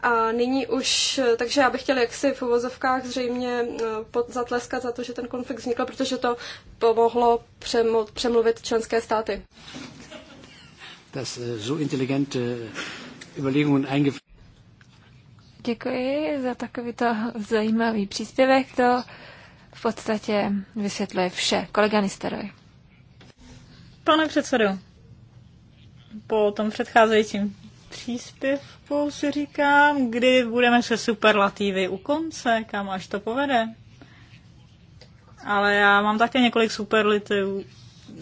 a nyní už, e, takže já bych chtěla jaksi v uvozovkách zřejmě e, pod, zatleskat za to, že ten konflikt vznikl, protože to pomohlo přemluvit členské státy dass äh, so intelligente äh, Überlegungen eingeführt Děkuji za takovýto zajímavý příspěvek. To v podstatě vysvětluje vše. Kolega Nisteroj. Pane předsedo, po tom předcházejícím příspěvku si říkám, kdy budeme se superlativy u konce, kam až to povede. Ale já mám také několik superlativů,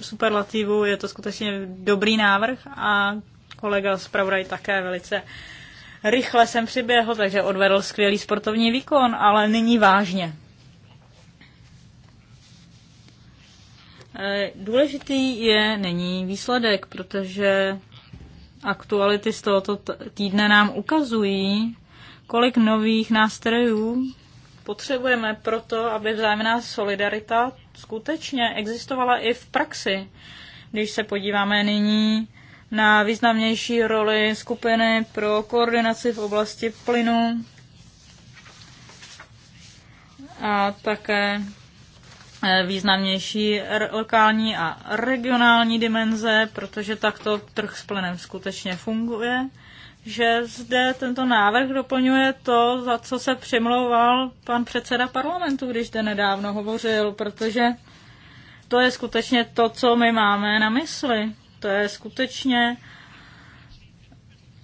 superlativu, je to skutečně dobrý návrh a kolega zpravodaj také velice rychle jsem přiběhl, takže odvedl skvělý sportovní výkon, ale nyní vážně. Eh, důležitý je není výsledek, protože aktuality z tohoto týdne nám ukazují, kolik nových nástrojů potřebujeme proto, aby vzájemná solidarita skutečně existovala i v praxi. Když se podíváme nyní na významnější roli skupiny pro koordinaci v oblasti plynu a také eh, významnější lokální a regionální dimenze, protože takto trh s plynem skutečně funguje že zde tento návrh doplňuje to, za co se přimlouval pan předseda parlamentu, když zde nedávno hovořil, protože to je skutečně to, co my máme na mysli. To je skutečně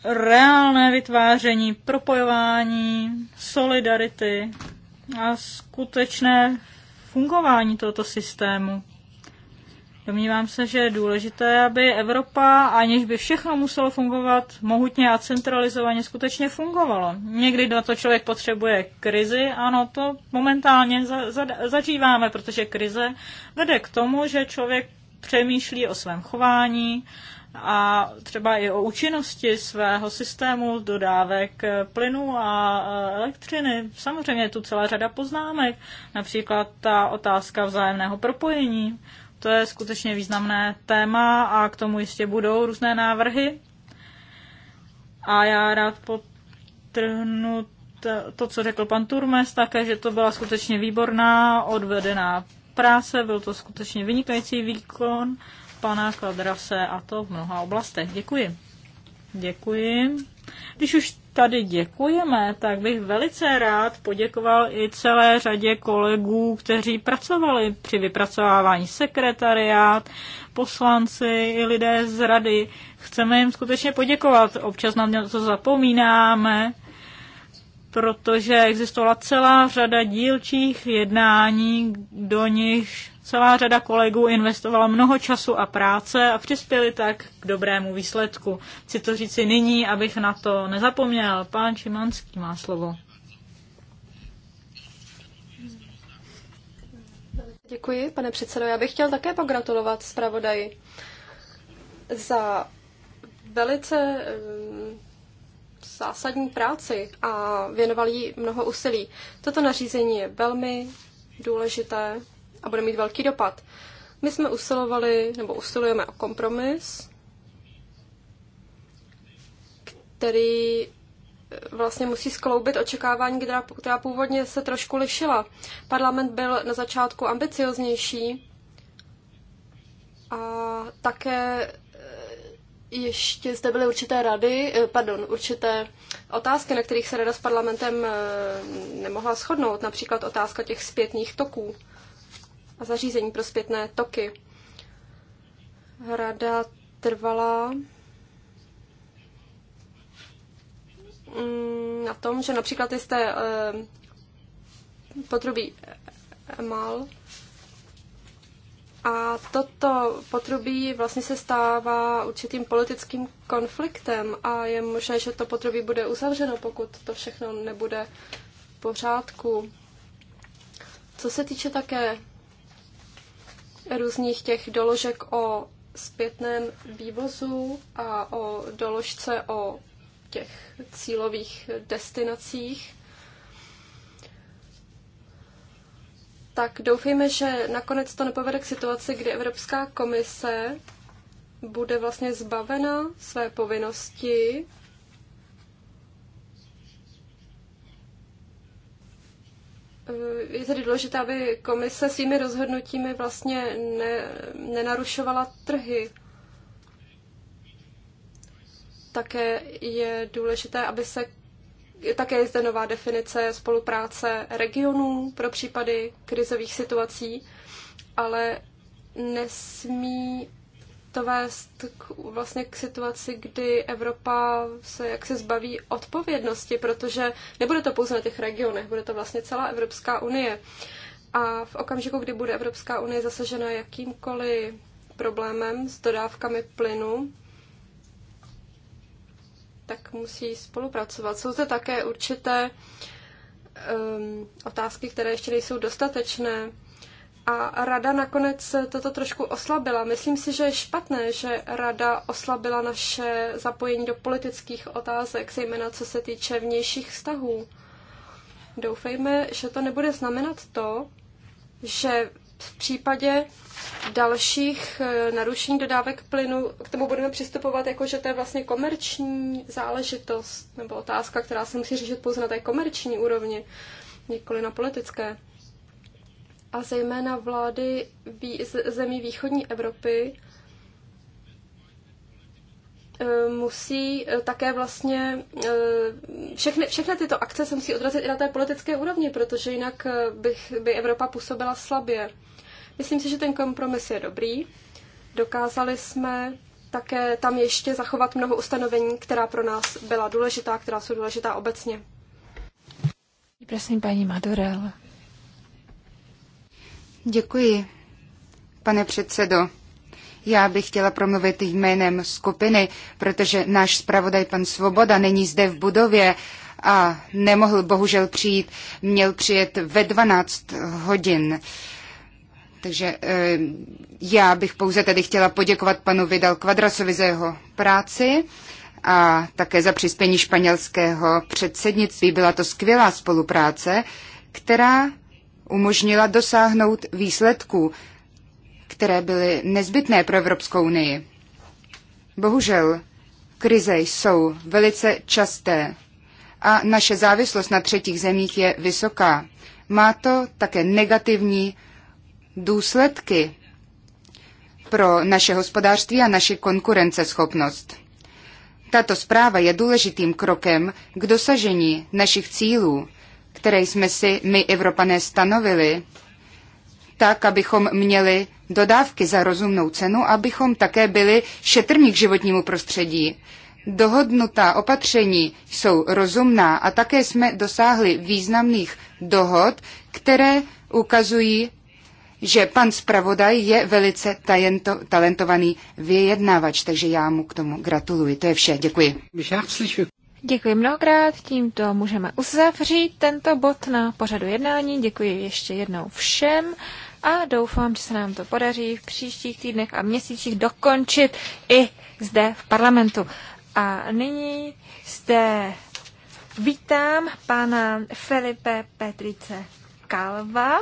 reálné vytváření, propojování, solidarity a skutečné fungování tohoto systému. Domnívám se, že je důležité, aby Evropa, aniž by všechno muselo fungovat mohutně a centralizovaně, skutečně fungovalo. Někdy na to člověk potřebuje krizi, ano, to momentálně za, za, zažíváme, protože krize vede k tomu, že člověk přemýšlí o svém chování a třeba i o účinnosti svého systému dodávek plynu a elektřiny. Samozřejmě je tu celá řada poznámek, například ta otázka vzájemného propojení to je skutečně významné téma a k tomu jistě budou různé návrhy. A já rád potrhnu to, co řekl pan Turmes, také, že to byla skutečně výborná odvedená práce, byl to skutečně vynikající výkon pana Kladrase a to v mnoha oblastech. Děkuji. Děkuji. Když už tady děkujeme, tak bych velice rád poděkoval i celé řadě kolegů, kteří pracovali při vypracovávání sekretariát, poslanci i lidé z rady. Chceme jim skutečně poděkovat. Občas na to zapomínáme, protože existovala celá řada dílčích jednání, do nich celá řada kolegů investovala mnoho času a práce a přispěli tak k dobrému výsledku. Chci to říci nyní, abych na to nezapomněl. Pán Čimanský má slovo. Děkuji, pane předsedo. Já bych chtěl také pogratulovat zpravodaji za velice zásadní práci a věnoval jí mnoho úsilí. Toto nařízení je velmi důležité a bude mít velký dopad. My jsme usilovali, nebo usilujeme o kompromis, který eh, vlastně musí skloubit očekávání, která, která původně se trošku lišila. Parlament byl na začátku ambicioznější a také ještě zde byly určité rady, eh, pardon, určité otázky, na kterých se rada s parlamentem eh, nemohla shodnout, například otázka těch zpětných toků a zařízení pro zpětné toky. Rada trvala mm, na tom, že například jste eh, potrubí emal, a toto potrubí vlastně se stává určitým politickým konfliktem a je možné, že to potrubí bude uzavřeno, pokud to všechno nebude v pořádku. Co se týče také různých těch doložek o zpětném vývozu a o doložce o těch cílových destinacích, tak doufejme, že nakonec to nepovede k situaci, kdy Evropská komise bude vlastně zbavena své povinnosti eh, Je tedy důležité, aby komise svými rozhodnutími vlastně ne, nenarušovala trhy. Také je důležité, aby se také je zde nová definice spolupráce regionů pro případy krizových situací, ale nesmí to vést k, vlastně k situaci, kdy Evropa se jak se zbaví odpovědnosti, protože nebude to pouze na těch regionech, bude to vlastně celá Evropská unie. A v okamžiku, kdy bude Evropská unie zasažena jakýmkoliv problémem s dodávkami plynu, tak musí spolupracovat. Jsou zde také určité um, otázky, které ještě nejsou dostatečné. A rada nakonec toto trošku oslabila. Myslím si, že je špatné, že rada oslabila naše zapojení do politických otázek, zejména co se týče vnějších vztahů. Doufejme, že to nebude znamenat to, že v případě dalších eh, narušení dodávek plynu k tomu budeme přistupovat jako, že to je vlastně komerční záležitost nebo otázka, která se musí řešit pouze na té komerční úrovni, nikoli na politické. A zejména vlády zemí východní Evropy E, musí e, také vlastně e, všechny, všechny tyto akce se musí odrazit i na té politické úrovni, protože jinak bych, by Evropa působila slabě. Myslím si, že ten kompromis je dobrý. Dokázali jsme také tam ještě zachovat mnoho ustanovení, která pro nás byla důležitá, která jsou důležitá obecně. Prosím, paní Madurel. Děkuji, pane předsedo. Já bych chtěla promluvit jménem skupiny, protože náš zpravodaj pan Svoboda není zde v budově a nemohl bohužel přijít, měl přijet ve 12 hodin. Takže e, já bych pouze tedy chtěla poděkovat panu Vidal Kvadrasovi za jeho práci a také za přispění španělského předsednictví. Byla to skvělá spolupráce, která umožnila dosáhnout výsledků, které byly nezbytné pro Evropskou unii. Bohužel, krize jsou velice časté a naše závislost na třetích zemích je vysoká. Má to také negativní důsledky pro naše hospodářství a naši konkurenceschopnost. Tato zpráva je důležitým krokem k dosažení našich cílů, které jsme si my, Evropané, stanovili, tak, abychom měli dodávky za rozumnou cenu, abychom také byli šetrní k životnímu prostředí. Dohodnutá opatření jsou rozumná a také jsme dosáhli významných dohod, které ukazují, že pan zpravodaj je velice tajento, talentovaný vyjednávač, takže já mu k tomu gratuluji. To je vše. Děkuji. Děkuji mnohokrát, tímto můžeme uzavřít tento bod na pořadu jednání. Děkuji ještě jednou všem a doufám, že se nám to podaří v příštích týdnech a měsících dokončit i zde v parlamentu. A nyní zde vítám pana Felipe Petrice Kalva.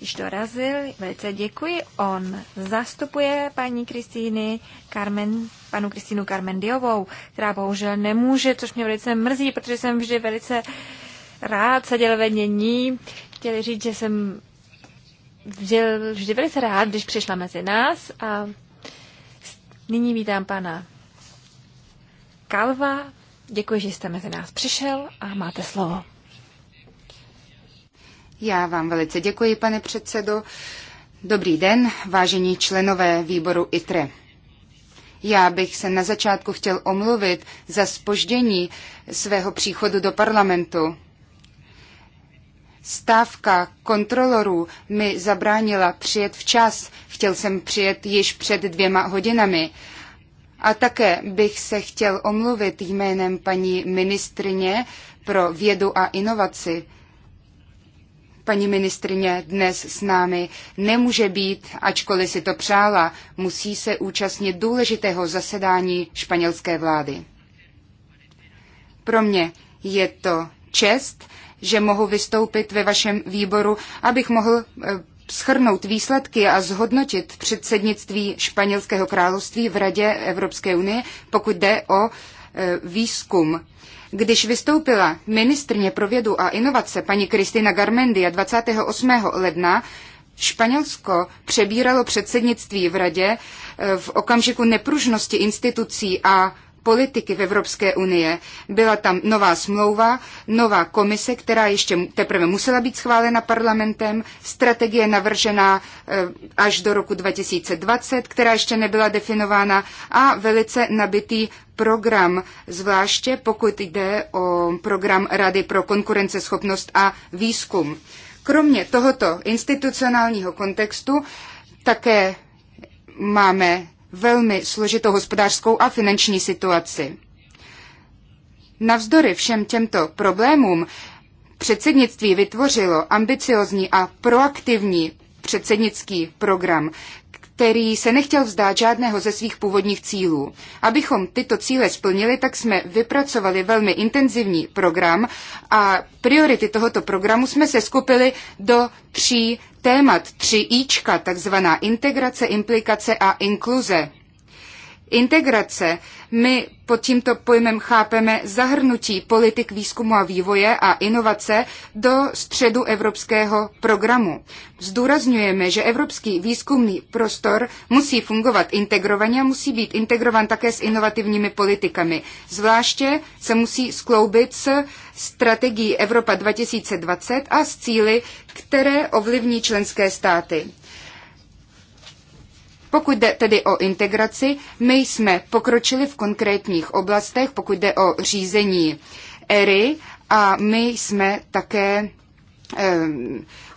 Již dorazil, velice děkuji. On zastupuje paní Kristýny Carmen, panu Kristýnu Carmen Diovou, která bohužel nemůže, což mě velice mrzí, protože jsem vždy velice rád seděl ve ní chtěli říct, že jsem žil vždy velice rád, když přišla mezi nás a nyní vítám pana Kalva. Děkuji, že jste mezi nás přišel a máte slovo. Já vám velice děkuji, pane předsedo. Dobrý den, vážení členové výboru ITRE. Já bych se na začátku chtěl omluvit za spoždění svého příchodu do parlamentu. Stávka kontrolorů mi zabránila přijet včas. Chtěl jsem přijet již před dvěma hodinami. A také bych se chtěl omluvit jménem paní ministrině pro vědu a inovaci. Paní ministrině dnes s námi nemůže být, ačkoliv si to přála, musí se účastnit důležitého zasedání španělské vlády. Pro mě je to čest, že mohu vystoupit ve vašem výboru, abych mohl eh, schrnout výsledky a zhodnotit předsednictví Španělského království v Radě Evropské unie, pokud jde o eh, výzkum. Když vystoupila ministrně pro vědu a inovace paní Kristina Garmendia 28. ledna, Španělsko přebíralo předsednictví v radě eh, v okamžiku nepružnosti institucí a politiky v Evropské unie. Byla tam nová smlouva, nová komise, která ještě teprve musela být schválena parlamentem, strategie navržená eh, až do roku 2020, která ještě nebyla definována a velice nabitý program, zvláště pokud jde o program Rady pro konkurenceschopnost a výzkum. Kromě tohoto institucionálního kontextu také máme velmi složitou hospodářskou a finanční situaci. Navzdory všem těmto problémům předsednictví vytvořilo ambiciozní a proaktivní předsednický program, který se nechtěl vzdát žádného ze svých původních cílů. Abychom tyto cíle splnili, tak jsme vypracovali velmi intenzivní program a priority tohoto programu jsme se skupili do tří témat, tři Ička, takzvaná integrace, implikace a inkluze. Integrace. My pod tímto pojmem chápeme zahrnutí politik výzkumu a vývoje a inovace do středu evropského programu. Zdůrazňujeme, že evropský výzkumný prostor musí fungovat integrovaně a musí být integrovan také s inovativními politikami. Zvláště se musí skloubit s strategií Evropa 2020 a s cíly, které ovlivní členské státy. Pokud jde tedy o integraci, my jsme pokročili v konkrétních oblastech, pokud jde o řízení ERY a my jsme také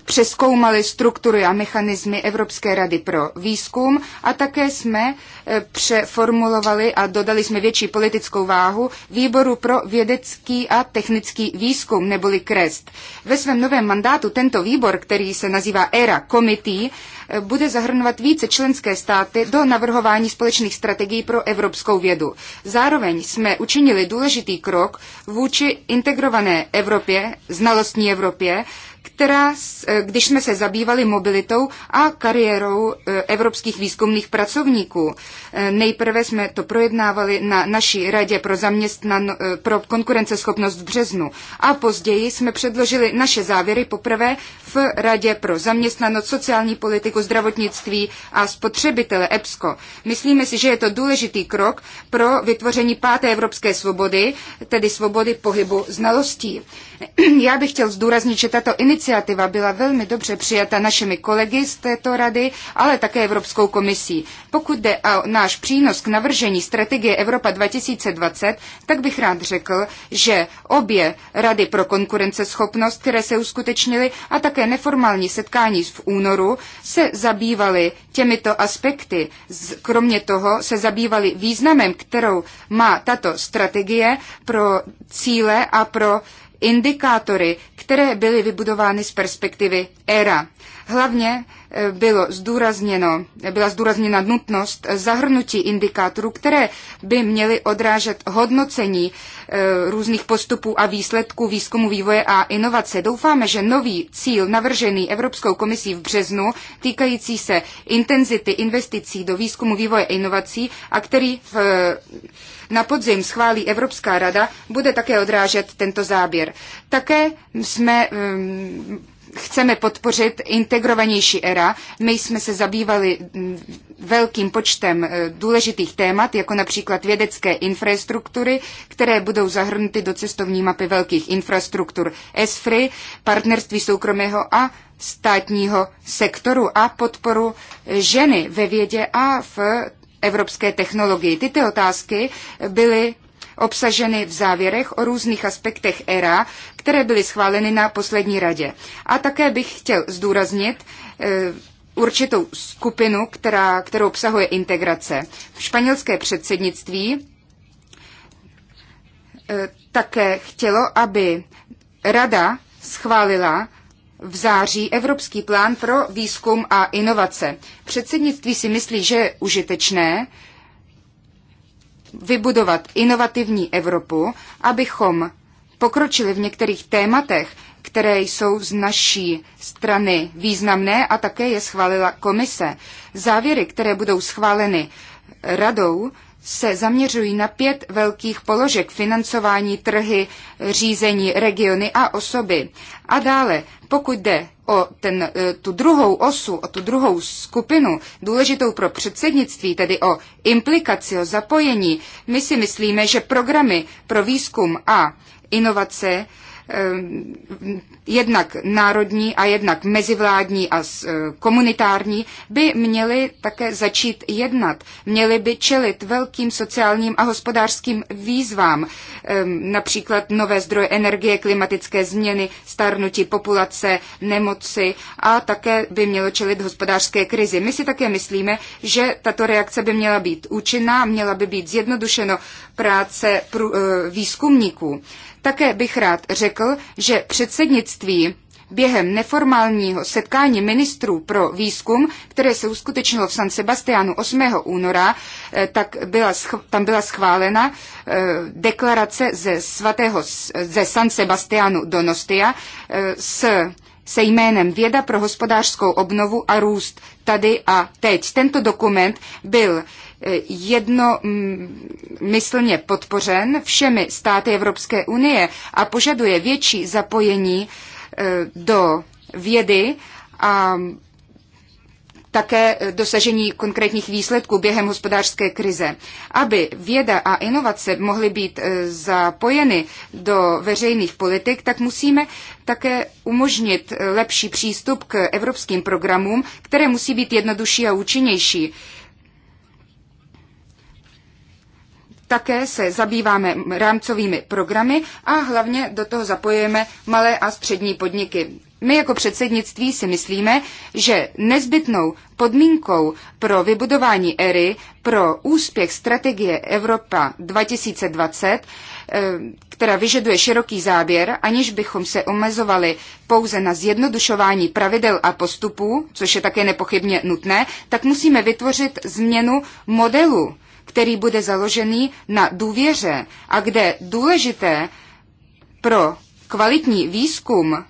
přeskoumali struktury a mechanismy Evropské rady pro výzkum a také jsme e, přeformulovali a dodali jsme větší politickou váhu Výboru pro vědecký a technický výzkum neboli KREST. Ve svém novém mandátu tento výbor, který se nazývá ERA Committee, e, bude zahrnovat více členské státy do navrhování společných strategií pro evropskou vědu. Zároveň jsme učinili důležitý krok vůči integrované Evropě, znalostní Evropě, která, eh, když jsme se zabývali mobilitou a kariérou eh, evropských výzkumných pracovníků. Eh, nejprve jsme to projednávali na naší radě pro, zaměstnan, pro konkurenceschopnost v březnu a později jsme předložili naše závěry poprvé v radě pro zaměstnanost, sociální politiku, zdravotnictví a spotřebitele EPSCO. Myslíme si, že je to důležitý krok pro vytvoření páté evropské svobody, tedy svobody pohybu znalostí. Já bych chtěl zdůraznit, že tato iniciativa iniciativa byla velmi dobře přijata našimi kolegy z této rady, ale také Evropskou komisí. Pokud jde o náš přínos k navržení strategie Evropa 2020, tak bych rád řekl, že obě rady pro konkurenceschopnost, které se uskutečnily, a také neformální setkání v únoru se zabývaly těmito aspekty. Kromě toho se zabývaly významem, kterou má tato strategie pro cíle a pro indikátory, které byly vybudovány z perspektivy ERA. Hlavně eh, bylo zdůrazněno, byla zdůrazněna nutnost zahrnutí indikátorů, které by měly odrážet hodnocení eh, různých postupů a výsledků výzkumu, vývoje a inovace. Doufáme, že nový cíl navržený Evropskou komisí v březnu týkající se intenzity investicí do výzkumu, vývoje a inovací a který v na podzim schválí Evropská rada, bude také odrážet tento záběr. Také jsme um, chceme podpořit integrovanější era. My jsme se zabývali um, velkým počtem uh, důležitých témat, jako například vědecké infrastruktury, které budou zahrnuty do cestovní mapy velkých infrastruktur ESFRI, partnerství soukromého a státního sektoru a podporu ženy ve vědě a v evropské technologii. Tyto otázky byly obsaženy v závěrech o různých aspektech ERA, které byly schváleny na poslední radě. A také bych chtěl zdůraznit eh, určitou skupinu, která, kterou obsahuje integrace. V španělské předsednictví eh, také chtělo, aby rada schválila v září Evropský plán pro výzkum a inovace. Předsednictví si myslí, že je užitečné vybudovat inovativní Evropu, abychom pokročili v některých tématech, které jsou z naší strany významné a také je schválila komise. Závěry, které budou schváleny radou, se zaměřují na pět velkých položek financování trhy, řízení, regiony a osoby. A dále, pokud jde o ten, e, tu druhou osu, o tu druhou skupinu, důležitou pro předsednictví, tedy o implikaci, o zapojení, my si myslíme, že programy pro výzkum a inovace Ehm, jednak národní a jednak mezivládní a eh, komunitární, by měly také začít jednat. Měly by čelit velkým sociálním a hospodářským výzvám, ehm, například nové zdroje energie, klimatické změny, starnutí populace, nemoci a také by mělo čelit hospodářské krizi. My si také myslíme, že tato reakce by měla být účinná, měla by být zjednodušeno práce eh, výzkumníků. Také bych rád řekl, že předsednictví během neformálního setkání ministrů pro výzkum, které se uskutečnilo v San Sebastianu 8. února, eh, tak byla, tam byla schválena eh, deklarace ze, svatého, ze San Sebastianu do Nostia eh, s se jménem Věda pro hospodářskou obnovu a růst tady a teď. Tento dokument byl e, jednomyslně podpořen všemi státy Evropské unie a požaduje větší zapojení e, do vědy a také dosažení konkrétních výsledků během hospodářské krize. Aby věda a inovace mohly být e, zapojeny do veřejných politik, tak musíme také umožnit e, lepší přístup k evropským programům, které musí být jednodušší a účinnější. Také se zabýváme rámcovými programy a hlavně do toho zapojujeme malé a střední podniky. My jako předsednictví si myslíme, že nezbytnou podmínkou pro vybudování ERY, pro úspěch strategie Evropa 2020, eh, která vyžaduje široký záběr, aniž bychom se omezovali pouze na zjednodušování pravidel a postupů, což je také nepochybně nutné, tak musíme vytvořit změnu modelu, který bude založený na důvěře a kde důležité pro kvalitní výzkum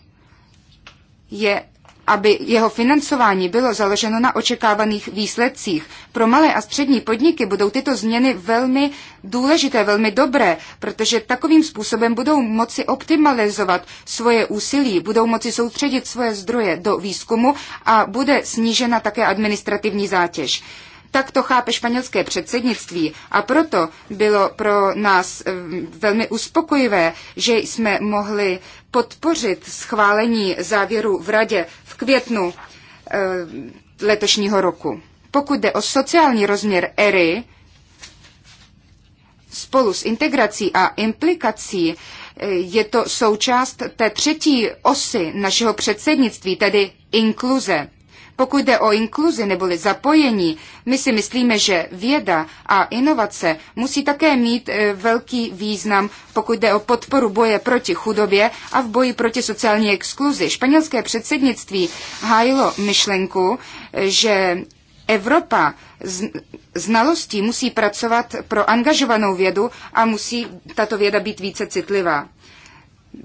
je, aby jeho financování bylo založeno na očekávaných výsledcích. Pro malé a střední podniky budou tyto změny velmi důležité, velmi dobré, protože takovým způsobem budou moci optimalizovat svoje úsilí, budou moci soustředit svoje zdroje do výzkumu a bude snížena také administrativní zátěž. Tak to chápe španělské předsednictví a proto bylo pro nás eh, velmi uspokojivé, že jsme mohli podpořit schválení závěru v Radě v květnu eh, letošního roku. Pokud jde o sociální rozměr ERY, spolu s integrací a implikací eh, je to součást té třetí osy našeho předsednictví, tedy inkluze. Pokud jde o inkluzi neboli zapojení, my si myslíme, že věda a inovace musí také mít e, velký význam, pokud jde o podporu boje proti chudobě a v boji proti sociální exkluzi. Španělské předsednictví hájilo myšlenku, e, že Evropa znalostí musí pracovat pro angažovanou vědu a musí tato věda být více citlivá.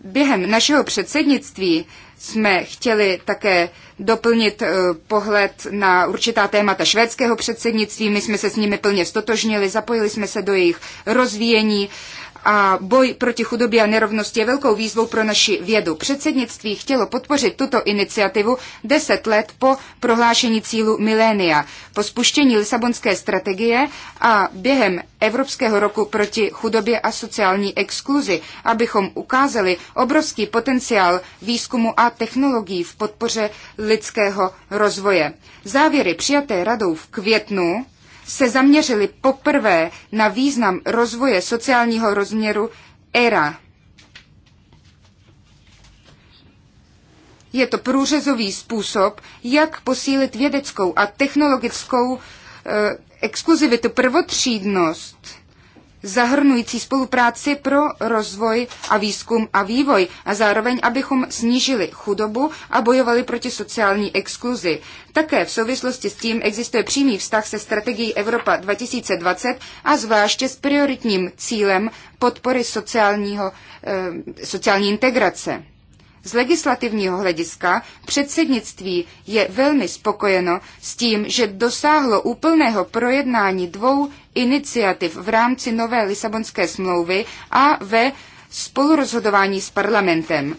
Během našeho předsednictví jsme chtěli také doplnit eh, pohled na určitá témata švédského předsednictví. My jsme se s nimi plně stotožnili, zapojili jsme se do jejich rozvíjení a boj proti chudobě a nerovnosti je velkou výzvou pro naši vědu. Předsednictví chtělo podpořit tuto iniciativu deset let po prohlášení cílu milénia, po spuštění Lisabonské strategie a během Evropského roku proti chudobě a sociální exkluzi, abychom ukázali obrovský potenciál výzkumu a technologií v podpoře lidského rozvoje. Závěry přijaté radou v květnu se zaměřili poprvé na význam rozvoje sociálního rozměru ERA. Je to průřezový způsob, jak posílit vědeckou a technologickou eh, exkluzivitu, prvotřídnost zahrnující spolupráci pro rozvoj a výzkum a vývoj a zároveň, abychom snížili chudobu a bojovali proti sociální exkluzi. Také v souvislosti s tím existuje přímý vztah se strategií Evropa 2020 a zvláště s prioritním cílem podpory sociálního, eh, sociální integrace. Z legislativního hlediska předsednictví je velmi spokojeno s tím, že dosáhlo úplného projednání dvou iniciativ v rámci nové Lisabonské smlouvy a ve spolurozhodování s parlamentem.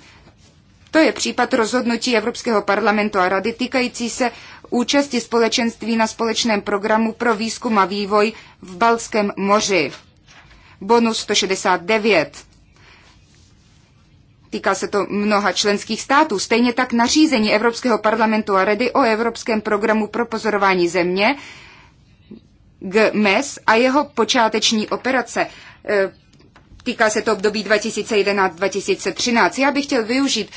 To je případ rozhodnutí Evropského parlamentu a rady týkající se účasti společenství na společném programu pro výzkum a vývoj v Balském moři. Bonus 169. Týká se to mnoha členských států, stejně tak nařízení Evropského parlamentu a Rady o Evropském programu pro pozorování země, GMES a jeho počáteční operace. E, týká se to období 2011-2013. Já bych chtěl využít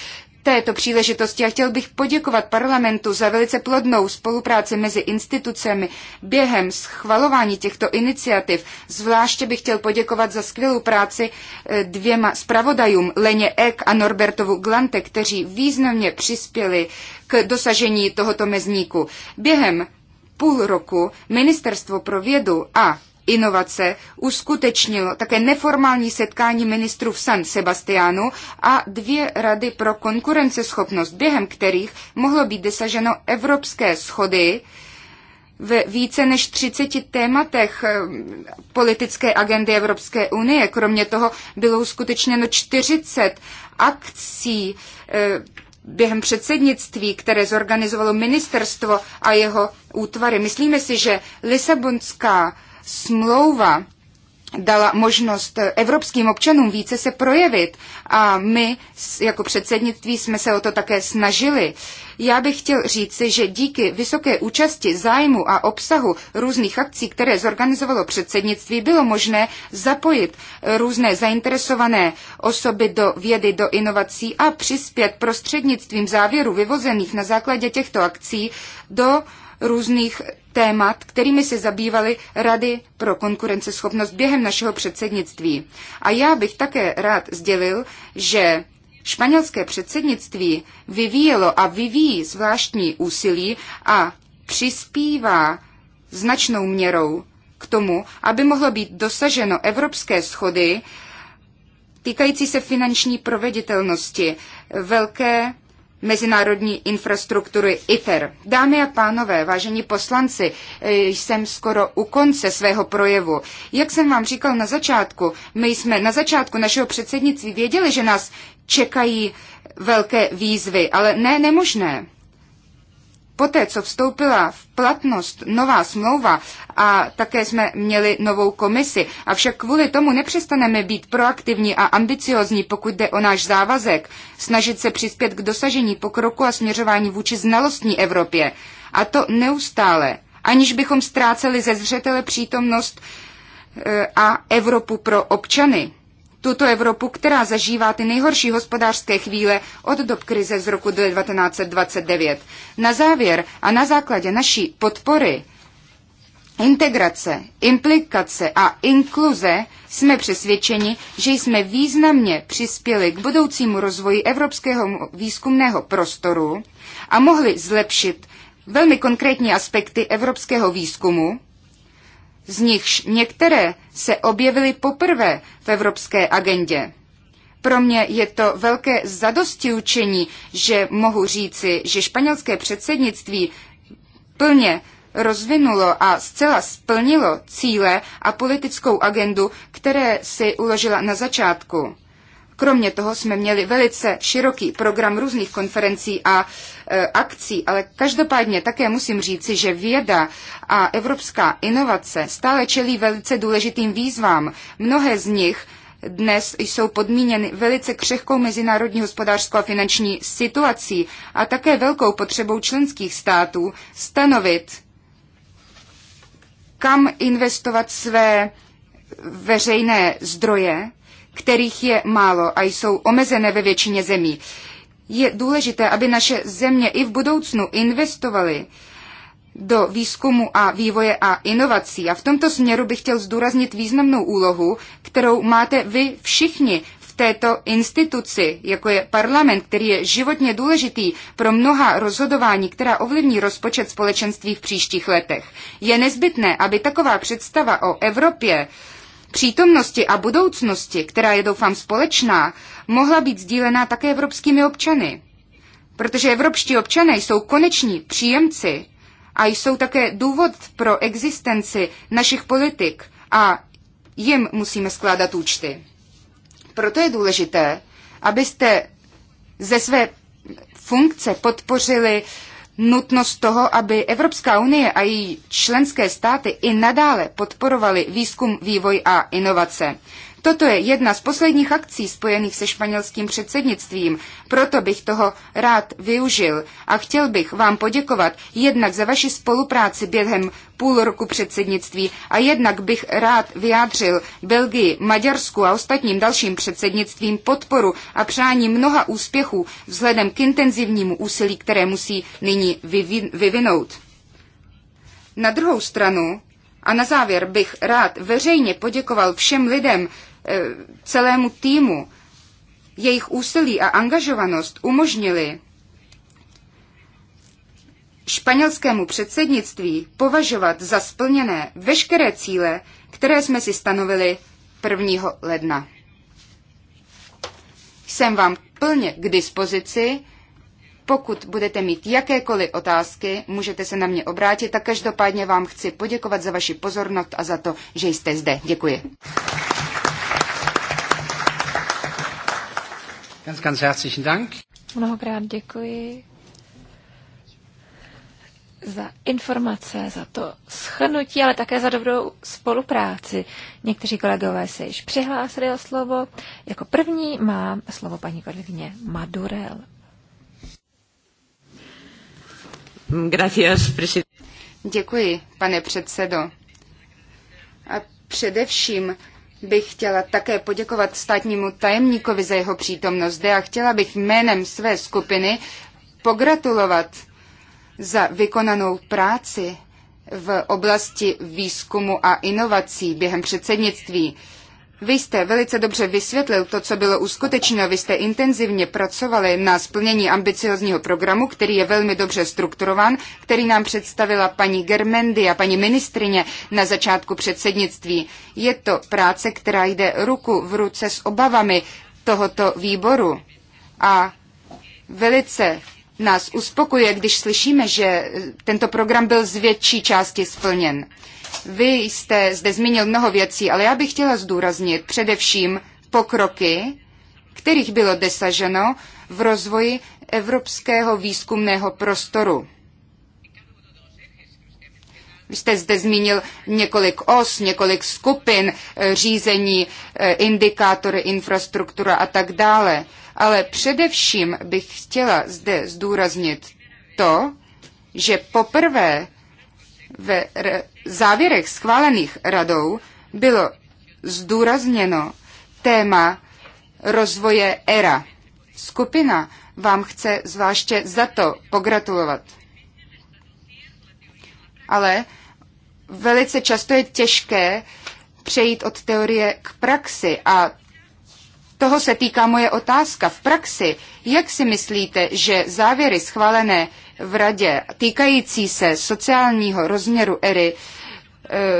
této příležitosti a chtěl bych poděkovat parlamentu za velice plodnou spolupráci mezi institucemi během schvalování těchto iniciativ. Zvláště bych chtěl poděkovat za skvělou práci e, dvěma zpravodajům, Leně Ek a Norbertovu Glante, kteří významně přispěli k dosažení tohoto mezníku. Během půl roku Ministerstvo pro vědu a inovace uskutečnilo také neformální setkání ministrů v San Sebastianu a dvě rady pro konkurenceschopnost, během kterých mohlo být dosaženo evropské schody ve více než 30 tématech eh, politické agendy Evropské unie. Kromě toho bylo uskutečněno 40 akcí eh, během předsednictví, které zorganizovalo ministerstvo a jeho útvary. Myslíme si, že Lisabonská smlouva dala možnost evropským občanům více se projevit a my jako předsednictví jsme se o to také snažili. Já bych chtěl říci, že díky vysoké účasti zájmu a obsahu různých akcí, které zorganizovalo předsednictví, bylo možné zapojit různé zainteresované osoby do vědy, do inovací a přispět prostřednictvím závěrů vyvozených na základě těchto akcí do různých témat, kterými se zabývaly Rady pro konkurenceschopnost během našeho předsednictví. A já bych také rád sdělil, že španělské předsednictví vyvíjelo a vyvíjí zvláštní úsilí a přispívá značnou měrou k tomu, aby mohlo být dosaženo evropské schody týkající se finanční proveditelnosti, velké mezinárodní infrastruktury ITER. Dámy a pánové, vážení poslanci, e, jsem skoro u konce svého projevu. Jak jsem vám říkal na začátku, my jsme na začátku našeho předsednictví věděli, že nás čekají velké výzvy, ale ne nemožné. Poté, co vstoupila v platnost nová smlouva a také jsme měli novou komisi, avšak kvůli tomu nepřestaneme být proaktivní a ambiciozní, pokud jde o náš závazek, snažit se přispět k dosažení pokroku a směřování vůči znalostní Evropě. A to neustále, aniž bychom ztráceli ze zřetele přítomnost e, a Evropu pro občany tuto Evropu, která zažívá ty nejhorší hospodářské chvíle od dob krize z roku 1929. Na závěr a na základě naší podpory Integrace, implikace a inkluze jsme přesvědčeni, že jsme významně přispěli k budoucímu rozvoji evropského výzkumného prostoru a mohli zlepšit velmi konkrétní aspekty evropského výzkumu, z nichž některé se objevily poprvé v evropské agendě. Pro mě je to velké učení, že mohu říci, že španělské předsednictví plně rozvinulo a zcela splnilo cíle a politickou agendu, které si uložila na začátku. Kromě toho jsme měli velice široký program různých konferencí a Eh, akcí, ale každopádně také musím říci, že věda a evropská inovace stále čelí velice důležitým výzvám. Mnohé z nich dnes jsou podmíněny velice křehkou mezinárodní hospodářskou a finanční situací a také velkou potřebou členských států stanovit, kam investovat své veřejné zdroje, kterých je málo a jsou omezené ve většině zemí. Je důležité, aby naše země i v budoucnu investovaly do výzkumu a vývoje a inovací. A v tomto směru bych chtěl zdůraznit významnou úlohu, kterou máte vy všichni v této instituci, jako je parlament, který je životně důležitý pro mnoha rozhodování, která ovlivní rozpočet společenství v příštích letech. Je nezbytné, aby taková představa o Evropě, přítomnosti a budoucnosti, která je doufám společná, mohla být sdílená také evropskými občany. Protože evropští občané jsou koneční příjemci a jsou také důvod pro existenci našich politik a jim musíme skládat účty. Proto je důležité, abyste ze své funkce podpořili uh, nutnost toho, aby Evropská unie a její členské státy i nadále podporovaly výzkum, vývoj a inovace. Toto je jedna z posledních akcí spojených se španělským předsednictvím, proto bych toho rád využil a chtěl bych vám poděkovat jednak za vaši spolupráci během půl roku předsednictví a jednak bych rád vyjádřil Belgii, Maďarsku a ostatním dalším předsednictvím podporu a přání mnoha úspěchů vzhledem k intenzivnímu úsilí, které musí nyní vyvinout. Na druhou stranu a na závěr bych rád veřejně poděkoval všem lidem, Eh, celému týmu, jejich úsilí a angažovanost umožnili španělskému předsednictví považovat za splněné veškeré cíle, které jsme si stanovili 1. ledna. Jsem vám plně k dispozici. Pokud budete mít jakékoliv otázky, můžete se na mě obrátit a každopádně vám chci poděkovat za vaši pozornost a za to, že jste zde. Děkuji. Ganz, ganz herzlichen Dank. Mnohokrát děkuji za informace, za to schrnutí, ale také za dobrou spolupráci. Někteří kolegové se již přihlásili o slovo. Jako první má slovo paní kolegyně Madurel. Gracias, Děkuji, pane předsedo. A především bych chtěla také poděkovat státnímu tajemníkovi za jeho přítomnost zde a chtěla bych jménem své skupiny pogratulovat za vykonanou práci v oblasti výzkumu a inovací během předsednictví. Vy jste velice dobře vysvětlil to, co bylo uskutečněno. Vy jste intenzivně pracovali na splnění ambiciozního programu, který je velmi dobře strukturovan, který nám představila paní Germendy a paní ministrině na začátku předsednictví. Je to práce, která jde ruku v ruce s obavami tohoto výboru. A velice nás uspokuje, když slyšíme, že tento program byl z větší části splněn. Vy jste zde zmínil mnoho věcí, ale já bych chtěla zdůraznit především pokroky, kterých bylo dosaženo v rozvoji evropského výzkumného prostoru. Vy jste zde zmínil několik os, několik skupin eh, řízení, eh, indikátory, infrastruktura a tak dále. Ale především bych chtěla zde zdůraznit to, že poprvé ve závěrech schválených radou bylo zdůrazněno téma rozvoje ERA. Skupina vám chce zvláště za to pogratulovat. Ale velice často je těžké přejít od teorie k praxi a toho se týká moje otázka. V praxi, jak si myslíte, že závěry schválené v radě týkající se sociálního rozměru ERY e,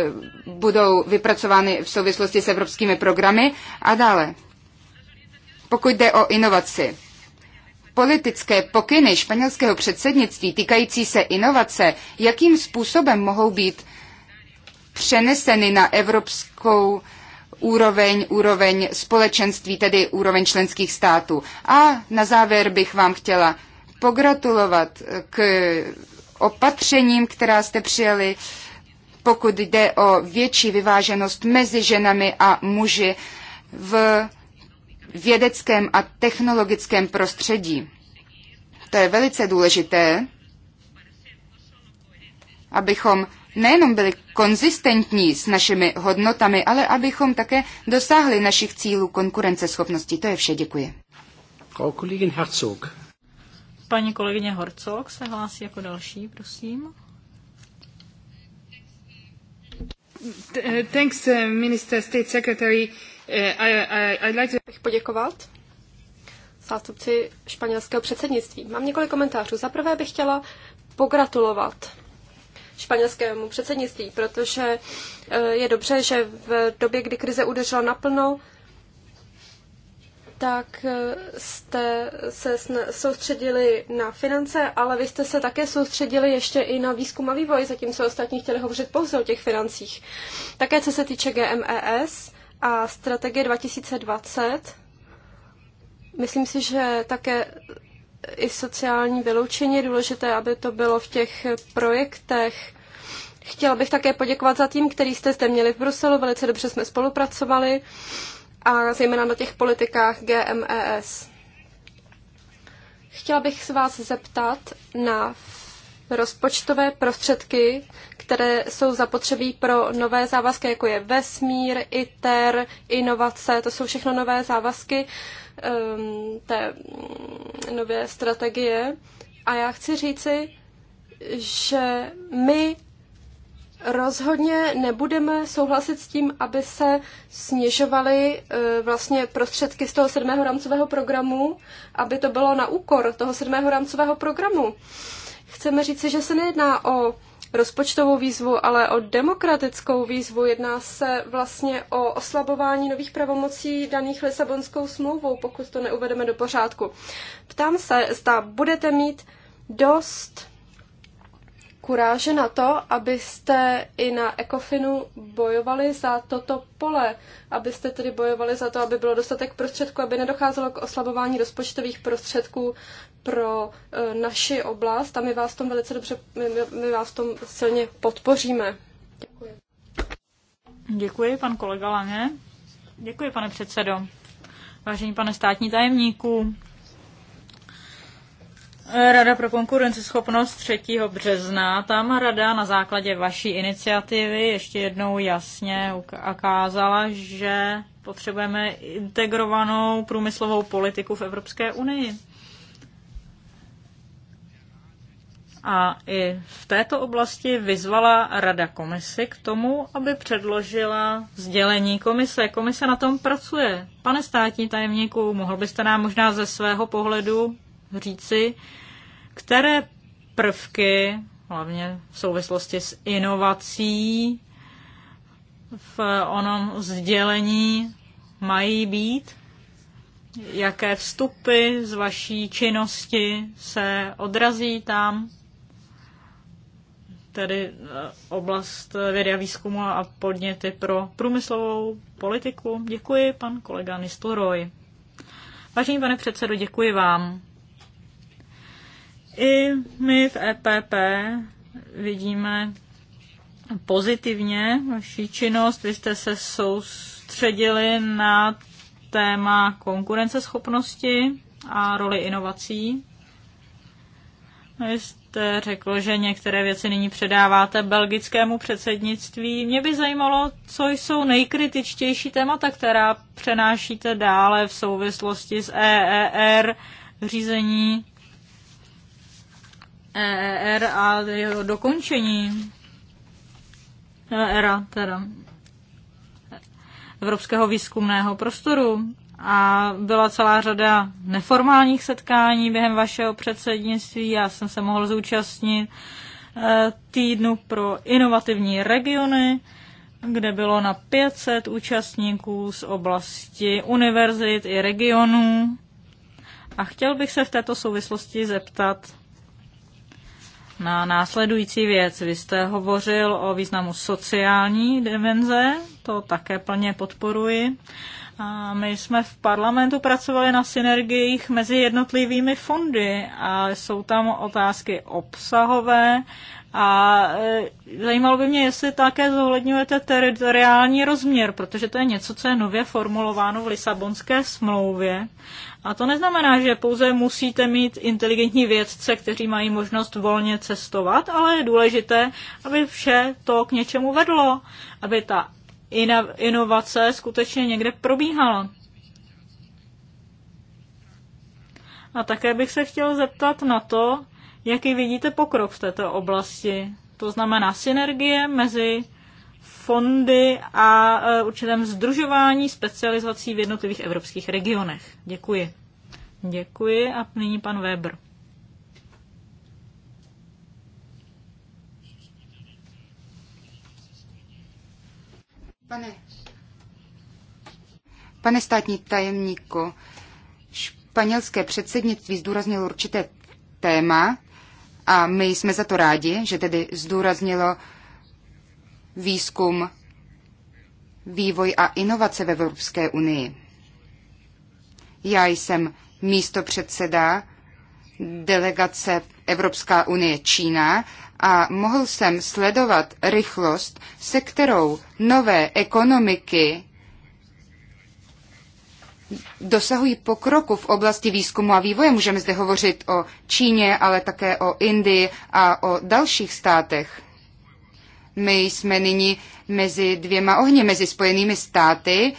budou vypracovány v souvislosti s evropskými programy a dále. Pokud jde o inovaci, politické pokyny španělského předsednictví týkající se inovace, jakým způsobem mohou být přeneseny na evropskou úroveň, úroveň společenství, tedy úroveň členských států. A na závěr bych vám chtěla pogratulovat k opatřením, která jste přijali, pokud jde o větší vyváženost mezi ženami a muži v vědeckém a technologickém prostředí. To je velice důležité, abychom nejenom byli konzistentní s našimi hodnotami, ale abychom také dosáhli našich cílů konkurenceschopnosti. To je vše, děkuji. Frau Kollegin Herzog. Paní kolegyně Horcok se hlásí jako další, prosím. Eh, thanks, eh, Minister State Secretary. Eh, I'd like to... poděkovat zástupci španělského předsednictví. Mám několik komentářů. Za prvé bych chtěla pogratulovat španělskému předsednictví, protože je dobře, že v době, kdy krize udeřila naplno, tak eh, jste se soustředili na finance, ale vy jste se také soustředili ještě i na výzkum a vývoj, zatímco ostatní chtěli hovořit pouze o těch financích. Také co se týče GMES a strategie 2020, myslím si, že také i sociální vyloučení je důležité, aby to bylo v těch projektech. Chtěla bych také poděkovat za tým, který jste zde měli v Bruselu, velice dobře jsme spolupracovali a zejména na těch politikách GMES. Chtěla bych se vás zeptat na rozpočtové prostředky, které jsou zapotřebí pro nové závazky, jako je vesmír, ITER, inovace, to jsou všechno nové závazky um, té nové strategie. A já chci říci, že my Rozhodně nebudeme souhlasit s tím, aby se snižovaly e, vlastně prostředky z toho sedmého rámcového programu, aby to bylo na úkor toho sedmého rámcového programu. Chceme říci, že se nejedná o rozpočtovou výzvu, ale o demokratickou výzvu. Jedná se vlastně o oslabování nových pravomocí daných Lisabonskou smlouvou, pokud to neuvedeme do pořádku. Ptám se, zda budete mít dost kuráže na to, abyste i na Ekofinu bojovali za toto pole, abyste tedy bojovali za to, aby bylo dostatek prostředků, aby nedocházelo k oslabování rozpočtových prostředků pro e, naši oblast a my vás v tom velice dobře, my, my vás v tom silně podpoříme. Děkuji. Děkuji, pan kolega Lange. Děkuji, pane předsedo. Vážení pane státní tajemníku, Rada pro konkurenceschopnost 3. března. Tam rada na základě vaší iniciativy ještě jednou jasně ukázala, že potřebujeme integrovanou průmyslovou politiku v Evropské unii. A i v této oblasti vyzvala Rada komisi k tomu, aby předložila sdělení komise. Komise na tom pracuje. Pane státní tajemníku, mohl byste nám možná ze svého pohledu říci, které prvky, hlavně v souvislosti s inovací, v onom sdělení mají být, jaké vstupy z vaší činnosti se odrazí tam, tedy eh, oblast vědy a výzkumu a podněty pro průmyslovou politiku. Děkuji, pan kolega Nistoroj. Vážený pane předsedo, děkuji vám. I my v EPP vidíme pozitivně vaši činnost. Vy jste se soustředili na téma konkurenceschopnosti a roli inovací. Vy jste řekl, že některé věci nyní předáváte belgickému předsednictví. Mě by zajímalo, co jsou nejkritičtější témata, která přenášíte dále v souvislosti s EER, řízení EER a jeho dokončení ERA, e teda Evropského výzkumného prostoru. A byla celá řada neformálních setkání během vašeho předsednictví. Já jsem se mohl zúčastnit e, týdnu pro inovativní regiony, kde bylo na 500 účastníků z oblasti univerzit i regionů. A chtěl bych se v této souvislosti zeptat na následující věc. Vy jste hovořil o významu sociální dimenze, to také plně podporuji. A my jsme v parlamentu pracovali na synergiích mezi jednotlivými fondy a jsou tam otázky obsahové a e, zajímalo by mě, jestli také zohledňujete teritoriální rozměr, protože to je něco, co je nově formulováno v Lisabonské smlouvě a to neznamená, že pouze musíte mít inteligentní vědce, kteří mají možnost volně cestovat, ale je důležité, aby vše to k něčemu vedlo, aby ta inovace skutečně někde probíhala. A také bych se chtěl zeptat na to, jaký vidíte pokrok v této oblasti. To znamená synergie mezi fondy a e, určitém združování specializací v jednotlivých evropských regionech. Děkuji. Děkuji a nyní pan Weber. Pane, pane státní tajemníku, španělské předsednictví zdůraznilo určité téma a my jsme za to rádi, že tedy zdůraznilo výzkum, vývoj a inovace v Evropské unii. Já jsem místo předseda delegace Evropská unie Čína a mohl jsem sledovat rychlost, se kterou nové ekonomiky dosahují pokroku v oblasti výzkumu a vývoje. Můžeme zde hovořit o Číně, ale také o Indii a o dalších státech. My jsme nyní mezi dvěma ohně, mezi Spojenými státy,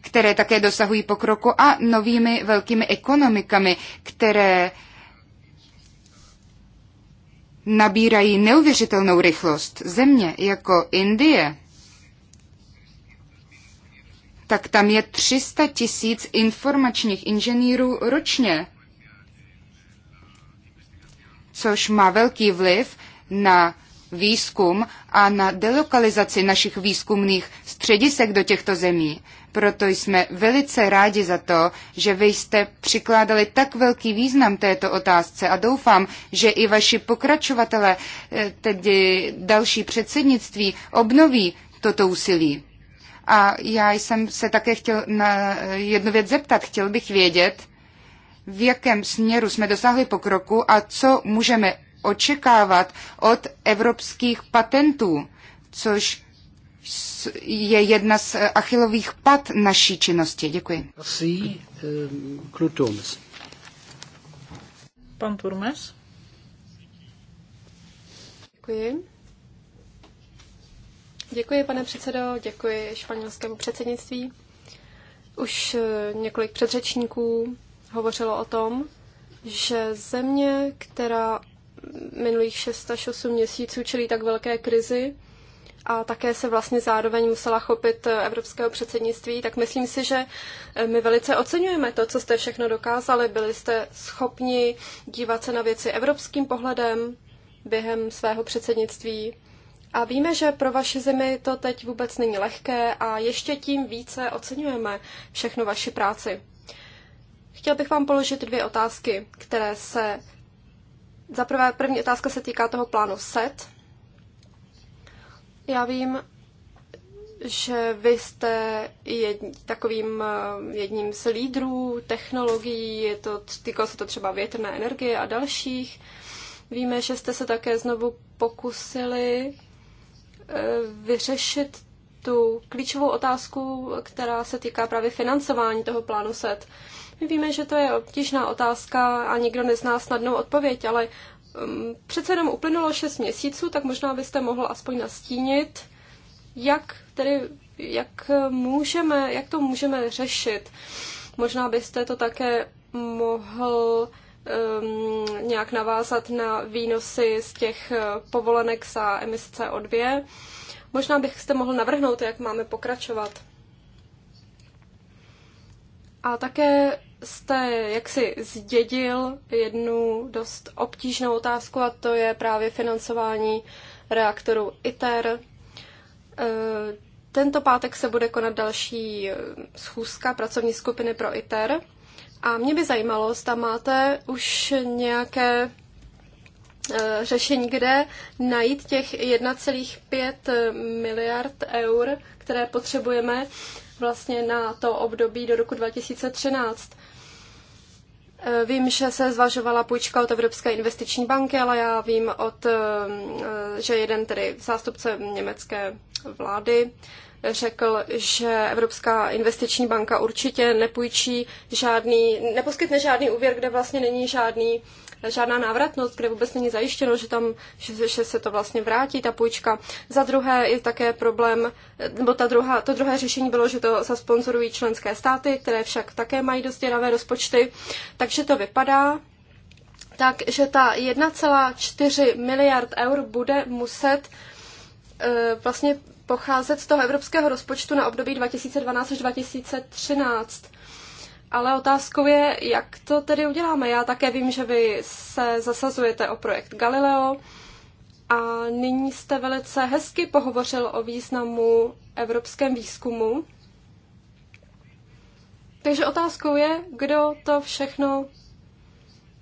které také dosahují pokroku, a novými velkými ekonomikami, které nabírají neuvěřitelnou rychlost. Země jako Indie, tak tam je 300 tisíc informačních inženýrů ročně, což má velký vliv na výzkum a na delokalizaci našich výzkumných středisek do těchto zemí. Proto jsme velice rádi za to, že vy jste přikládali tak velký význam této otázce a doufám, že i vaši pokračovatele, eh, tedy další předsednictví, obnoví toto úsilí. A já jsem se také chtěl na jednu věc zeptat. Chtěl bych vědět, v jakém směru jsme dosáhli pokroku a co můžeme očekávat od evropských patentů, což je jedna z achilových pat naší činnosti. Děkuji. Merci, Kluturmes. Eh, Pan Turmes. Děkuji. Děkuji, pane předsedo, děkuji španělskému předsednictví. Už eh, několik předřečníků hovořilo o tom, že země, která minulých 6 až 8 měsíců čelí tak velké krizi a také se vlastně zároveň musela chopit evropského předsednictví, tak myslím si, že eh, my velice oceňujeme to, co jste všechno dokázali. Byli jste schopni dívat se na věci evropským pohledem během svého předsednictví. A víme, že pro vaši zemi to teď vůbec není lehké a ještě tím více oceňujeme všechno vaši práci. Chtěl bych vám položit dvě otázky, které se za prvé, první otázka se týká toho plánu SET. Já vím, že vy jste jedním, takovým eh, jedním z lídrů technologií, je to, týkalo se to třeba větrné energie a dalších. Víme, že jste se také znovu pokusili eh, vyřešit tu klíčovou otázku, která se týká právě financování toho plánu SET. My víme, že to je obtížná otázka a nikdo nezná snadnou odpověď, ale um, přece jenom uplynulo 6 měsíců, tak možná byste mohl aspoň nastínit, jak tedy, jak můžeme, jak to můžeme řešit. Možná byste to také mohl um, nějak navázat na výnosy z těch eh, povolenek za emise CO2. Možná byste mohl navrhnout, jak máme pokračovat. A také jste jaksi zdědil jednu dost obtížnou otázku a to je právě financování reaktoru ITER. E, tento pátek se bude konat další e, schůzka pracovní skupiny pro ITER a mě by zajímalo, zda máte už nějaké e, řešení, kde najít těch 1,5 miliard eur, které potřebujeme vlastně na to období do roku 2013. Eh, vím, že se zvažovala půjčka od Evropské investiční banky, ale já vím, od, eh, že jeden tedy zástupce německé vlády řekl, že Evropská investiční banka určitě nepůjčí žádný, neposkytne žádný úvěr, kde vlastně není žádný, žádná návratnost, kde vůbec není zajištěno, že tam, že, že se to vlastně vrátí, ta půjčka. Za druhé je také problém, nebo ta druhá, to druhé řešení bylo, že to zasponzorují členské státy, které však také mají dost děravé rozpočty, takže to vypadá, takže ta 1,4 miliard eur bude muset eh, vlastně pocházet z toho evropského rozpočtu na období 2012 až 2013. Ale otázkou je, jak to tedy uděláme. Já také vím, že vy se zasazujete o projekt Galileo a nyní jste velice hezky pohovořil o významu evropském výzkumu. Takže otázkou je, kdo to všechno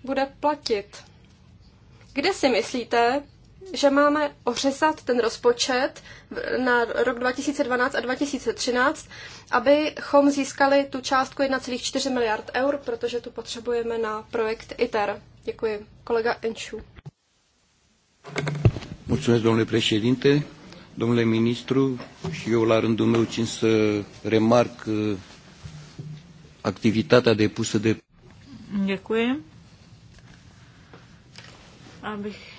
bude platit. Kde si myslíte, že máme ořezat ten rozpočet na rok 2012 a 2013, abychom získali tu částku 1,4 miliard eur, protože tu potřebujeme na projekt ITER. Děkuji. Kolega Enšu. Mulțumesc, domnule președinte, domnule ministru, și eu la rândul meu cin să remarc uh, activitatea depusă de... Děkuji. Abych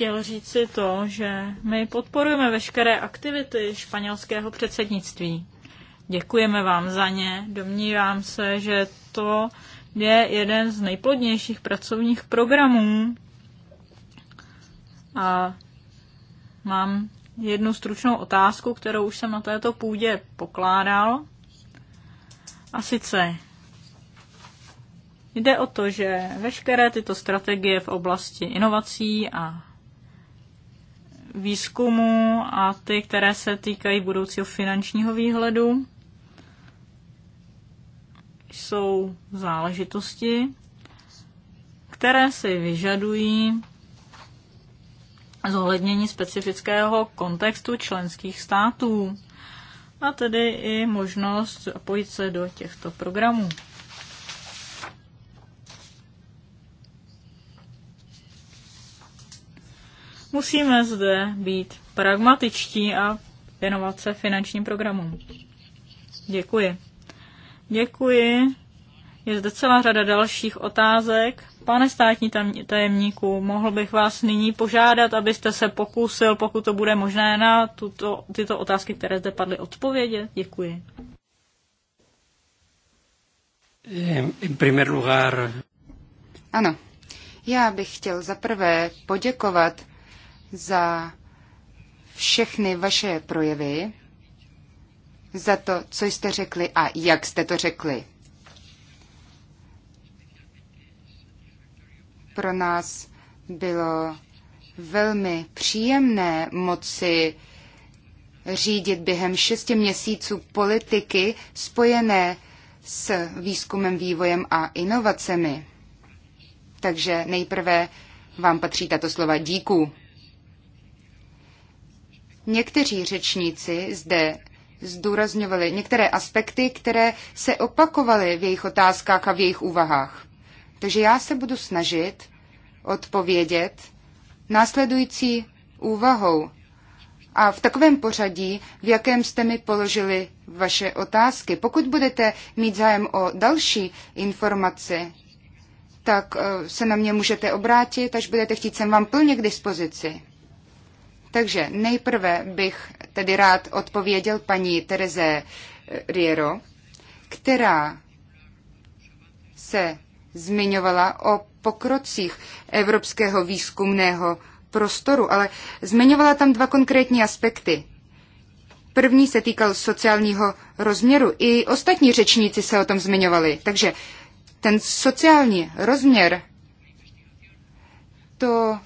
chtěl si to, že my podporujeme veškeré aktivity španělského předsednictví. Děkujeme vám za ně. Domnívám se, že to je jeden z nejplodnějších pracovních programů. A mám jednu stručnou otázku, kterou už jsem na této půdě pokládal. A sice jde o to, že veškeré tyto strategie v oblasti inovací a výzkumu a ty, které se týkají budoucího finančního výhledu, jsou záležitosti, které si vyžadují zohlednění specifického kontextu členských států a tedy i možnost zapojit se do těchto programů. Musíme zde být pragmatičtí a věnovat se finančním programům. Děkuji. Děkuji. Je zde celá řada dalších otázek. Pane státní tajemníku, mohl bych vás nyní požádat, abyste se pokusil, pokud to bude možné, na tuto, tyto otázky, které zde padly, odpovědět. Děkuji. Eh, lugar. Ano, já bych chtěl zaprvé poděkovat za všechny vaše projevy, za to, co jste řekli a jak jste to řekli. Pro nás bylo velmi příjemné moci řídit během šesti měsíců politiky spojené s výzkumem, vývojem a inovacemi. Takže nejprve vám patří tato slova díků. Někteří řečníci zde zdůrazňovali některé aspekty, které se opakovaly v jejich otázkách a v jejich úvahách. Takže já se budu snažit odpovědět následující úvahou a v takovém pořadí, v jakém jste mi položili vaše otázky. Pokud budete mít zájem o další informace, tak eh, se na mě můžete obrátit, až budete chtít, jsem vám plně k dispozici. Takže nejprve bych tedy rád odpověděl paní Tereze Riero, která se zmiňovala o pokrocích evropského výzkumného prostoru, ale zmiňovala tam dva konkrétní aspekty. První se týkal sociálního rozměru. I ostatní řečníci se o tom zmiňovali. Takže ten sociální rozměr, to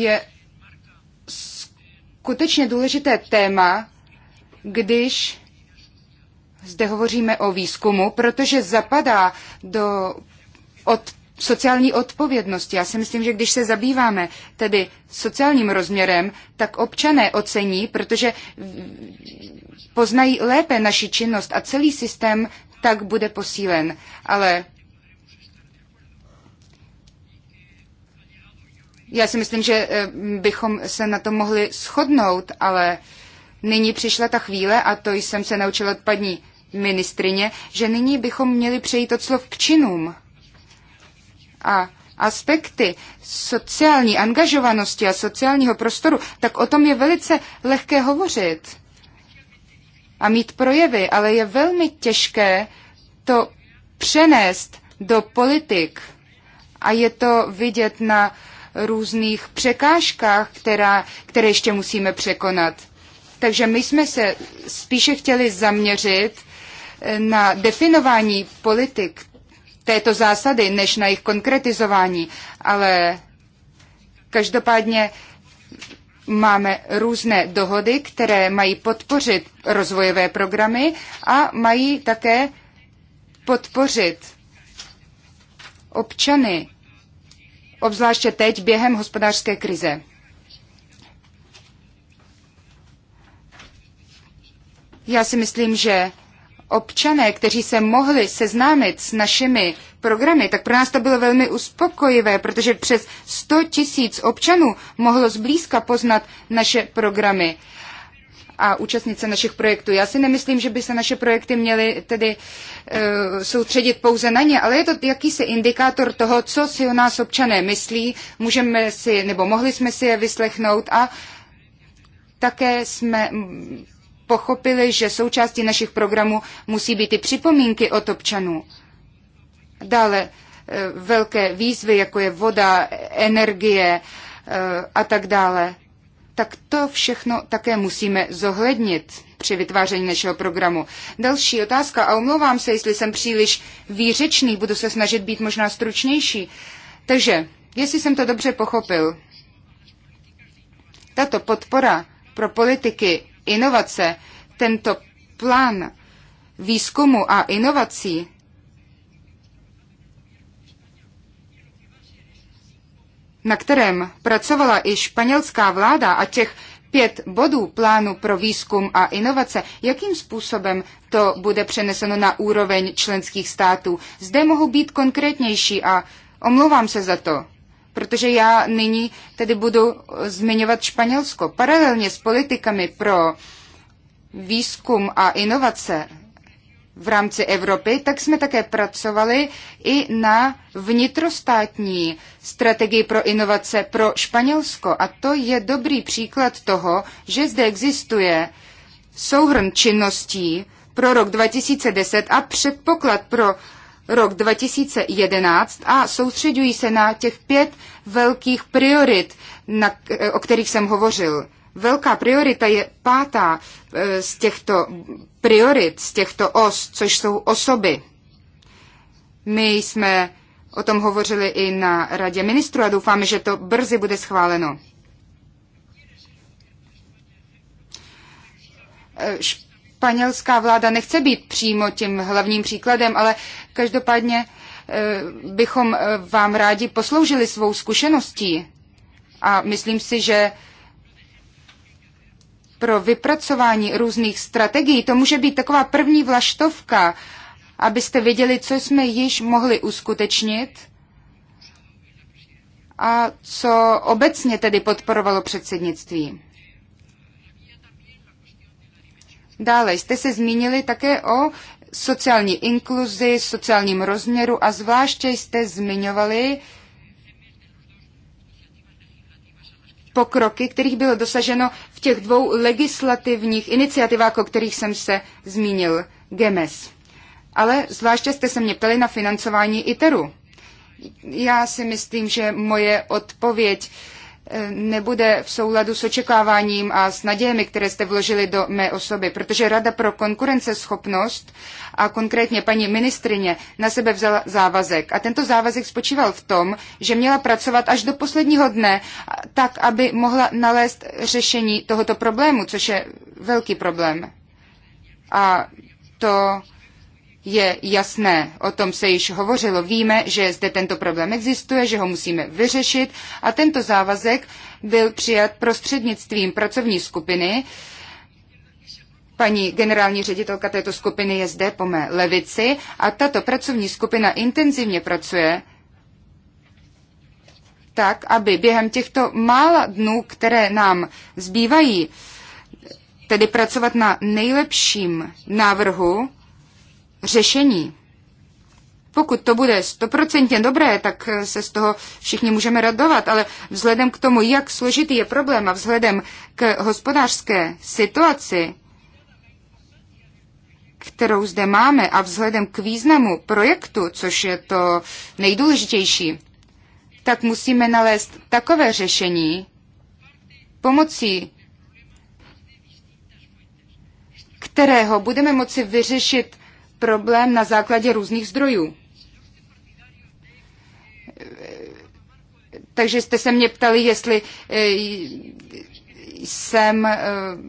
je skutečně důležité téma, když zde hovoříme o výzkumu, protože zapadá do od sociální odpovědnosti. Já si myslím, že když se zabýváme tedy sociálním rozměrem, tak občané ocení, protože poznají lépe naši činnost a celý systém tak bude posílen. Ale Já si myslím, že eh, bychom se na to mohli shodnout, ale nyní přišla ta chvíle, a to jsem se naučila od paní ministrině, že nyní bychom měli přejít od slov k činům. A aspekty sociální angažovanosti a sociálního prostoru, tak o tom je velice lehké hovořit a mít projevy, ale je velmi těžké to přenést do politik. A je to vidět na uh, různých překážkách, která, které ještě musíme překonat. Takže my jsme se spíše chtěli zaměřit eh, na definování politik této zásady, než na jejich konkretizování. Ale každopádně máme různé dohody, které mají podpořit rozvojové programy a mají také podpořit občany obzvláště teď během hospodářské krize. Já si myslím, že občané, kteří se mohli seznámit s našimi programy, tak pro nás to bylo velmi uspokojivé, protože přes 100 tisíc občanů mohlo zblízka poznat naše programy a účastnit se našich projektů. Já si nemyslím, že by se naše projekty měly tedy uh, soustředit pouze na ně, ale je to jakýsi indikátor toho, co si o nás občané myslí, můžeme si, nebo mohli jsme si je vyslechnout a také jsme pochopili, že součástí našich programů musí být i připomínky od občanů. Dále e, velké výzvy, jako je voda, energie e, a tak dále tak to všechno také musíme zohlednit při vytváření našeho programu. Další otázka, a omlouvám se, jestli jsem příliš výřečný, budu se snažit být možná stručnější. Takže, jestli jsem to dobře pochopil, tato podpora pro politiky inovace, tento plán výzkumu a inovací na kterém pracovala i španělská vláda a těch pět bodů plánu pro výzkum a inovace, jakým způsobem to bude přeneseno na úroveň členských států. Zde mohu být konkrétnější a omlouvám se za to, protože já nyní tedy budu zmiňovat Španělsko. Paralelně s politikami pro výzkum a inovace v rámci Evropy, tak jsme také pracovali i na vnitrostátní strategii pro inovace pro Španělsko. A to je dobrý příklad toho, že zde existuje souhrn činností pro rok 2010 a předpoklad pro rok 2011 a soustředují se na těch pět velkých priorit, na, o kterých jsem hovořil. Velká priorita je pátá e, z těchto priorit, z těchto os, což jsou osoby. My jsme o tom hovořili i na Radě ministru a doufáme, že to brzy bude schváleno. E, španělská vláda nechce být přímo tím hlavním příkladem, ale každopádně e, bychom vám rádi posloužili svou zkušeností. A myslím si, že pro vypracování různých strategií, to může být taková první vlaštovka, abyste věděli, co jsme již mohli uskutečnit a co obecně tedy podporovalo předsednictví. Dále jste se zmínili také o sociální inkluzi, sociálním rozměru a zvláště jste zmiňovali uh, pokroky, kterých bylo dosaženo v těch dvou legislativních iniciativách, o kterých jsem se zmínil, GEMES. Ale zvláště jste se mě ptali na financování ITERu. Já si myslím, že moje odpověď uh, E, nebude v souladu s očekáváním a s nadějemi, které jste vložili do mé osoby, protože Rada pro konkurenceschopnost a konkrétně paní ministrině na sebe vzala závazek. A tento závazek spočíval v tom, že měla pracovat až do posledního dne, tak, aby mohla nalézt řešení tohoto problému, což je velký problém. A to je jasné, o tom se již hovořilo, víme, že zde tento problém existuje, že ho musíme vyřešit a tento závazek byl přijat prostřednictvím pracovní skupiny. Paní generální ředitelka této skupiny je zde po mé levici a tato pracovní skupina intenzivně pracuje tak, aby během těchto mála dnů, které nám zbývají, tedy pracovat na nejlepším návrhu, řešení. Pokud to bude stoprocentně dobré, tak eh, se z toho všichni můžeme radovat, ale vzhledem k tomu, jak složitý je problém a vzhledem k hospodářské situaci, kterou zde máme a vzhledem k významu projektu, což je to nejdůležitější, tak musíme nalézt takové řešení, pomocí kterého budeme moci vyřešit problém na základě různých zdrojů. Takže jste se mě ptali, jestli eh, jsem, eh,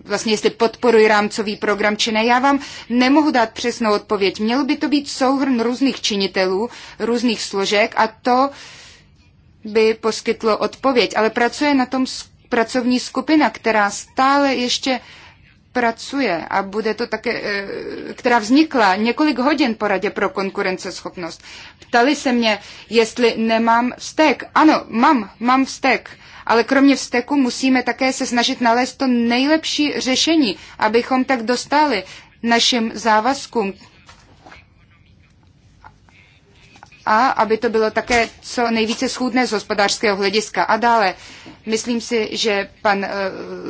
vlastně jestli podporuji rámcový program či ne. Já vám nemohu dát přesnou odpověď. Měl by to být souhrn různých činitelů, různých složek a to by poskytlo odpověď. Ale pracuje na tom pracovní skupina, která stále ještě uh, pracuje a bude to také, e, která vznikla několik hodin po radě pro konkurenceschopnost. Ptali se mě, jestli nemám vztek. Ano, mám, mám vztek. Ale kromě vzteku musíme také se snažit nalézt to nejlepší řešení, abychom tak dostali našim závazkům. A aby to bylo také co nejvíce schůdné z hospodářského hlediska. A dále, myslím si, že pan e,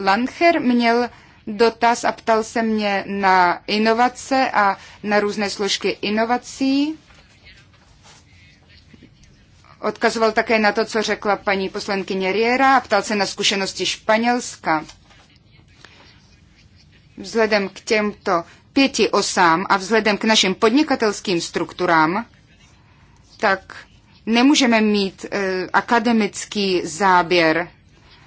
Lancher měl dotaz a ptal se mě na inovace a na různé složky inovací. Odkazoval také na to, co řekla paní poslankyně Riera a ptal se na zkušenosti Španělska. Vzhledem k těmto pěti osám a vzhledem k našim podnikatelským strukturám, tak nemůžeme mít e, akademický záběr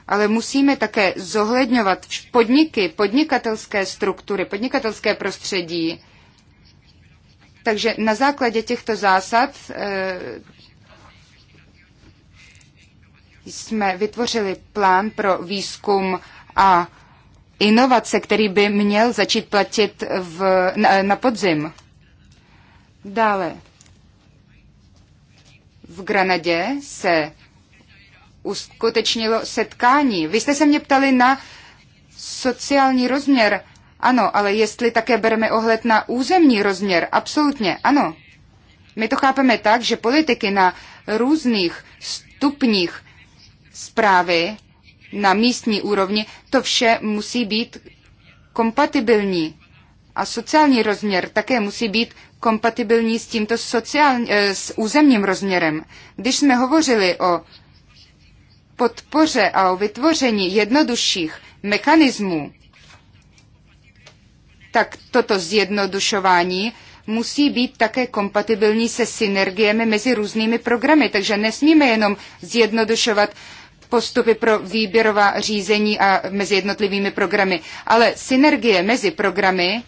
ale musíme také zohledňovat podniky, podnikatelské struktury, podnikatelské prostředí. Takže na základě těchto zásad eh, jsme vytvořili plán pro výzkum a inovace, který by měl začít platit v, na, na podzim. Dále. V Granadě se uskutečnilo setkání. Vy jste se mě ptali na sociální rozměr. Ano, ale jestli také bereme ohled na územní rozměr, absolutně, ano. My to chápeme tak, že politiky na různých stupních zprávy na místní úrovni, to vše musí být kompatibilní. A sociální rozměr také musí být kompatibilní s tímto sociální, eh, s územním rozměrem. Když jsme hovořili o podpoře a o vytvoření jednodušších mechanismů, tak toto zjednodušování musí být také kompatibilní se synergiemi mezi různými programy. Takže nesmíme jenom zjednodušovat postupy pro výběrová řízení a mezi jednotlivými programy, ale synergie mezi programy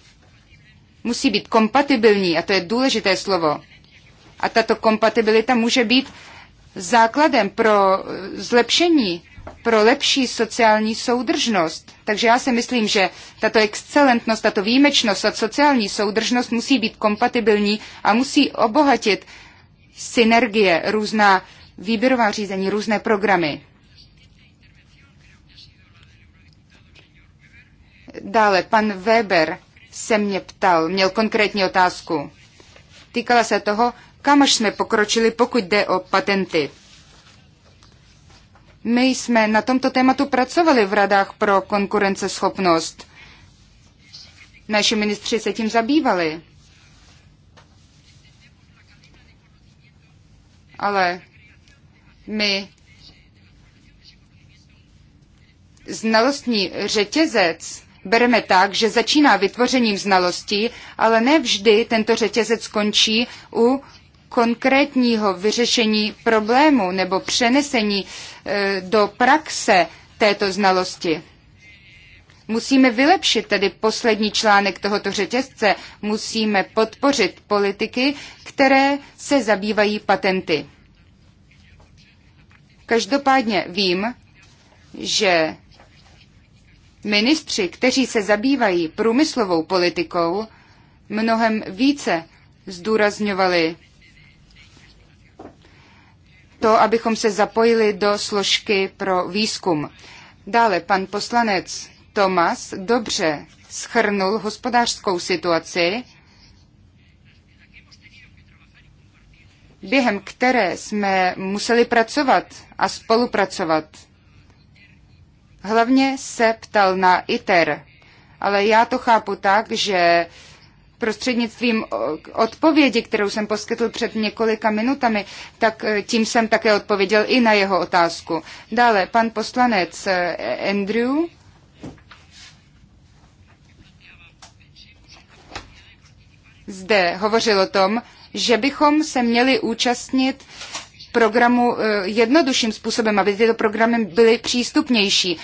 musí být kompatibilní, a to je důležité slovo. A tato kompatibilita může být základem pro zlepšení, pro lepší sociální soudržnost. Takže já si myslím, že tato excelentnost, tato výjimečnost a sociální soudržnost musí být kompatibilní a musí obohatit synergie, různá výběrová řízení, různé programy. Dále, pan Weber se mě ptal, měl konkrétní otázku. Týkala se toho, kam až jsme pokročili, pokud jde o patenty? My jsme na tomto tématu pracovali v radách pro konkurenceschopnost. Naši ministři se tím zabývali. Ale my znalostní řetězec bereme tak, že začíná vytvořením znalostí, ale ne vždy tento řetězec končí u konkrétního vyřešení problému nebo přenesení e, do praxe této znalosti. Musíme vylepšit tedy poslední článek tohoto řetězce, musíme podpořit politiky, které se zabývají patenty. Každopádně vím, že ministři, kteří se zabývají průmyslovou politikou, mnohem více zdůrazňovali to, abychom se zapojili do složky pro výzkum. Dále pan poslanec Tomas dobře schrnul hospodářskou situaci, během které jsme museli pracovat a spolupracovat. Hlavně se ptal na ITER, ale já to chápu tak, že prostřednictvím eh, odpovědi, kterou jsem poskytl před několika minutami, tak eh, tím jsem také odpověděl i na jeho otázku. Dále pan poslanec eh, Andrew. Zde hovořil o tom, že bychom se měli účastnit programu jednodušším způsobem, aby tyto programy byly přístupnější.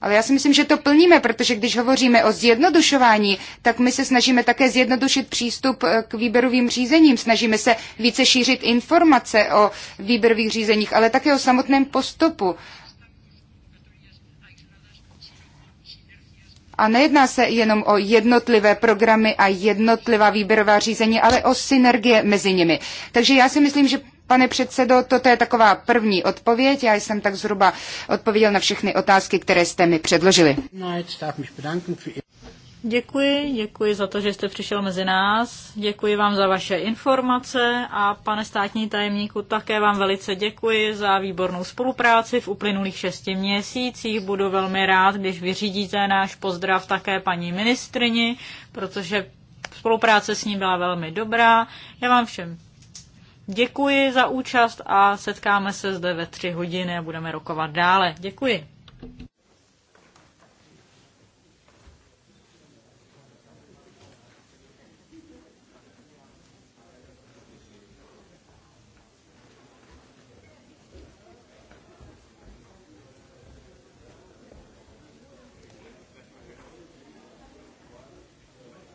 Ale já si myslím, že to plníme, protože když hovoříme o zjednodušování, tak my se snažíme také zjednodušit přístup eh, k výběrovým řízením. Snažíme se více šířit informace o výběrových řízeních, ale také o samotném postupu. A nejedná se jenom o jednotlivé programy a jednotlivá výběrová řízení, ale o synergie mezi nimi. Takže já si myslím, že Pane předsedo, toto je taková první odpověď. Já jsem tak zhruba odpověděl na všechny otázky, které jste mi předložili. Děkuji, děkuji za to, že jste přišel mezi nás. Děkuji vám za vaše informace a pane státní tajemníku, také vám velice děkuji za výbornou spolupráci v uplynulých šesti měsících. Budu velmi rád, když vyřídíte náš pozdrav také paní ministrini, protože spolupráce s ní byla velmi dobrá. Já vám všem Děkuji za účast a setkáme se zde ve tři hodiny a budeme rokovat dále. Děkuji.